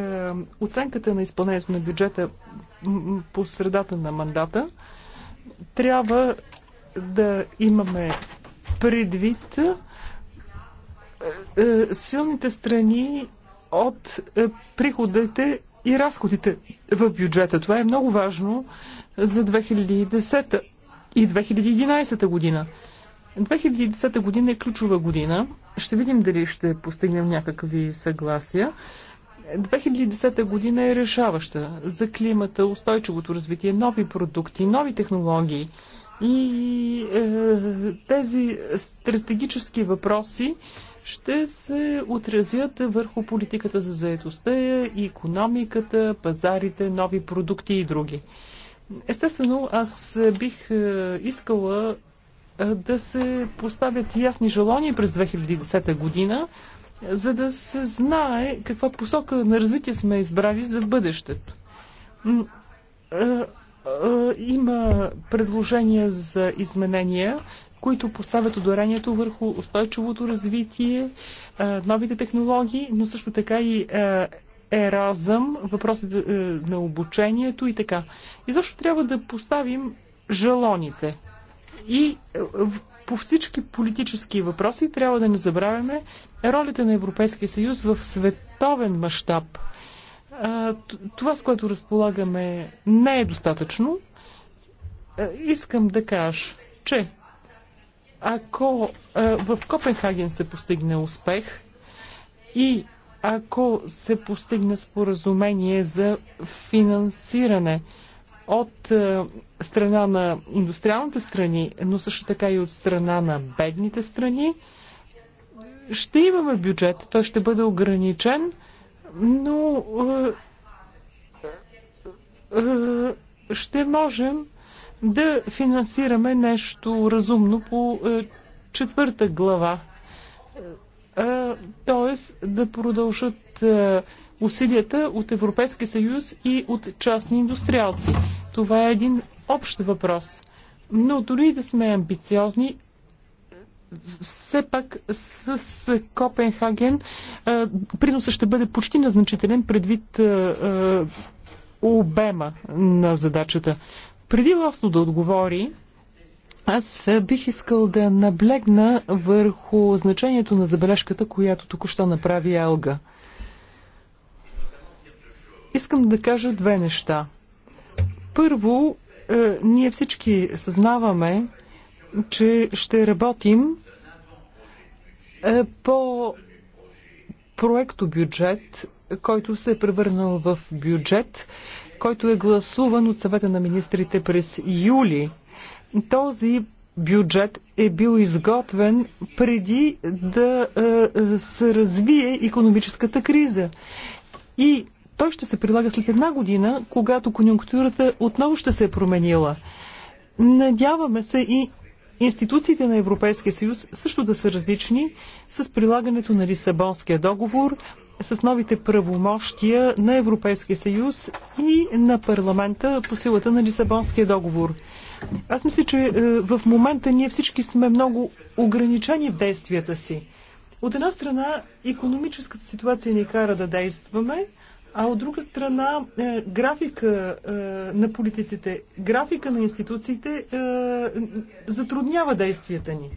оценката на изпълнението на бюджета по средата на мандата трябва да имаме предвид силните страни от приходите и разходите в бюджета. Това е много важно за 2010 и 2011 година. 2010 година е ключова година. Ще видим дали ще постигнем някакви съгласия. 2010 година е решаваща за климата, устойчивото развитие, нови продукти, нови технологии. И е, тези стратегически въпроси ще се отразят върху политиката за заедостта, економиката, пазарите, нови продукти и други. Естествено, аз бих е, искала да се поставят ясни желания през 2010 година, за да се знае каква посока на развитие сме избрали за бъдещето. Има предложения за изменения, които поставят ударението върху устойчивото развитие, новите технологии, но също така и еразъм, въпросите е, на обучението и така. И защо трябва да поставим желоните? И е, по всички политически въпроси трябва да не забравяме ролята на Европейския съюз в световен мащаб. Това, с което разполагаме, не е достатъчно. Искам да кажа, че ако в Копенхаген се постигне успех и ако се постигне споразумение за финансиране, от е, страна на индустриалните страни, но също така и от страна на бедните страни. Ще имаме бюджет, той ще бъде ограничен, но е, е, ще можем да финансираме нещо разумно по четвърта глава. Тоест да продължат усилията от Европейския съюз и от частни индустриалци. Това е един общ въпрос. Но дори да сме амбициозни, все пак с, с Копенхаген а, приносът ще бъде почти назначителен предвид а, а, обема на задачата. Преди Ласло да отговори, аз бих искал да наблегна върху значението на забележката, която току-що направи Елга. Искам да кажа две неща – първо, е, ние всички съзнаваме, че ще работим е, по проекто бюджет, който се е превърнал в бюджет, който е гласуван от съвета на министрите през юли. Този бюджет е бил изготвен преди да е, се развие економическата криза. И той ще се прилага след една година, когато конюнктурата отново ще се е променила. Надяваме се и институциите на Европейския съюз също да са различни с прилагането на Лисабонския договор, с новите правомощия на Европейския съюз и на парламента по силата на Лисабонския договор. Аз мисля, че е, в момента ние всички сме много ограничени в действията си. От една страна, економическата ситуация ни кара да действаме, а от друга страна, е, графика е, на политиците, графика на институциите е, затруднява действията ни.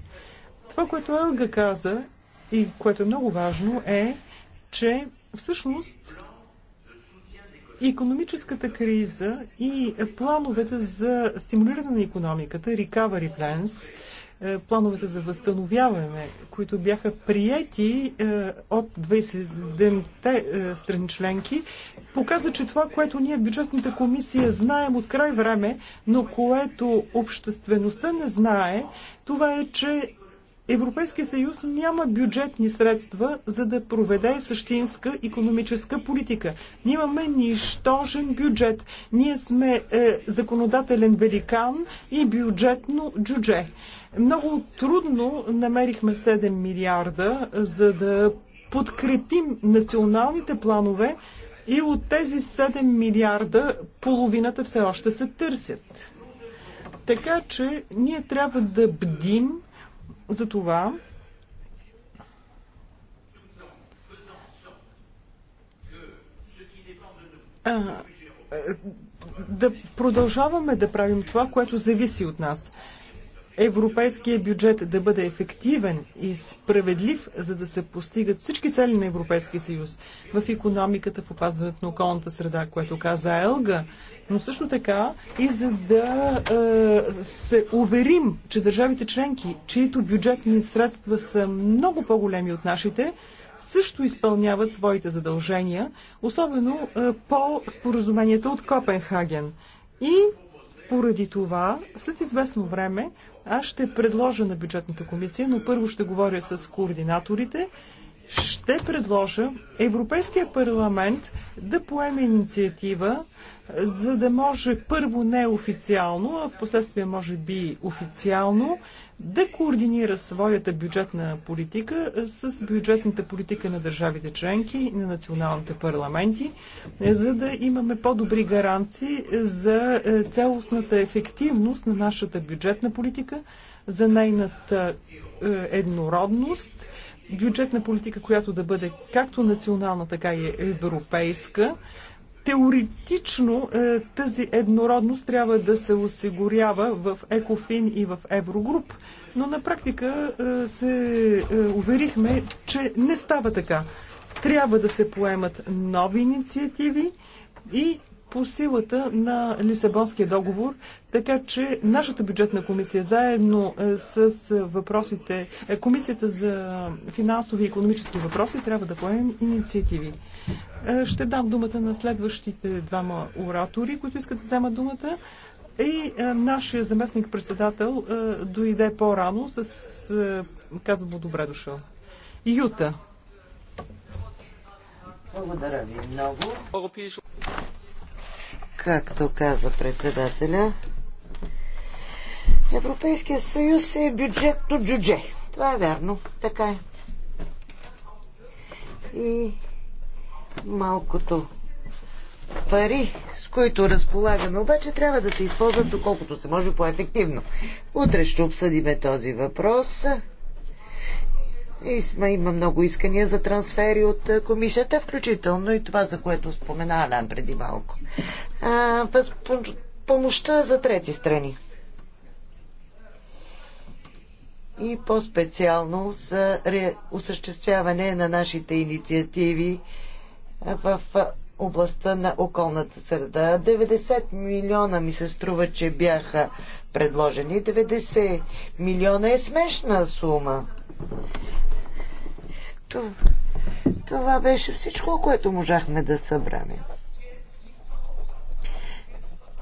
Това, което Елга каза и което е много важно е, че всъщност економическата криза и плановете за стимулиране на економиката, recovery plans, е, плановете за възстановяване, които бяха приети е, от 27-те е, страни членки, показа, че това, което ние в бюджетната комисия знаем от край време, но което обществеността не знае, това е, че Европейския съюз няма бюджетни средства, за да проведе същинска економическа политика. Ние имаме нищожен бюджет. Ние сме е, законодателен великан и бюджетно джудже. Много трудно намерихме 7 милиарда, е, за да подкрепим националните планове и от тези 7 милиарда половината все още се търсят. Така че ние трябва да бдим за това а, е, да продължаваме да правим това, което зависи от нас европейския бюджет да бъде ефективен и справедлив, за да се постигат всички цели на Европейския съюз в економиката, в опазването на околната среда, което каза Елга, но също така и за да е, се уверим, че държавите членки, чието бюджетни средства са много по-големи от нашите, също изпълняват своите задължения, особено е, по споразумението от Копенхаген. И поради това, след известно време, аз ще предложа на бюджетната комисия, но първо ще говоря с координаторите. Ще предложа Европейския парламент да поеме инициатива, за да може първо неофициално, а в последствие може би официално, да координира своята бюджетна политика с бюджетната политика на държавите членки, и на националните парламенти, е, за да имаме по-добри гаранции е, за е, цялостната ефективност на нашата бюджетна политика, за нейната еднородност, бюджетна политика, която да бъде както национална, така и европейска, Теоретично е, тази еднородност трябва да се осигурява в Екофин и в Еврогруп, но на практика е, се е, уверихме, че не става така. Трябва да се поемат нови инициативи и по силата на Лисабонския договор, така че нашата бюджетна комисия, заедно е, с е, въпросите, е, комисията за финансови и економически въпроси, трябва да поемем инициативи. Ще дам думата на следващите двама оратори, които искат да вземат думата. И е, нашия заместник-председател е, дойде по-рано с... Е, казва му добре дошъл. Юта.
Благодаря ви много. Както каза председателя, Европейския съюз е бюджетно джудже. Това е вярно. Така е. И малкото пари, с които разполагаме, обаче трябва да се използват доколкото се може по-ефективно. Утре ще обсъдиме този въпрос сме, има много искания за трансфери от комисията, включително и това, за което спомена Алян преди малко. А, помощта за трети страни. И по-специално за осъществяване на нашите инициативи в областта на околната среда. 90 милиона ми се струва, че бяха предложени. 90 милиона е смешна сума. Това, това беше всичко, което можахме да събраме.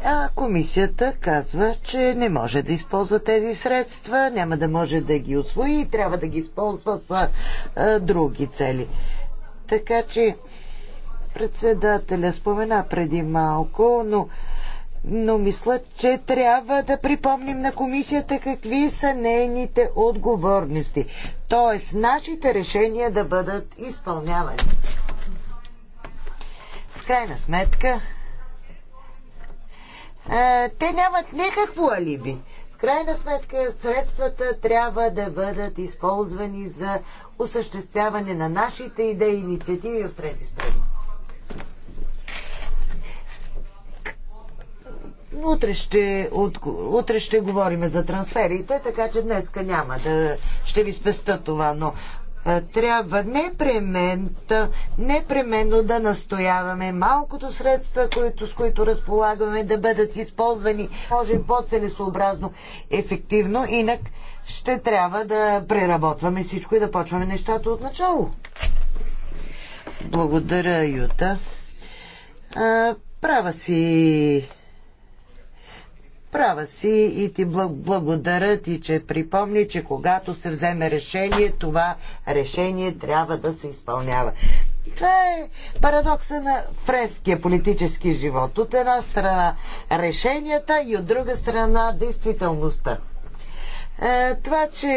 А комисията казва, че не може да използва тези средства, няма да може да ги освои и трябва да ги използва за а, други цели. Така че председателя спомена преди малко, но но мисля, че трябва да припомним на комисията какви са нейните отговорности. Тоест, нашите решения да бъдат изпълнявани. В крайна сметка, те нямат никакво алиби. В крайна сметка, средствата трябва да бъдат използвани за осъществяване на нашите идеи и инициативи в трети страни. утре ще, от, утре ще говорим за трансферите, така че днеска няма да ще ви спеста това, но трябва непременно, непременно да настояваме малкото средства, които, с които разполагаме, да бъдат използвани, може по-целесообразно, ефективно, инак ще трябва да преработваме всичко и да почваме нещата от начало. Благодаря, Юта. А, права си Права си и ти благодаря ти, че припомни, че когато се вземе решение, това решение трябва да се изпълнява. Това е парадокса на френския политически живот. От една страна решенията и от друга страна действителността. Е, това, че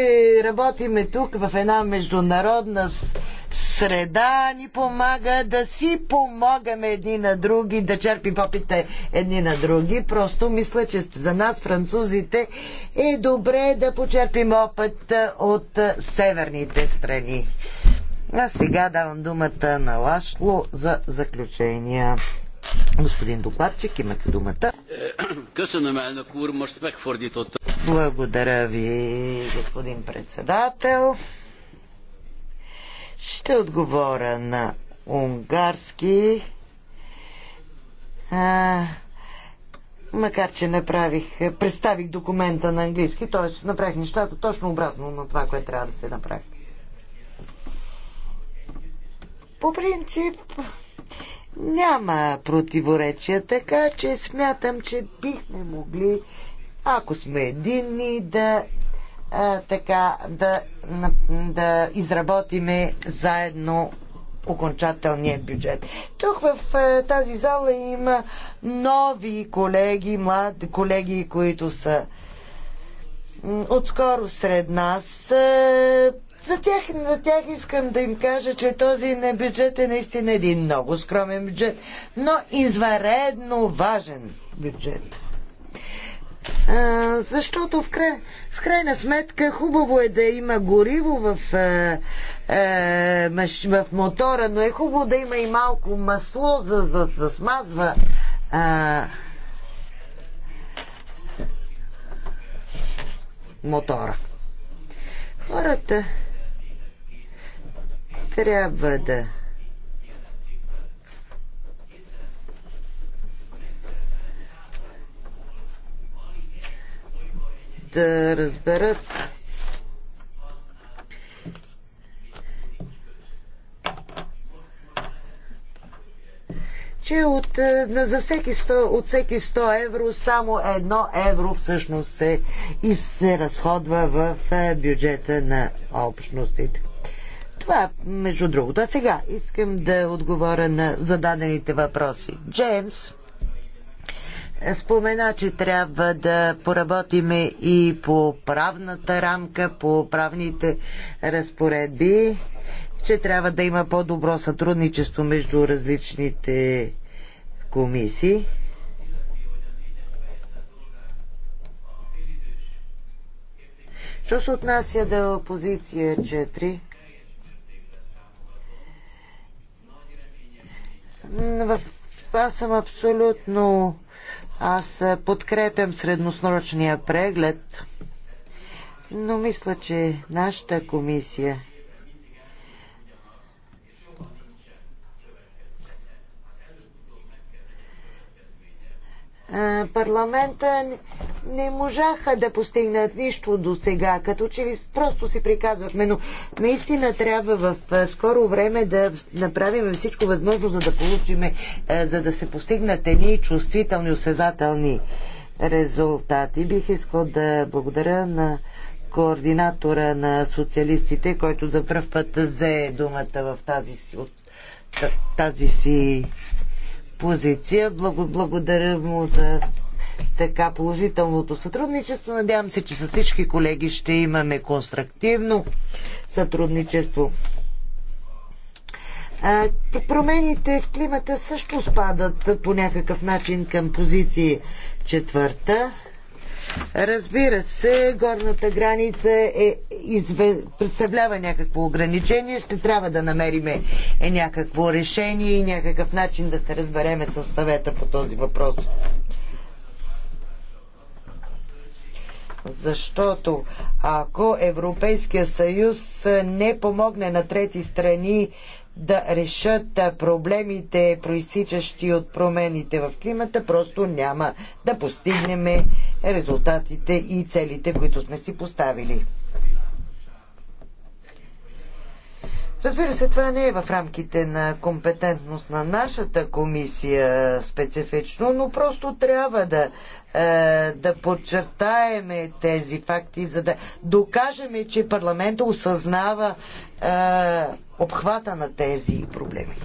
работиме тук в една международна среда, ни помага да си помагаме едни на други, да черпим опите едни на други. Просто мисля, че за нас, французите, е добре да почерпим опит е, от е, северните страни. А сега давам думата на Лашло за заключения. Господин докладчик, имате думата. Благодаря ви, господин председател. Ще отговоря на унгарски. А, макар, че направих, представих документа на английски, т.е. направих нещата точно обратно на това, което трябва да се направи. По принцип, няма противоречия, така че смятам, че бихме могли, ако сме единни, да а, така да, на, да изработиме заедно окончателния бюджет. Тук в а, тази зала има нови колеги, млади колеги, които са отскоро сред нас. А, за тях, на тях искам да им кажа, че този не бюджет е наистина един много скромен бюджет, но изваредно важен бюджет. А, защото в, край, в крайна сметка хубаво е да има гориво в, а, а, в мотора, но е хубаво да има и малко масло, за да се смазва. А, мотора. Хората трябва да да разберат че от, е, за всеки 100, от всеки 100 евро само едно евро всъщност се, и се разходва в е, бюджета на общностите. Това, между другото. А сега искам да отговоря на зададените въпроси. Джеймс спомена, че трябва да поработиме и по правната рамка, по правните разпоредби, че трябва да има по-добро сътрудничество между различните комисии. Що се отнася до опозиция 4? В... Аз съм абсолютно... Аз е, подкрепям средносрочния преглед, но мисля, че нашата комисия парламента не можаха да постигнат нищо до сега, като че ли просто си приказвахме, но наистина трябва в скоро време да направим всичко възможно, за да получиме, за да се постигнат едни чувствителни, осезателни резултати. Бих искал да благодаря на координатора на социалистите, който за първ път взе думата в тази си, от, тази си позиция. Благодаря му за така положителното сътрудничество. Надявам се, че с всички колеги ще имаме конструктивно сътрудничество. А, промените в климата също спадат по някакъв начин към позиции четвърта. Разбира се, горната граница е, изве, представлява някакво ограничение. Ще трябва да намериме е някакво решение и някакъв начин да се разбереме с съвета по този въпрос. Защото ако Европейския съюз не помогне на трети страни да решат проблемите, проистичащи от промените в климата, просто няма да постигнем резултатите и целите, които сме си поставили. Разбира се, това не е в рамките на компетентност на нашата комисия специфично, но просто трябва да, подчертаем да подчертаеме тези факти, за да докажеме, че парламента осъзнава е, обхвата на тези проблеми.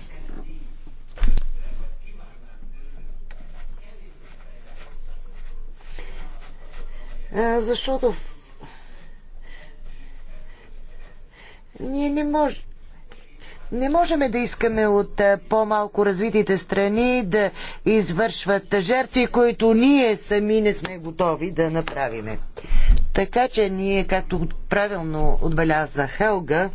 Е, защото ние не можем не можем да искаме от е, по-малко развитите страни да извършват жертви, които ние сами не сме готови да направиме. Така че ние, както правилно отбеляза Хелга,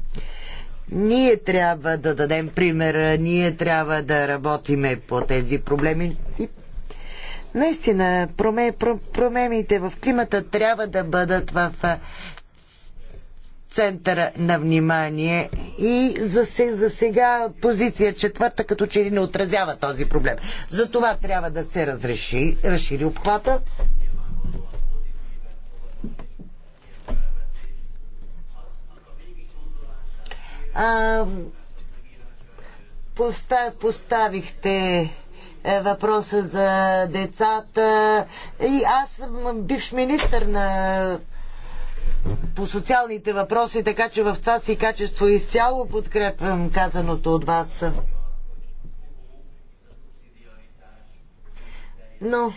ние трябва да дадем пример, ние трябва да работиме по тези проблеми. И наистина, промените промемите в климата трябва да бъдат в е, центъра на внимание и за, за сега позиция четвърта като че ли не отразява този проблем. За това трябва да се разреши, разшири обхвата. А, постав, поставихте е, въпроса за децата. И аз съм бивш министр на по социалните въпроси, така че в това си качество изцяло подкрепям казаното от вас. Но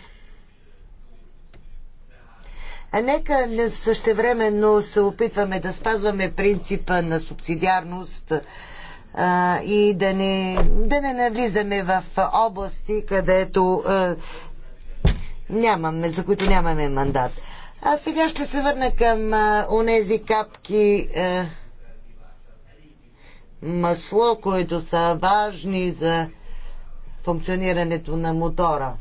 а нека не същевременно се опитваме да спазваме принципа на субсидиарност а, и да не, да не навлизаме в области, където а, нямаме, за които нямаме мандат. А сега ще се върна към а, онези капки а, е, масло, които са важни за функционирането на мотора.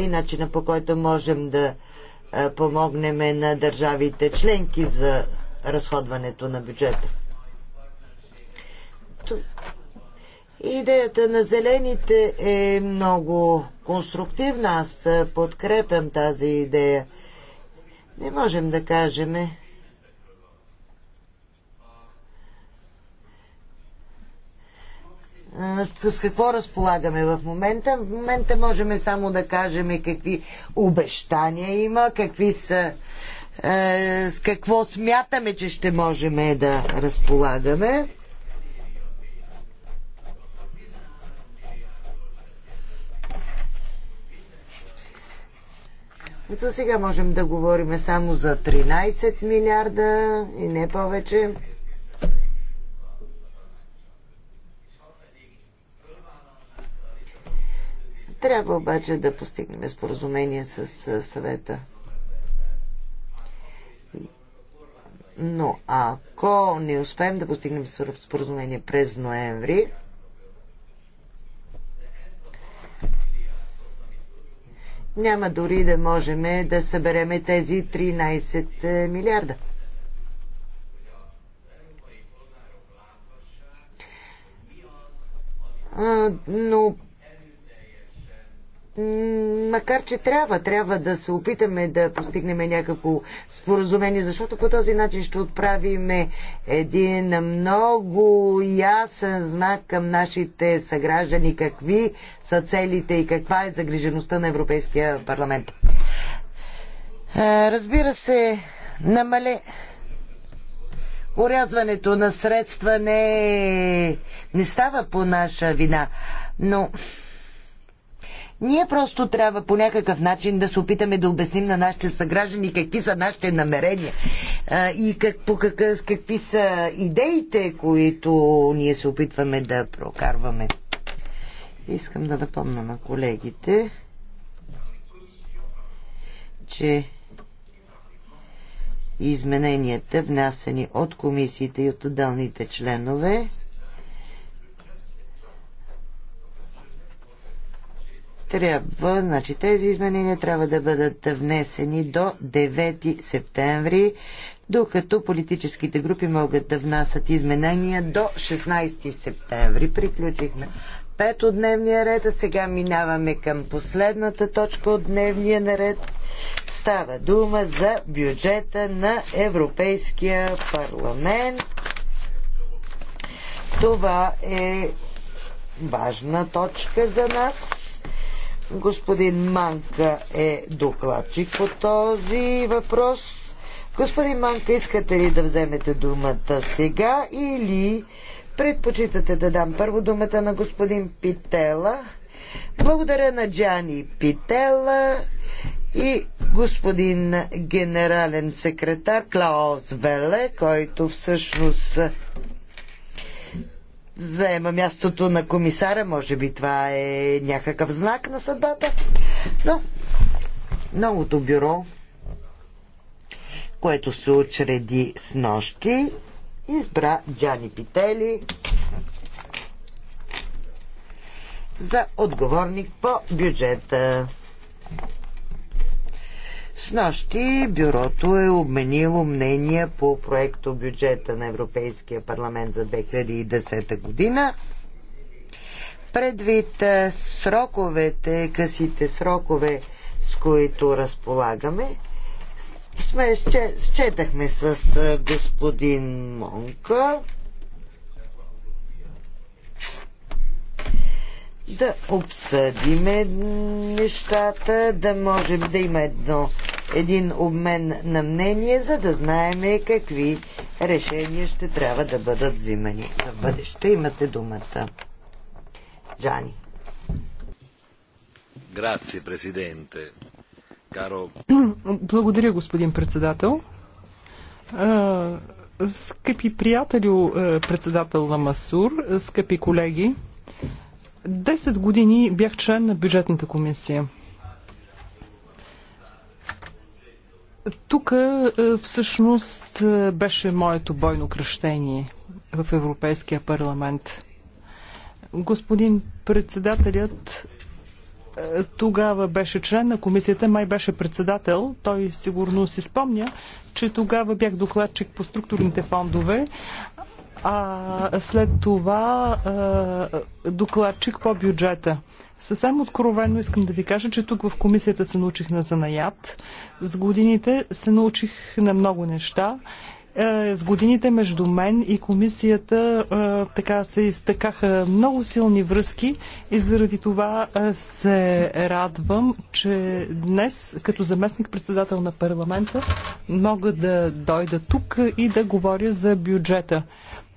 И начина по който можем да е, помогнем на държавите членки за разходването на бюджета. Идеята на зелените е много конструктивна. Аз подкрепям тази идея. Не можем да кажем, с какво разполагаме в момента. В момента можем само да кажем какви обещания има, какви са, е, с какво смятаме, че ще можем да разполагаме. За сега можем да говорим само за 13 милиарда и не повече. Трябва обаче да постигнем споразумение с съвета. Но ако не успеем да постигнем споразумение през ноември, няма дори да можем да събереме тези 13 е, милиарда. Но Макар, че трябва, трябва да се опитаме да постигнем някакво споразумение, защото по този начин ще отправиме един много ясен знак към нашите съграждани какви са целите и каква е загрижеността на Европейския парламент. Е, разбира се, намале. Орязването на средства не, е- не става по наша вина, но ние просто трябва по някакъв начин да се опитаме да обясним на нашите съграждани какви са нашите намерения а, и как, по какъв, какви са идеите, които ние се опитваме да прокарваме. Искам да напомня на колегите, че измененията, внасени от комисиите и от отделните членове, трябва, значи тези изменения трябва да бъдат внесени до 9 септември, докато политическите групи могат да внасят изменения до 16 септември. Приключихме пет от дневния ред, а сега минаваме към последната точка от дневния наред. Става дума за бюджета на Европейския парламент. Това е важна точка за нас. Господин Манка е докладчик по този въпрос. Господин Манка, искате ли да вземете думата сега или предпочитате да дам първо думата на господин Питела? Благодаря на Джани Питела и господин генерален секретар Клаус Веле, който всъщност заема мястото на комисара. Може би това е някакъв знак на съдбата. Но новото бюро, което се учреди с нощи, избра Джани Пители за отговорник по бюджета. С нощи бюрото е обменило мнение по проекто бюджета на Европейския парламент за 2010 година. Предвид сроковете, късите срокове, с които разполагаме, сме, счетахме с господин Монка да обсъдиме нещата, да можем да има едно, един обмен на мнение, за да знаем какви решения ще трябва да бъдат взимани за бъдеще. Имате думата. Джани. Грация,
президенте. Каро. Благодаря, господин председател. Скъпи приятели, е, председател на Масур, скъпи колеги, 10 години бях член на бюджетната комисия. Тук е, всъщност е, беше моето бойно кръщение в Европейския парламент. Господин председателят е, тогава беше член на комисията, май беше председател. Той сигурно си спомня, че тогава бях докладчик по структурните фондове а след това а, докладчик по бюджета. Съвсем откровенно искам да ви кажа, че тук в комисията се научих на занаят. С годините се научих на много неща. Е, с годините между мен и комисията е, така се изтъкаха много силни връзки и заради това е, се радвам, че днес като заместник-председател на парламента мога да дойда тук и да говоря за бюджета.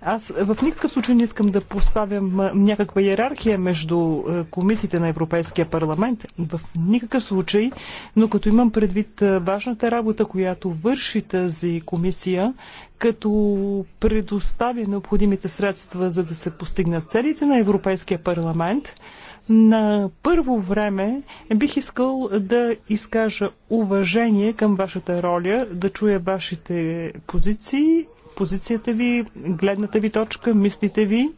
Аз в никакъв случай не искам да поставям някаква иерархия между комисиите на Европейския парламент. В никакъв случай, но като имам предвид важната работа, която върши тази комисия, като предоставя необходимите средства, за да се постигнат целите на Европейския парламент, на първо време бих искал да изкажа уважение към вашата роля, да чуя вашите позиции позицията ви, гледната ви точка, мислите ви.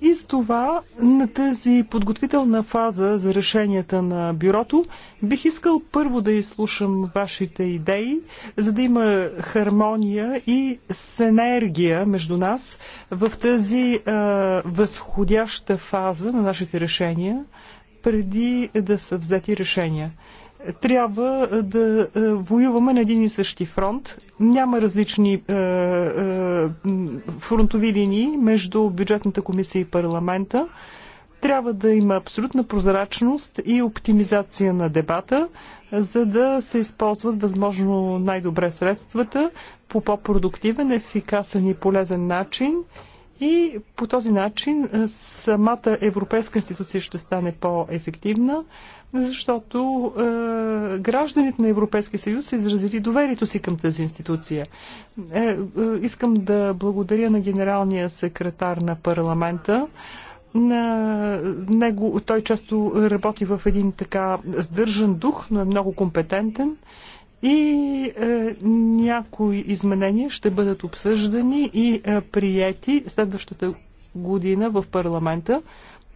И с това на тази подготвителна фаза за решенията на бюрото бих искал първо да изслушам вашите идеи, за да има хармония и синергия между нас в тази а, възходяща фаза на нашите решения, преди да са взети решения трябва е, да е, воюваме на един и същи фронт. Няма различни е, фронтови линии между бюджетната комисия и парламента. Трябва да има абсолютна прозрачност и оптимизация на дебата, за да се използват възможно най-добре средствата по по-продуктивен, ефикасен и полезен начин. И по този начин самата европейска институция ще стане по-ефективна, защото е, гражданите на Европейския съюз са изразили доверието си към тази институция. Е, е, искам да благодаря на генералния секретар на парламента. На него той често работи в един така сдържан дух, но е много компетентен и е, някои изменения ще бъдат обсъждани и е, приети следващата година в парламента.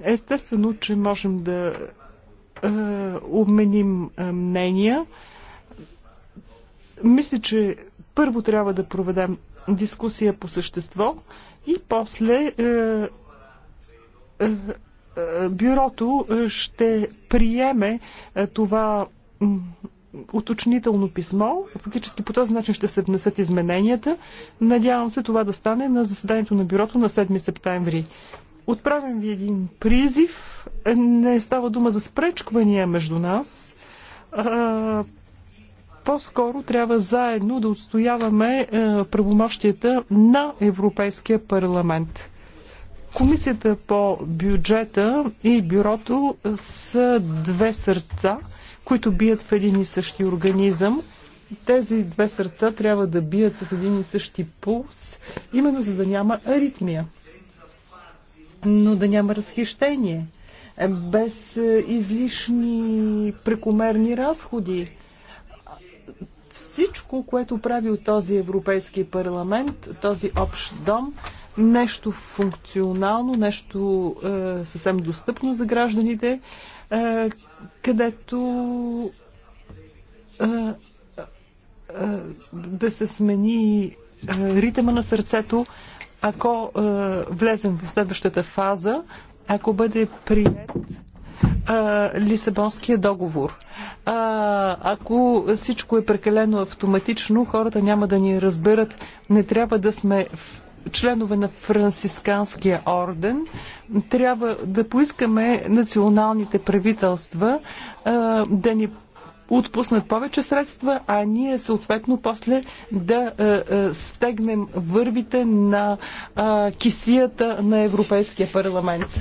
Естествено, че можем да е, обменим е, мнения. Мисля, че първо трябва да проведем дискусия по същество и после е, бюрото ще приеме това уточнително писмо. Фактически по този начин ще се внесат измененията. Надявам се това да стане на заседанието на бюрото на 7 септември. Отправям ви един призив. Не става дума за спречквания между нас. По-скоро трябва заедно да отстояваме правомощията на Европейския парламент. Комисията по бюджета и бюрото са две сърца, които бият в един и същи организъм тези две сърца трябва да бият с един и същи пулс, именно за да няма аритмия но да няма разхищение, без е, излишни прекомерни разходи. Всичко, което прави от този Европейски парламент, този общ дом, нещо функционално, нещо е, съвсем достъпно за гражданите, е, където е, е, е да се смени е, ритъма на сърцето ако е, влезем в следващата фаза, ако бъде прият е, Лисабонския договор. А, е, ако всичко е прекалено автоматично, хората няма да ни разберат. Не трябва да сме членове на францисканския орден. Трябва да поискаме националните правителства а, е, да ни отпуснат повече средства, а ние съответно после да е, е, стегнем вървите на е, кисията на Европейския парламент.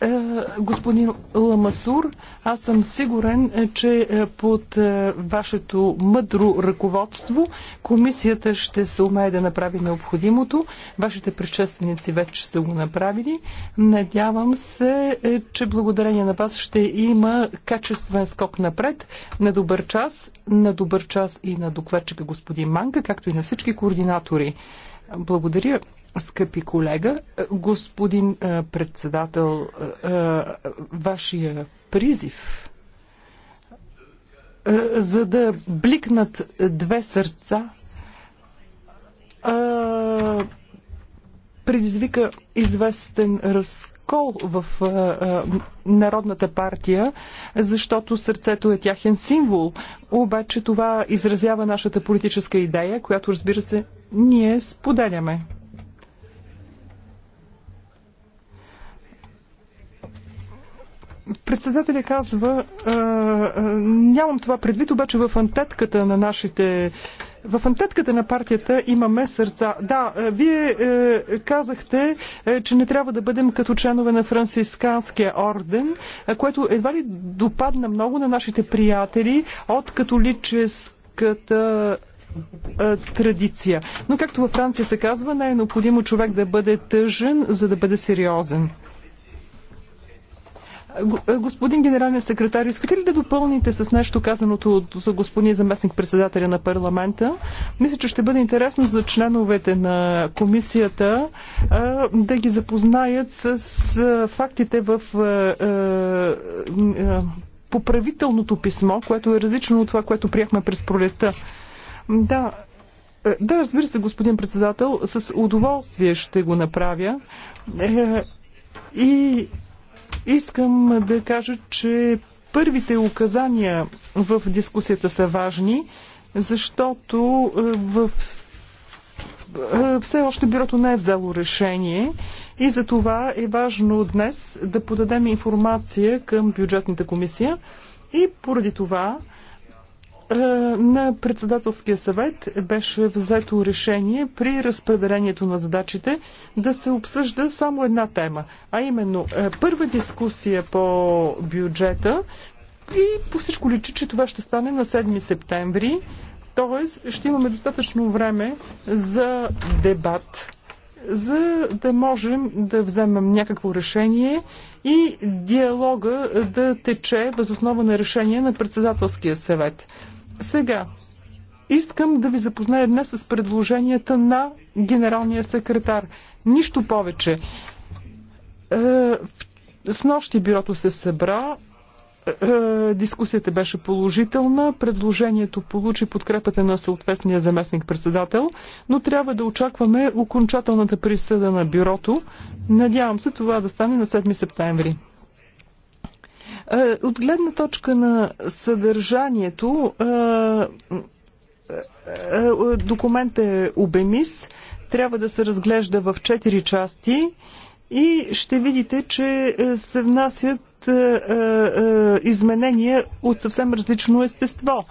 Е, господин Ламасур, аз съм сигурен, е, че е, под вашето мъдро ръководство комисията ще се умее да направи необходимото. Вашите предшественици вече са го направили. Надявам се, че благодарение на вас ще има качествен скок напред. На добър час, на добър час и на докладчика господин Манка, както и на всички координатори. Благодаря. Скъпи колега, е, господин е, председател, е, вашия призив за да бликнат две сърца предизвика известен разкол в а, а, Народната партия, защото сърцето е тяхен символ. Обаче това изразява нашата политическа идея, която разбира се ние споделяме. Председателя казва, а, а, нямам това предвид, обаче в антетката на нашите в антетката на партията имаме сърца. Да, вие е, казахте, е, че не трябва да бъдем като членове на францисканския орден, е, което едва ли допадна много на нашите приятели от католическата традиция. Но както във Франция се казва, не е необходимо човек да бъде тъжен, за да бъде сериозен. Е, господин генерален секретар, искате ли да допълните с нещо казаното от господин заместник председателя на парламента? Мисля, че ще бъде интересно за членовете на комисията да ги запознаят с фактите в поправителното писмо, което е различно от това, което приехме през пролета. Да, е, да, разбира се, господин председател, с удоволствие ще го направя. Е, и Искам да кажа, че първите указания в дискусията са важни, защото е, в е, все още бюрото не е взело решение и за това е важно днес да подадем информация към бюджетната комисия и поради това е, на председателския съвет беше взето решение при разпределението на задачите да се обсъжда само една тема, а именно е, първа дискусия по бюджета и по всичко личи, че това ще стане на 7 септември, т.е. ще имаме достатъчно време за дебат за да можем да вземем някакво решение и диалога да тече възоснова на решение на председателския съвет. Сега, искам да ви запозная днес с предложенията на генералния секретар. Нищо повече. Е, с нощи бюрото се събра. Е, е, дискусията беше положителна. Предложението получи подкрепата на съответния заместник-председател, но трябва да очакваме окончателната присъда на бюрото. Надявам се това да стане на 7 септември. Е, от гледна точка на съдържанието, е, е, документ е обемис, трябва да се разглежда в четири части и ще видите, че се внасят изменения от съвсем различно естество.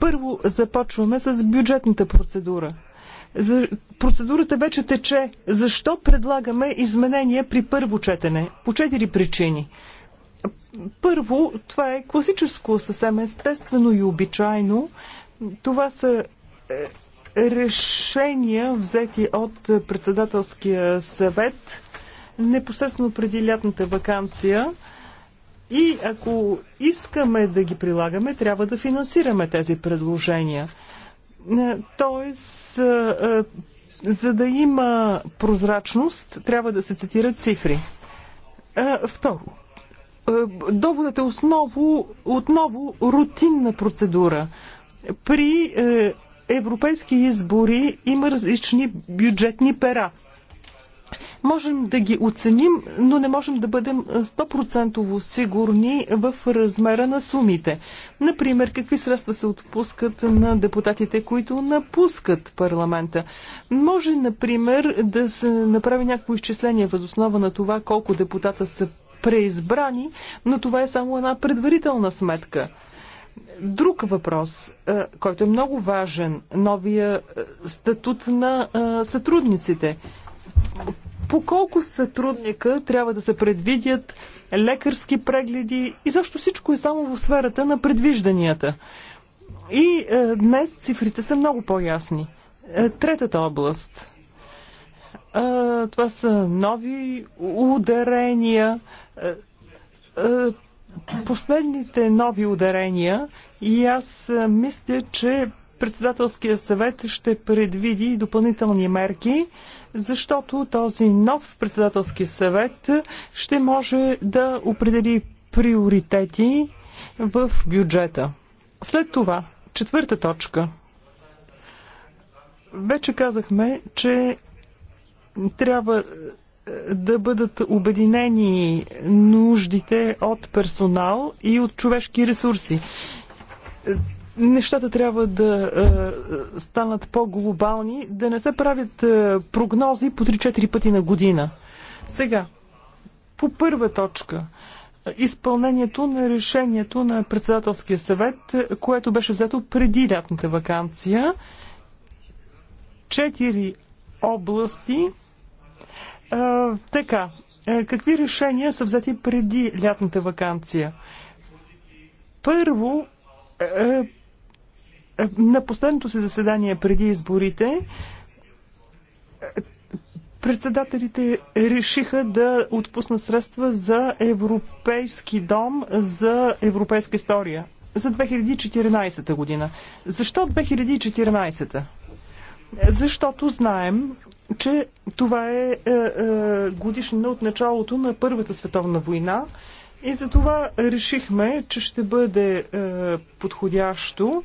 Първо започваме с бюджетната процедура. Процедурата вече тече. Защо предлагаме изменения при първо четене? По четири причини. Първо, това е класическо, съвсем естествено и обичайно. Това са е, решения, взети от председателския съвет непосредствено преди лятната вакансия. И ако искаме да ги прилагаме, трябва да финансираме тези предложения. Е, тоест, е, за да има прозрачност, трябва да се цитират цифри. Второ, доводът е осново, отново рутинна процедура. При е, европейски избори има различни бюджетни пера. Можем да ги оценим, но не можем да бъдем 100% сигурни в размера на сумите. Например, какви средства се отпускат на депутатите, които напускат парламента. Може, например, да се направи някакво изчисление възоснова на това колко депутата са преизбрани, но това е само една предварителна сметка. Друг въпрос, е, който е много важен, новия е, статут на е, сътрудниците. По колко сътрудника трябва да се предвидят лекарски прегледи и защо всичко е само в сферата на предвижданията. И днес цифрите са много по-ясни. Третата област. Това са нови ударения е, е, последните нови ударения и аз е, мисля, че председателския съвет ще предвиди допълнителни мерки, защото този нов председателски съвет ще може да определи приоритети в бюджета. След това, четвърта точка. Вече казахме, че трябва да бъдат обединени нуждите от персонал и от човешки ресурси. Нещата трябва да е, станат по-глобални, да не се правят е, прогнози по 3-4 пъти на година. Сега, по първа точка, изпълнението на решението на председателския съвет, което беше взето преди лятната вакансия. Четири области така, какви решения са взети преди лятната вакансия? Първо, на последното си заседание преди изборите, председателите решиха да отпуснат средства за Европейски дом за европейска история за 2014 година. Защо 2014? Защото знаем, че това е, е, е годишнина от началото на Първата световна война и за това решихме, че ще бъде е, подходящо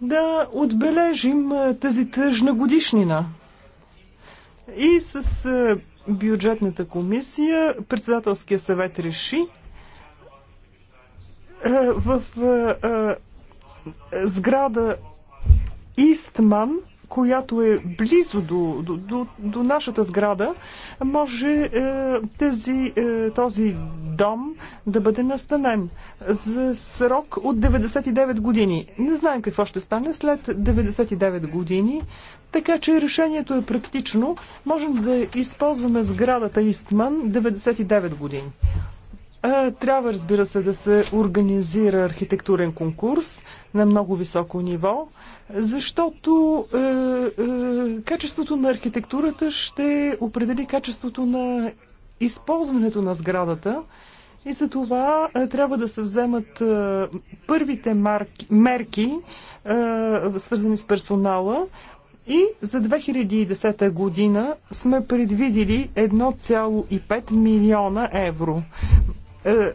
да отбележим е, тази тъжна годишнина. И с е, бюджетната комисия председателския съвет реши е, в сграда Истман която е близо до, до, до, до нашата сграда, може е, тези, е, този дом да бъде настанен за срок от 99 години. Не знаем какво ще стане след 99 години, така че решението е практично. Можем да използваме сградата Истман 99 години. Е, трябва, разбира се, да се организира архитектурен конкурс на много високо ниво защото е, е, качеството на архитектурата ще определи качеството на използването на сградата и за това е, трябва да се вземат е, първите марки, мерки, е, свързани с персонала. И за 2010 година сме предвидили 1,5 милиона евро. Е,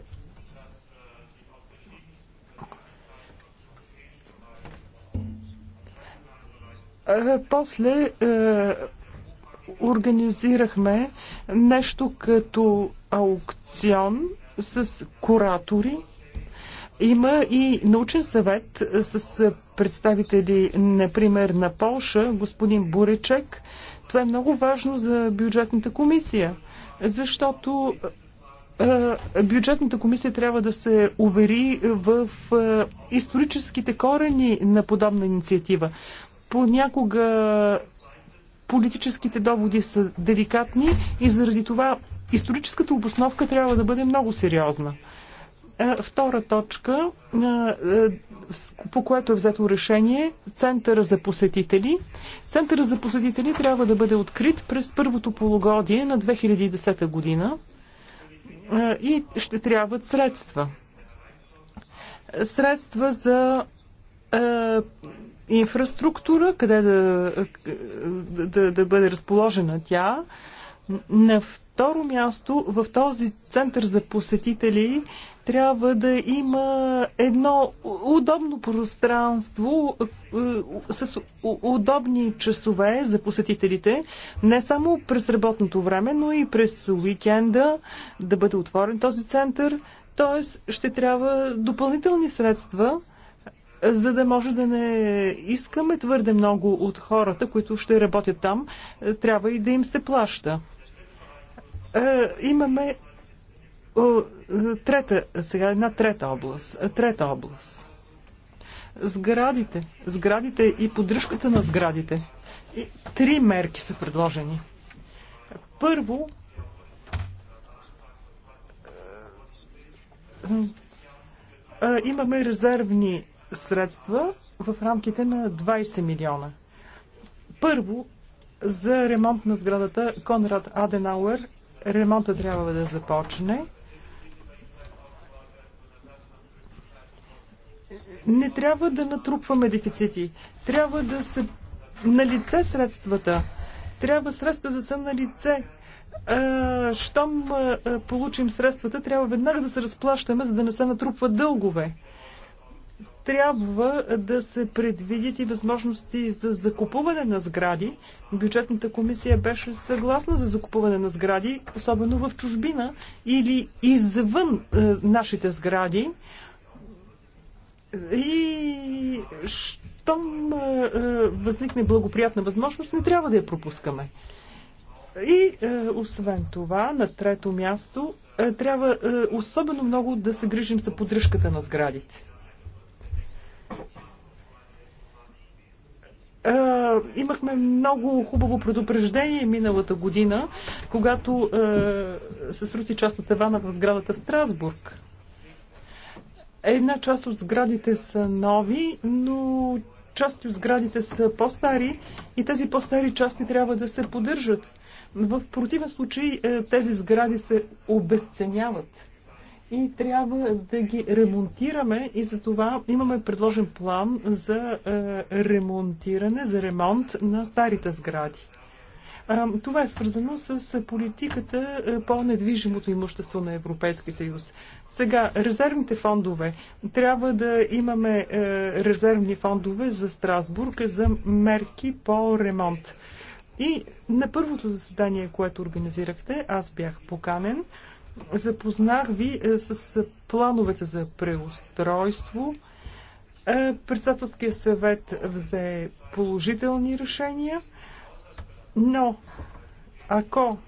Е, после е, организирахме нещо като аукцион с куратори. Има и научен съвет с представители, например, на Полша, господин Буречек. Това е много важно за бюджетната комисия, защото е, бюджетната комисия трябва да се увери в историческите корени на подобна инициатива. Понякога политическите доводи са деликатни и заради това историческата обосновка трябва да бъде много сериозна. Е, втора точка, е, е, по което е взето решение, Центъра за посетители. Центъра за посетители трябва да бъде открит през първото полугодие на 2010 година и ще трябват средства. Средства за инфраструктура, къде да, да, да бъде разположена тя. На второ място, в този център за посетители трябва да има едно удобно пространство е, е, с удобни часове за посетителите, не само през работното време, но и през уикенда да бъде отворен този център. Т.е. ще трябва допълнителни средства за да може да не искаме твърде много от хората, които ще работят там, е, трябва и да им се плаща. Е, имаме е, трета, сега една трета област. Трета област. Сградите. Сградите и поддръжката на сградите. И три мерки са предложени. Първо, имаме резервни средства в рамките на 20 милиона. Първо, за ремонт на сградата Конрад Аденауер ремонта трябва да започне. Не трябва да натрупваме дефицити. Трябва да са на лице средствата. Трябва средства да са на лице. Щом получим средствата, трябва веднага да се разплащаме, за да не се натрупват дългове трябва да се предвидят и възможности за закупуване на сгради. Бюджетната комисия беше съгласна за закупуване на сгради, особено в чужбина или извън е, нашите сгради. И щом е, е възникне благоприятна възможност, не трябва да я пропускаме. И е, освен това, на трето място, е, трябва е, особено много да се грижим за поддръжката на сградите. имахме много хубаво предупреждение миналата година, когато се срути част от тавана в сградата в Страсбург. Една част от сградите са нови, но части от сградите са по-стари и тези по-стари части трябва да се поддържат. В противен случай тези сгради се обесценяват и трябва да ги ремонтираме и за това имаме предложен план за е, ремонтиране, за ремонт на старите сгради. Е, това е свързано с е, политиката по недвижимото имущество на Европейски съюз. Сега, резервните фондове. Трябва да имаме резервни фондове за Страсбург за мерки по ремонт. И на първото заседание, което организирахте, аз бях поканен. Запознах ви е, с плановете за преустройство. Е, Председателския съвет взе положителни решения, но ако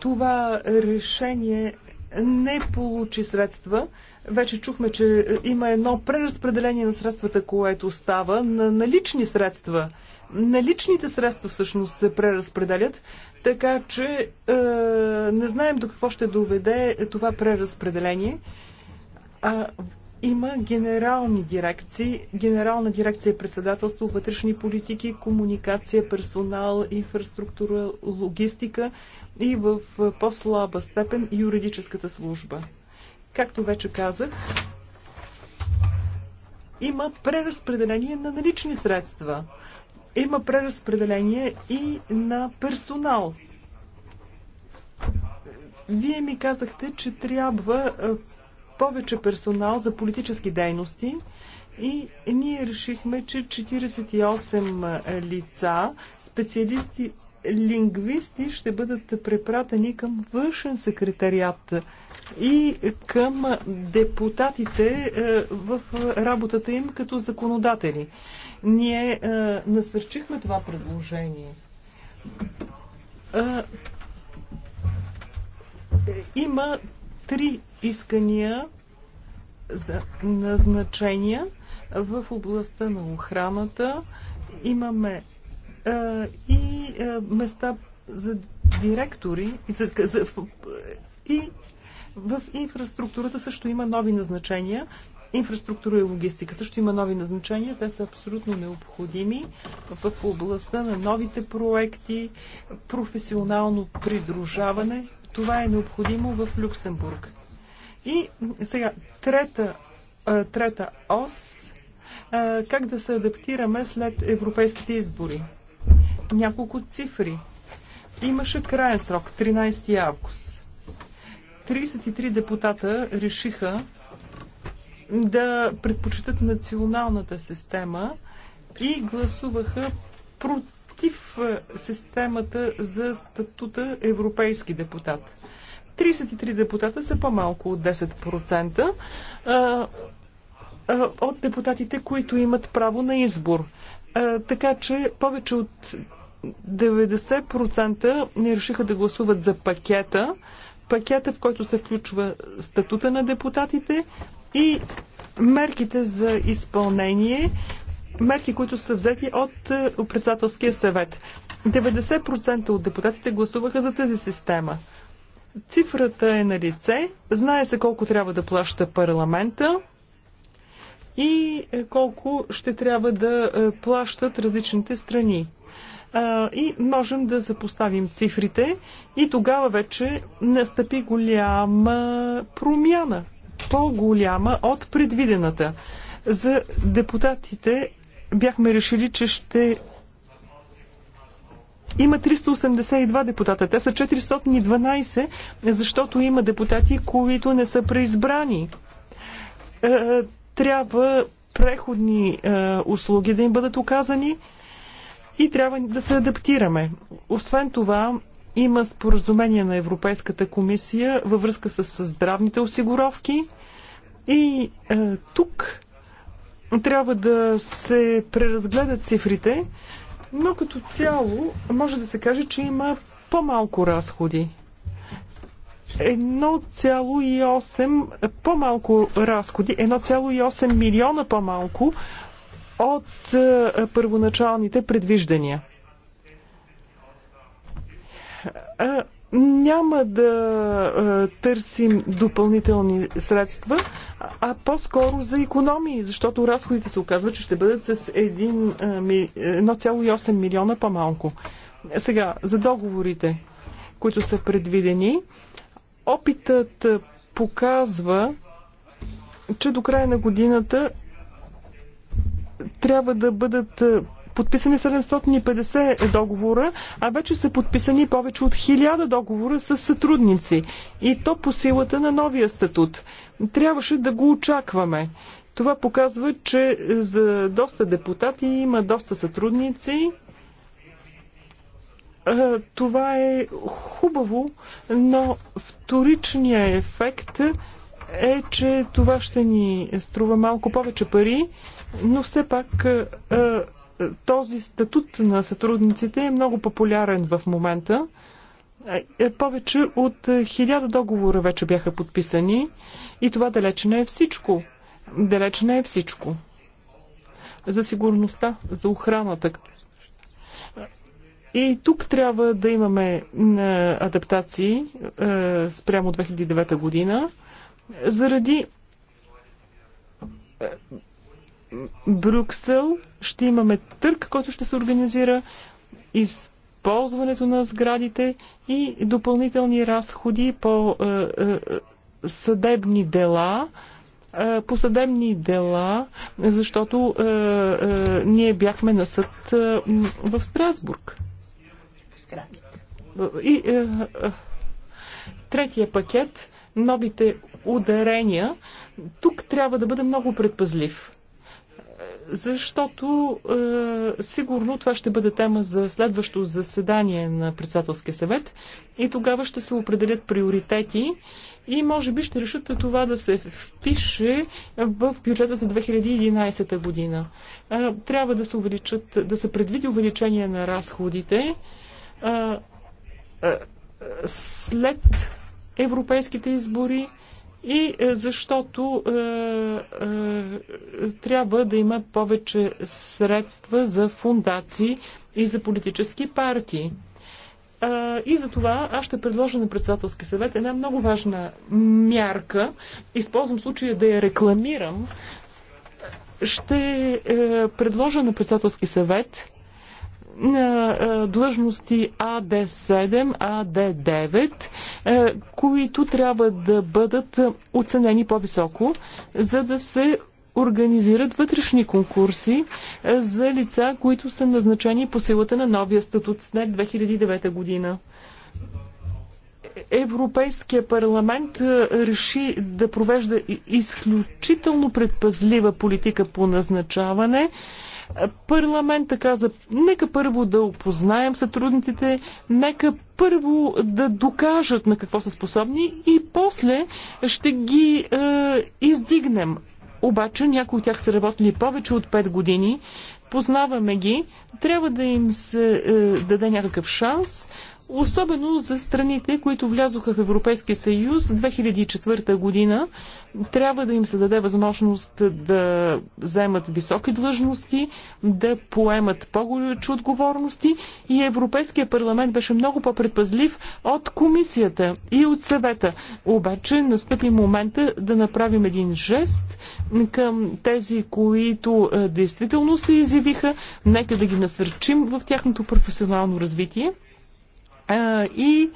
това решение не получи средства. Вече чухме, че има едно преразпределение на средствата, което става на налични средства. Наличните средства всъщност се преразпределят, така че е, не знаем до какво ще доведе това преразпределение. А, има генерални дирекции, генерална дирекция е председателство, вътрешни политики, комуникация, персонал, инфраструктура, логистика и в по-слаба степен юридическата служба. Както вече казах, има преразпределение на налични средства има преразпределение и на персонал. Вие ми казахте, че трябва е, повече персонал за политически дейности и ние решихме, че 48 е, лица, специалисти лингвисти ще бъдат препратени към външен секретариат и към депутатите е, в работата им като законодатели. Ние е, насърчихме това предложение. Е, има три искания за назначения в областта на охраната. Имаме и а, е, места за директори и, за, за, и в инфраструктурата също има нови назначения. Инфраструктура и логистика също има нови назначения. Те са абсолютно необходими в областта на новите проекти, професионално придружаване. Това е необходимо в Люксембург. И сега, трета, е, трета ос, е, как да се адаптираме след европейските избори няколко цифри. Имаше краен срок, 13 август. 33 депутата решиха да предпочитат националната система и гласуваха против е, системата за статута европейски депутат. 33 депутата са по-малко от 10% е, е, от депутатите, които имат право на избор така че повече от 90% не решиха да гласуват за пакета, пакета в който се включва статута на депутатите и мерките за изпълнение, мерки, които са взети от председателския съвет. 90% от депутатите гласуваха за тази система. Цифрата е на лице, знае се колко трябва да плаща парламента, и е, колко ще трябва да е, плащат различните страни. И можем да запоставим цифрите и тогава вече настъпи голяма промяна, по-голяма от предвидената. За депутатите бяхме решили, че ще има 382 депутата. Те са 412, защото има депутати, които не са преизбрани. Е, трябва преходни е, услуги да им бъдат оказани и трябва да се адаптираме. Освен това, има споразумение на Европейската комисия във връзка с, с здравните осигуровки и е, тук трябва да се преразгледат цифрите, но като цяло може да се каже, че има по-малко разходи. 1,8 по-малко разходи, 1,8 милиона по-малко от е, първоначалните предвиждания. Е, няма да е, търсим допълнителни средства, а по-скоро за економии, защото разходите се оказва, че ще бъдат с 1,8 милиона по-малко. Сега, за договорите, които са предвидени, Опитът показва, че до края на годината трябва да бъдат подписани 750 договора, а вече са подписани повече от 1000 договора с сътрудници. И то по силата на новия статут. Трябваше да го очакваме. Това показва, че за доста депутати има доста сътрудници това е хубаво, но вторичният ефект е, че това ще ни струва малко повече пари, но все пак този статут на сътрудниците е много популярен в момента. Е, повече от хиляда договора вече бяха подписани и това далеч не е всичко. Далеч не е всичко. За сигурността, за охраната, и тук трябва да имаме е, адаптации е, спрямо 2009 година заради е, Брюксел ще имаме търк, който ще се организира, използването на сградите и допълнителни разходи по е, е, съдебни дела, е, по съдебни дела, защото ние бяхме на съд в Страсбург сградите. И, е, е, третия пакет новите ударения. Тук трябва да бъде много предпазлив е, защото е, сигурно това ще бъде тема за следващо заседание на председателския съвет и тогава ще се определят приоритети и може би ще решат това да се впише в бюджета за 2011 година. Е, трябва да се увеличат, да се предвиди увеличение на разходите. Е, след европейските избори и е, защото е, е, трябва да има повече средства за фундации и за политически партии. и за това аз ще предложа на председателски съвет една много важна мярка. Използвам случая да я рекламирам. Ще е, предложа на председателски съвет на длъжности АД7, АД9, които трябва да бъдат оценени по-високо, за да се организират вътрешни конкурси за лица, които са назначени по силата на новия статут след 2009 година. Европейския парламент реши да провежда изключително предпазлива политика по назначаване Парламента каза, нека първо да опознаем сътрудниците, нека първо да докажат на какво са способни и после ще ги е, издигнем. Обаче някои от тях са работили повече от 5 години, познаваме ги, трябва да им се е, даде някакъв шанс, Особено за страните, които влязоха в Европейския съюз 2004 година, трябва да им се даде възможност да вземат високи длъжности, да поемат по голючи отговорности и Европейския парламент беше много по-предпазлив от комисията и от съвета. Обаче настъпи момента да направим един жест към тези, които действително се изявиха. Нека да ги насърчим в тяхното професионално развитие и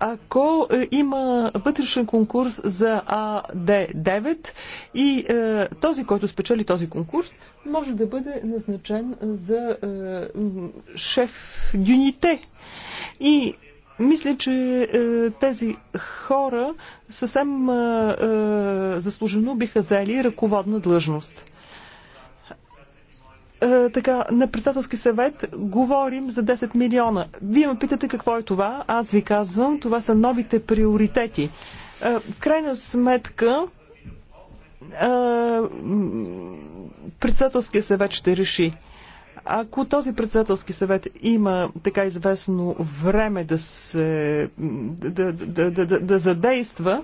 ако е, има вътрешен конкурс за АД9 и е, този, който спечели този конкурс, може да бъде назначен за е, шеф дюните. И мисля, че тези хора съвсем заслужено биха взели ръководна длъжност. Е, така, на председателски съвет говорим за 10 милиона. Вие ме питате какво е това. Аз ви казвам, това са новите приоритети. Е, в крайна сметка, е, председателския съвет ще реши. Ако този председателски съвет има така известно време да, се, да, да, да, да, да задейства,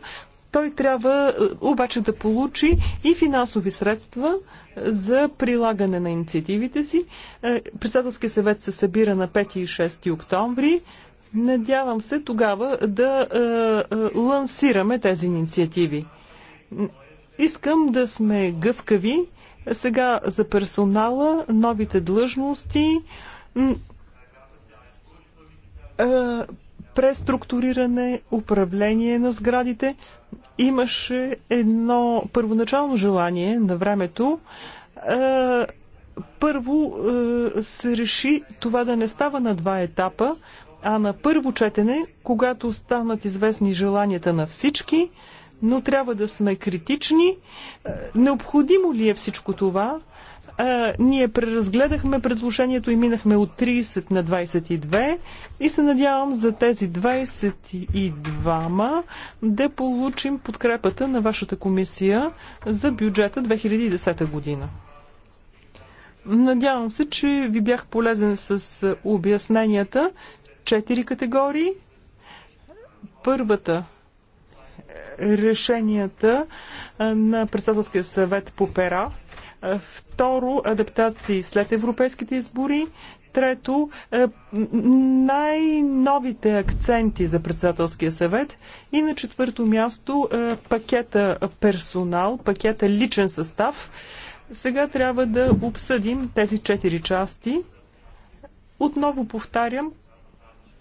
той трябва обаче да получи и финансови средства, за прилагане на инициативите си. Е, Председателския съвет се събира на 5 и 6 октомври. Надявам се тогава да е, е, лансираме тези инициативи. Искам да сме гъвкави. Сега за персонала, новите длъжности преструктуриране, управление на сградите. Имаше едно първоначално желание на времето. Е, първо е, се реши това да не става на два етапа, а на първо четене, когато станат известни желанията на всички, но трябва да сме критични. Е, необходимо ли е всичко това? а, ние преразгледахме предложението и минахме от 30 на 22 и се надявам за тези 22 да получим подкрепата на вашата комисия за бюджета 2010 година. Надявам се, че ви бях полезен с обясненията. Четири категории. Първата е решенията на председателския съвет по пера Второ, адаптации след европейските избори. Трето, най-новите акценти за председателския съвет. И на четвърто място пакета персонал, пакета личен състав. Сега трябва да обсъдим тези четири части. Отново повтарям,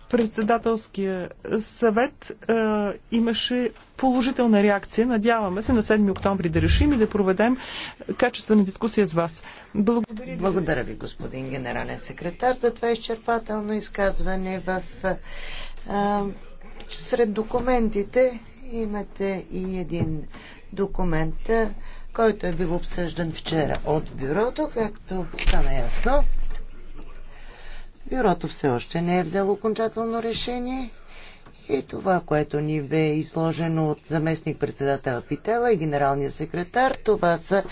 председателския съвет а, имаше положителна реакция. Надяваме се на 7 октомври да решим и да проведем
качествена дискусия с вас. Благодаря, Благодаря ви, господин генерален секретар, за това изчерпателно изказване в а, сред документите имате и един документ, който е бил обсъждан вчера от бюрото, както стана ясно. Бюрото все още не е взело окончателно решение и това, което ни бе изложено от заместник председател Питела и генералния секретар, това са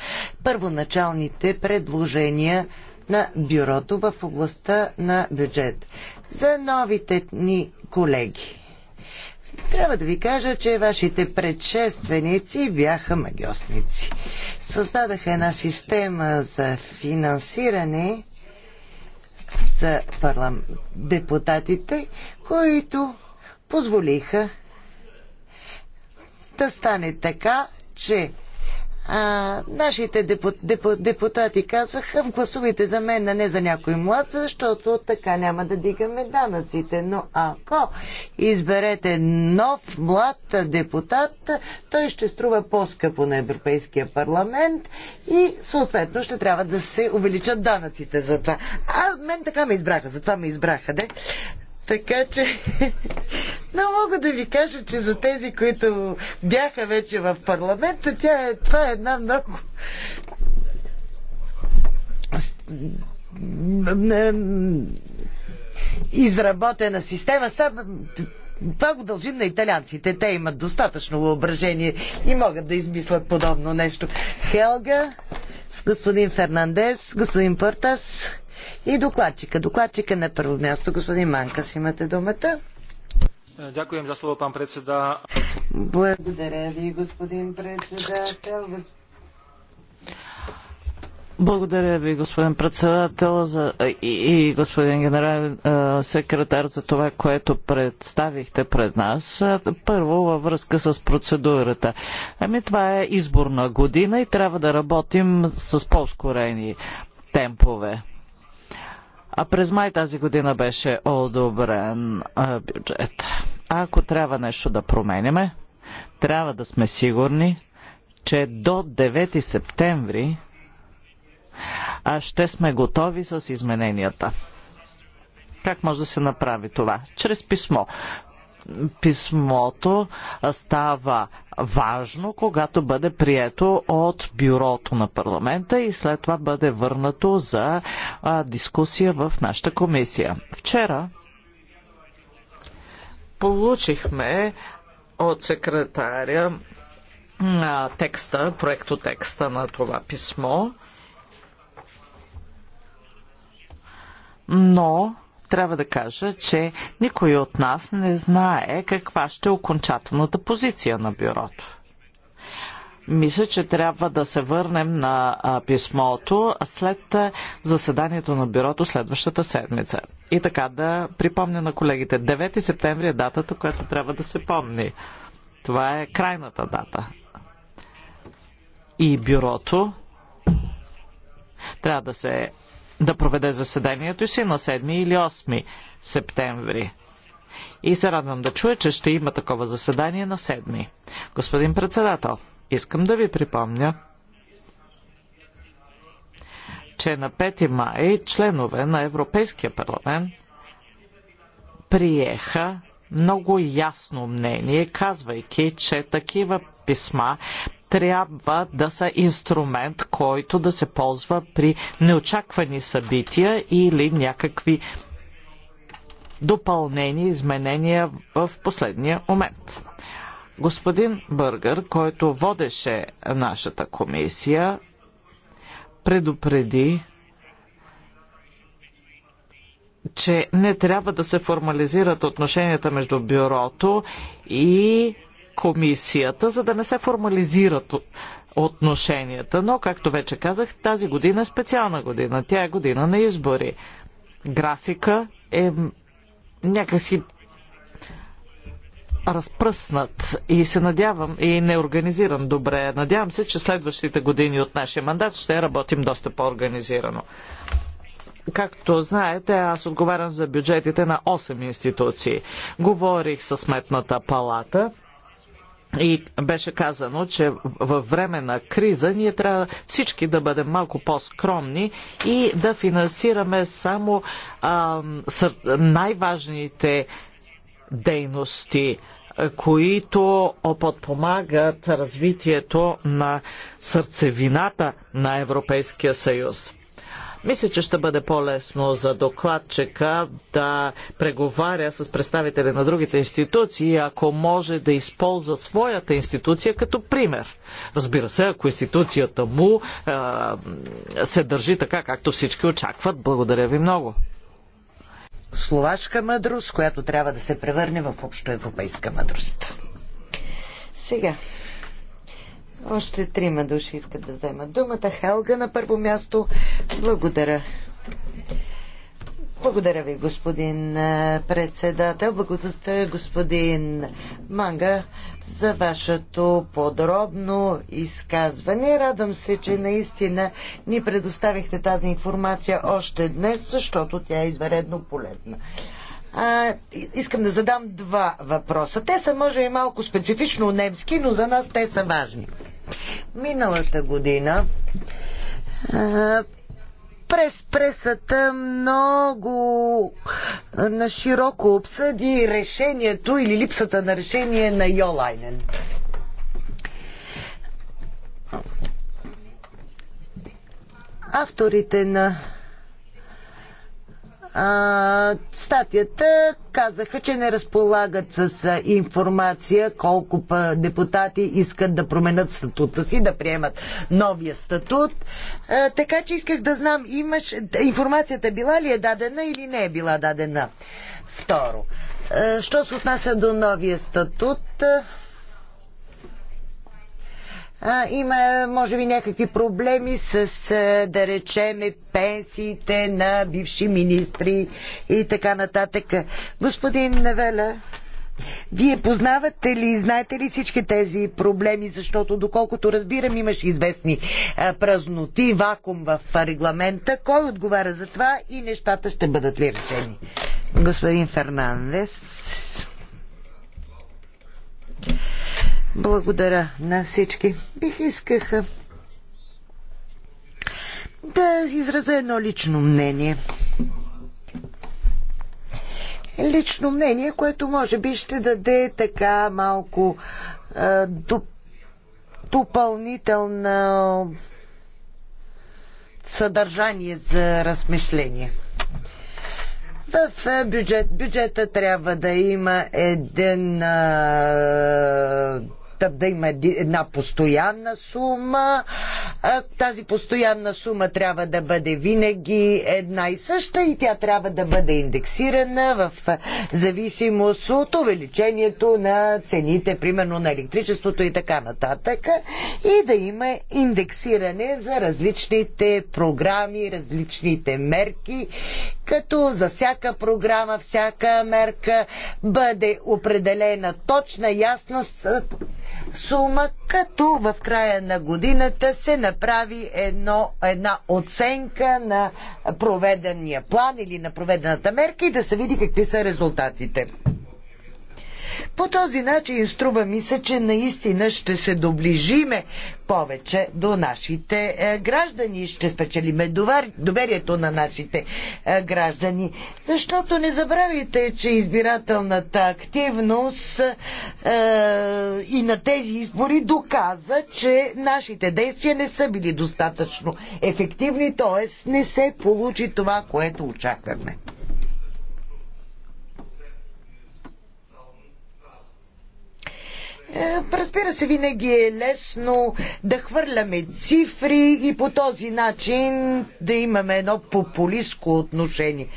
първоначалните предложения на бюрото в областта на бюджет. За новите ни колеги. Трябва да ви кажа, че вашите предшественици бяха магиосници. Създадаха една система за финансиране, са парлам... депутатите, които позволиха да стане така, че а, нашите депут, депут, депутати казваха, гласувайте за мен, а не за някой млад, защото така няма да дигаме данъците. Но ако изберете нов млад депутат, той ще струва по-скъпо на Европейския парламент и съответно ще трябва да се увеличат данъците за това. А мен така ме избраха, за това ме избраха, де. Така че, но мога да ви кажа, че за тези, които бяха вече в парламента, тя е, това е една много изработена система. Сам... това го дължим на италианците. Те имат достатъчно въображение и могат да измислят подобно нещо. Хелга, господин Фернандес, господин Пъртас и докладчика. Докладчика е на първо място, господин Манкас, имате думата.
Дякуем за слово, пан председа.
Благодаря ви, господин председател.
Благодаря ви, господин председател за, и, и господин генерален секретар за това, което представихте пред нас. Първо във връзка с процедурата. Ами това е изборна година и трябва да работим с по-скорени темпове. А през май тази година беше одобрен бюджет. Ако трябва нещо да променяме, трябва да сме сигурни, че до 9 септември ще сме готови с измененията. Как може да се направи това? Чрез писмо писмото става важно, когато бъде прието от бюрото на парламента и след това бъде върнато за а, дискусия в нашата комисия. Вчера получихме от секретаря а, текста, на това писмо, но трябва да кажа, че никой от нас не знае каква ще е окончателната позиция на бюрото. Мисля, че трябва да се върнем на писмото след заседанието на бюрото следващата седмица. И така да припомня на колегите. 9 септември е датата, която трябва да се помни. Това е крайната дата. И бюрото трябва да се да проведе заседанието си на 7 или 8 септември. И се радвам да чуя, че ще има такова заседание на 7. Господин председател, искам да ви припомня, че на 5 май членове на Европейския парламент приеха много ясно мнение, казвайки, че такива писма трябва да са инструмент, който да се ползва при неочаквани събития или някакви допълнени изменения в последния момент. Господин Бъргър, който водеше нашата комисия, предупреди, че не трябва да се формализират отношенията между бюрото и комисията, за да не се формализират отношенията. Но, както вече казах, тази година е специална година. Тя е година на избори. Графика е някакси разпръснат и се надявам и неорганизиран е добре. Надявам се, че следващите години от нашия мандат ще работим доста по-организирано. Както знаете, аз отговарям за бюджетите на 8 институции. Говорих с Сметната палата и беше казано, че във време на криза ние трябва всички да бъдем малко по-скромни и да финансираме само най-важните дейности, които подпомагат развитието на сърцевината на Европейския съюз. Мисля, че ще бъде по-лесно за докладчика да преговаря с представители на другите институции, ако може да използва своята институция като пример. Разбира се, ако институцията му а, се държи така, както всички очакват. Благодаря ви много.
Словашка мъдрост, която трябва да се превърне в общоевропейска мъдрост. Сега, още трима души искат да вземат думата. Хелга на първо място. Благодаря. Благодаря ви, господин председател. Благодаря, господин Манга, за вашето подробно изказване. Радвам се, че наистина ни предоставихте тази информация още днес, защото тя е изваредно полезна. А, искам да задам два въпроса. Те са, може и малко специфично немски, но за нас те са важни. Миналата година през пресата много на широко обсъди решението или липсата на решение на Йолайнен. Авторите на а, статията казаха, че не разполагат с информация колко депутати искат да променят статута си, да приемат новия статут. А, така че исках да знам, имаш информацията била ли е дадена или не е била дадена. Второ, а, що се отнася до новия статут? А, а, има, може би, някакви проблеми с, а, да речеме, пенсиите на бивши министри и така нататък. Господин Невеля, вие познавате ли, знаете ли всички тези проблеми, защото доколкото разбирам имаш известни а, празноти, вакуум в регламента. Кой отговаря за това и нещата ще бъдат ли решени? Господин Фернандес. Благодаря на всички. Бих искаха да изразя едно лично мнение. Лично мнение, което може би ще даде така малко доп, допълнително съдържание за размишление. В бюджет, бюджета трябва да има един а, искат да има една постоянна сума. Тази постоянна сума трябва да бъде винаги една и съща и тя трябва да бъде индексирана в зависимост от увеличението на цените, примерно на електричеството и така нататък. И да има индексиране за различните програми, различните мерки, като за всяка програма, всяка мерка бъде определена точна, ясност сума, като в края на годината се направи едно, една оценка на проведения план или на проведената мерка и да се види какви са резултатите. По този начин струва ми се, че наистина ще се доближиме повече до нашите е, граждани. Ще спечелиме доверието на нашите е, граждани. Защото не забравяйте, че избирателната активност е, и на тези избори доказа, че нашите действия не са били достатъчно ефективни, т.е. не се получи това, което очакваме. Е, разбира се, винаги е лесно да хвърляме цифри и по този начин да имаме едно популистко отношение.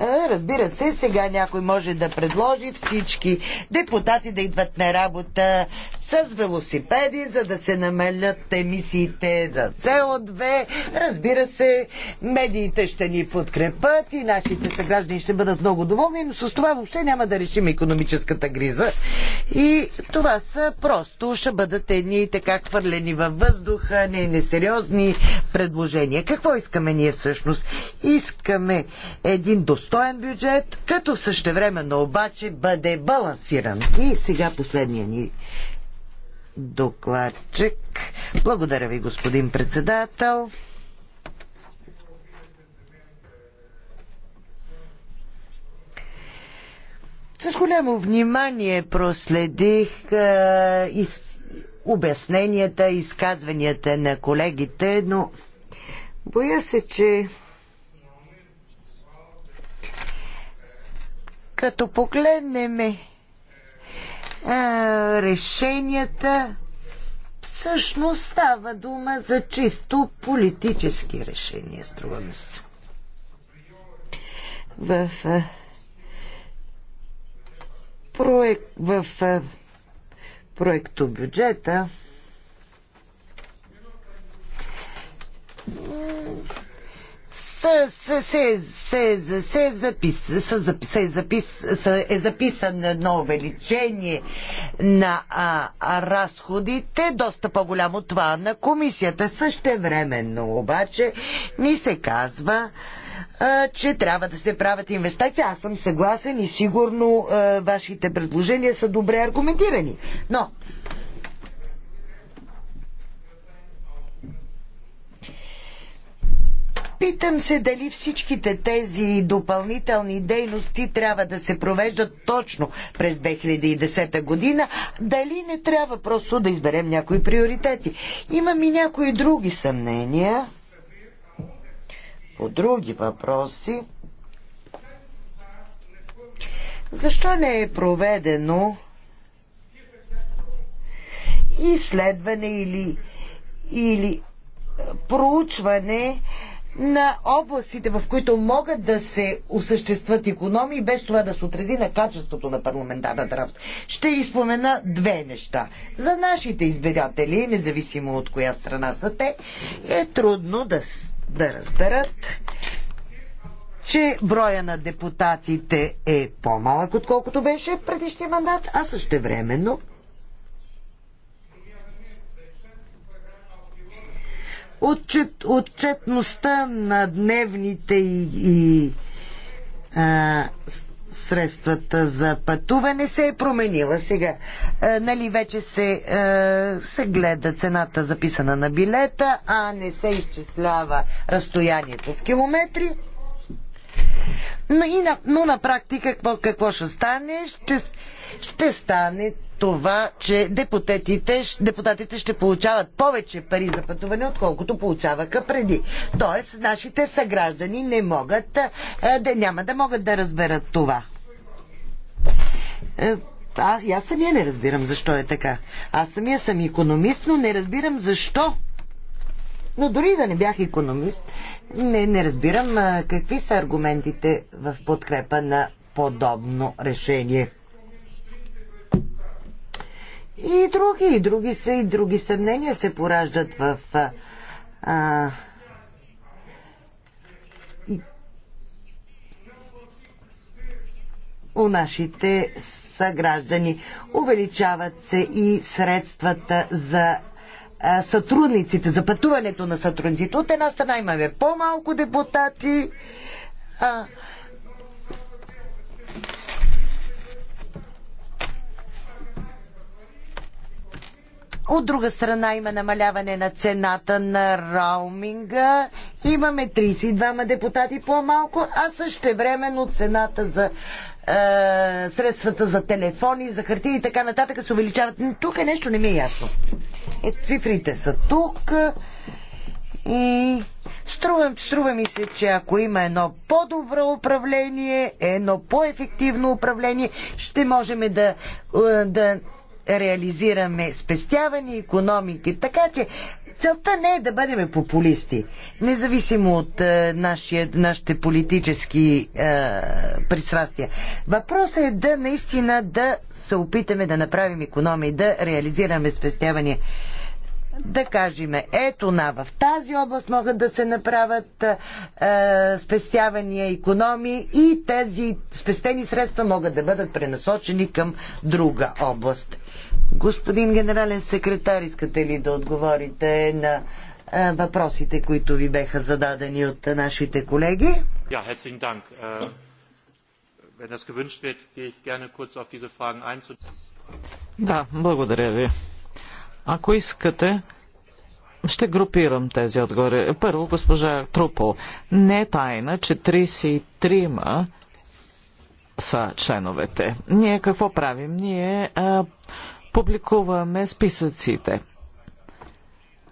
Разбира се, сега някой може да предложи всички депутати да идват на работа с велосипеди, за да се намалят емисиите за цел 2 Разбира се, медиите ще ни подкрепят и нашите съграждани ще бъдат много доволни, но с това въобще няма да решим економическата гриза. И това са просто ще бъдат едни така хвърлени във въздуха, не несериозни предложения. Какво искаме ние всъщност? Искаме един достатъчно достоен бюджет, като същевременно обаче бъде балансиран. И сега последния ни докладчик. Благодаря ви, господин председател. С голямо внимание проследих а, из, обясненията, изказванията на колегите, но боя се, че Като погледнем решенията, всъщност става дума за чисто политически решения, струва ми се. В проект, в проекто бюджета са, се, се, се, се, се, запис, са, запис, се, запис, са, е записано едно увеличение на а, разходите, доста по-голямо това на комисията. Същевременно обаче ми се казва, а, че трябва да се правят инвестиции. Аз съм съгласен и сигурно а, вашите предложения са добре аргументирани. Но Питам се дали всичките тези допълнителни дейности трябва да се провеждат точно през 2010 година, дали не трябва просто да изберем някои приоритети. Имам и някои други съмнения по други въпроси. Защо не е проведено изследване или, или проучване на областите, в които могат да се осъществят економии, без това да се отрази на качеството на парламентарната работа. Ще ви спомена две неща. За нашите избиратели, независимо от коя страна са те, е трудно да, да разберат че броя на депутатите е по-малък, отколкото беше в предишния мандат, а също времено отчет, отчетността на дневните и, и а, средствата за пътуване се е променила сега. А, нали вече се, а, се гледа цената записана на билета, а не се изчислява разстоянието в километри. Но, и на, но на практика какво, какво ще стане? Ще, ще стане това, че депутатите, депутатите ще получават повече пари за пътуване, отколкото получаваха преди. Тоест, нашите съграждани не могат, да, няма да могат да разберат това. Е, аз, аз самия не разбирам защо е така. Аз самия съм економист, но не разбирам защо. Но дори да не бях економист, не, не разбирам а, какви са аргументите в подкрепа на подобно решение и други, и други са, и други съмнения се пораждат в а, у нашите съграждани. Увеличават се и средствата за а, сътрудниците, за пътуването на сътрудниците. От една страна имаме по-малко депутати, а, От друга страна има намаляване на цената на роуминга. Имаме 32 депутати по-малко, а също времено цената за е, средствата за телефони, за хартия и така нататък се увеличават. Но тук е нещо не ми е ясно. Е, цифрите са тук. И струва, струва ми се, че ако има едно по-добро управление, едно по-ефективно управление, ще можем да, е, да реализираме спестяване, економики. Така че целта не е да бъдем популисти. Независимо от е, нашия, нашите политически е, пристрастия. Въпросът е да наистина да се опитаме да направим економии, да реализираме спестявания да кажем, ето на в тази област могат да се направят е, спестявания, економии и тези спестени средства могат да бъдат пренасочени към друга област. Господин генерален секретар, искате ли да отговорите на е, въпросите, които ви беха зададени от нашите колеги?
Ja, herzlichen Dank. Äh, wenn das gewünscht wird, gehe ich gerne kurz auf diese Fragen ein.
Да, благодаря ви.
Ако искате, ще групирам тези отгоре. Първо, госпожа Трупол. Не е тайна, че 33-ма са членовете. Ние какво правим? Ние а, публикуваме списъците.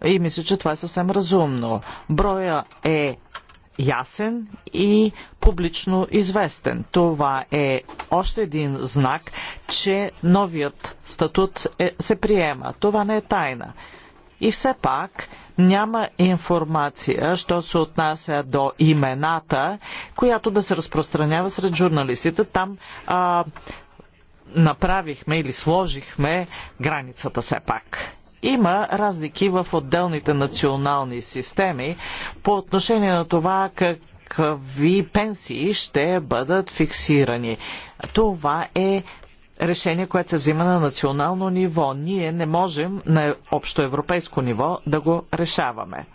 И мисля, че това е съвсем разумно. Броя е ясен и публично известен. Това е още един знак, че новият статут е, се приема. Това не е тайна. И все пак няма информация, що се отнася до имената, която да се разпространява сред журналистите. Там а, направихме или сложихме границата все пак. Има разлики в отделните национални системи по отношение на това как какви пенсии ще бъдат фиксирани. Това е решение, което се взима на национално ниво. Ние не можем на общо европейско ниво да го решаваме.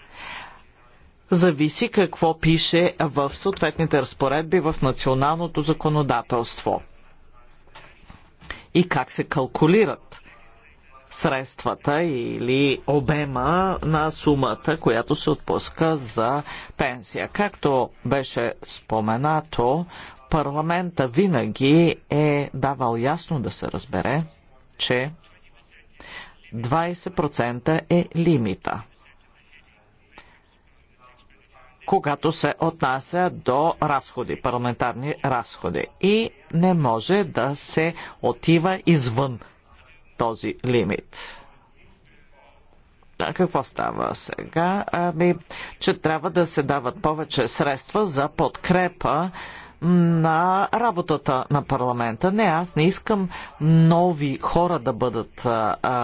Зависи какво пише в съответните разпоредби в националното законодателство и как се калкулират средствата или обема на сумата, която се отпуска за пенсия. Както беше споменато, парламента винаги е давал ясно да се разбере, че 20% е лимита когато се отнася до разходи, парламентарни разходи. И не може да се отива извън този лимит. А какво става сега? Ами, че трябва да се дават повече средства за подкрепа на работата на парламента. Не, аз не искам нови хора да бъдат а, а,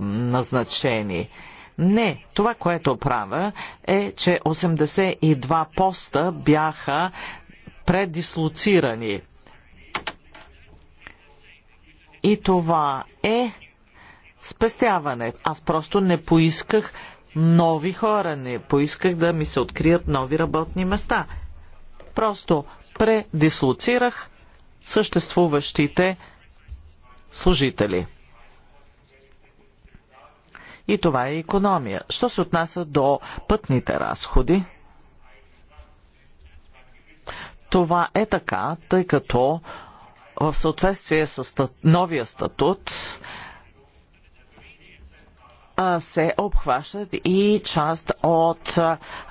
назначени. Не, това, което правя е, че 82 поста бяха предислоцирани и това е спестяване. Аз просто не поисках нови хора, не поисках да ми се открият нови работни места. Просто предислоцирах съществуващите служители. И това е економия. Що се отнася до пътните разходи? Това е така, тъй като в съответствие с новия статут се обхващат и част от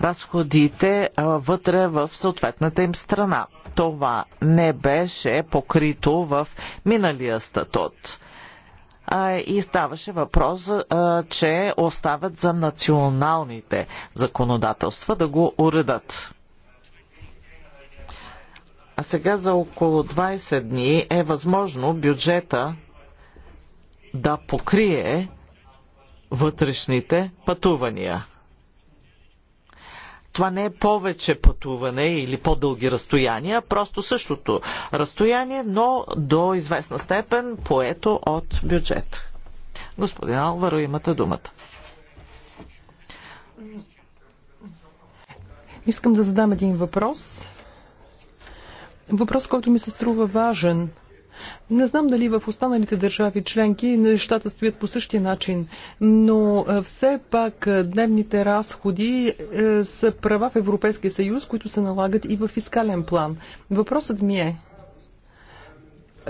разходите вътре в съответната им страна. Това не беше покрито в миналия статут. И ставаше въпрос, че остават за националните законодателства да го уредат. А сега за около 20 дни е възможно бюджета да покрие вътрешните пътувания. Това не е повече пътуване или по-дълги разстояния, просто същото разстояние, но до известна степен поето от бюджет. Господин Алваро, имате думата.
Искам да задам един въпрос въпрос, който ми се струва важен. Не знам дали в останалите държави членки нещата стоят по същия начин, но е, все пак е, дневните разходи е, са права в Европейския съюз, които се налагат и в фискален план. Въпросът ми е,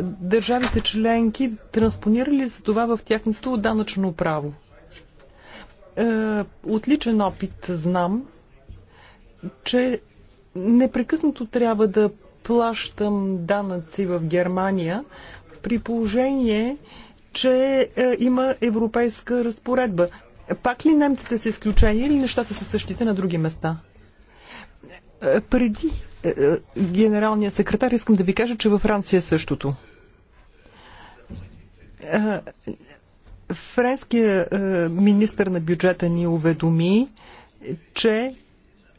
държавите членки транспонирали ли са това в тяхното данъчно право? отличен опит знам, че непрекъснато трябва да плащам данъци в Германия, при положение, че е, има европейска разпоредба. Пак ли немците са изключени или нещата са същите на други места? Е, преди е, е генералния секретар искам да ви кажа, че във Франция е същото. Е, Френския е, министр на бюджета ни уведоми, че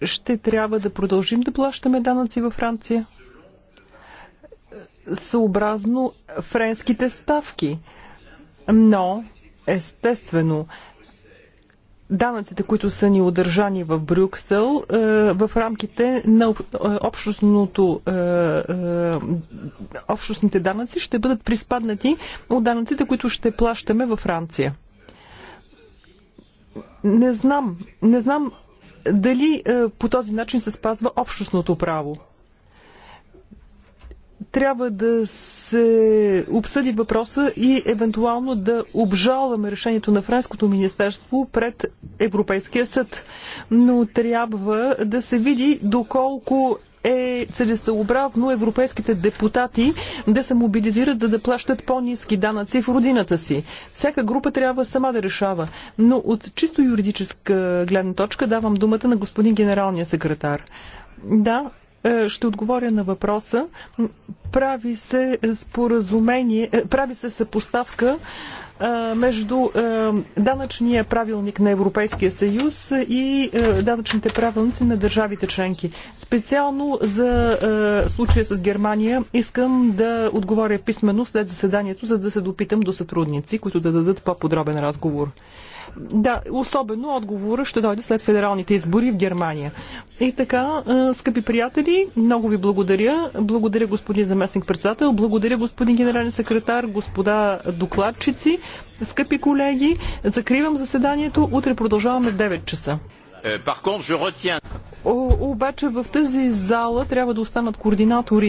ще трябва да продължим да плащаме данъци във Франция съобразно френските ставки. Но, естествено, данъците, които са ни удържани в Брюксел, е, в рамките на е, общностното, е, общностните данъци ще бъдат приспаднати от данъците, които ще плащаме във Франция. Не знам, не знам дали по този начин се спазва общностното право трябва да се обсъди въпроса и евентуално да обжалваме решението на Френското министерство пред Европейския съд. Но трябва да се види доколко е целесъобразно европейските депутати да се мобилизират, за да плащат по-низки данъци в родината си. Всяка група трябва сама да решава. Но от чисто юридическа гледна точка давам думата на господин генералния секретар. Да, е, ще отговоря на въпроса. Прави се споразумение, е, прави се съпоставка е, между данъчния правилник на Европейския съюз и данъчните правилници на държавите членки. Специално за случая с Германия искам да отговоря писменно след заседанието, за да се допитам до сътрудници, които да дадат по-подробен разговор. Да, особено отговора ще дойде след федералните избори в Германия. И така, скъпи приятели, много ви благодаря. Благодаря господин заместник председател, благодаря господин генерален секретар, господа докладчици, скъпи колеги. Закривам заседанието. Утре продължаваме 9 часа. Е, обаче в тази зала трябва да останат координатори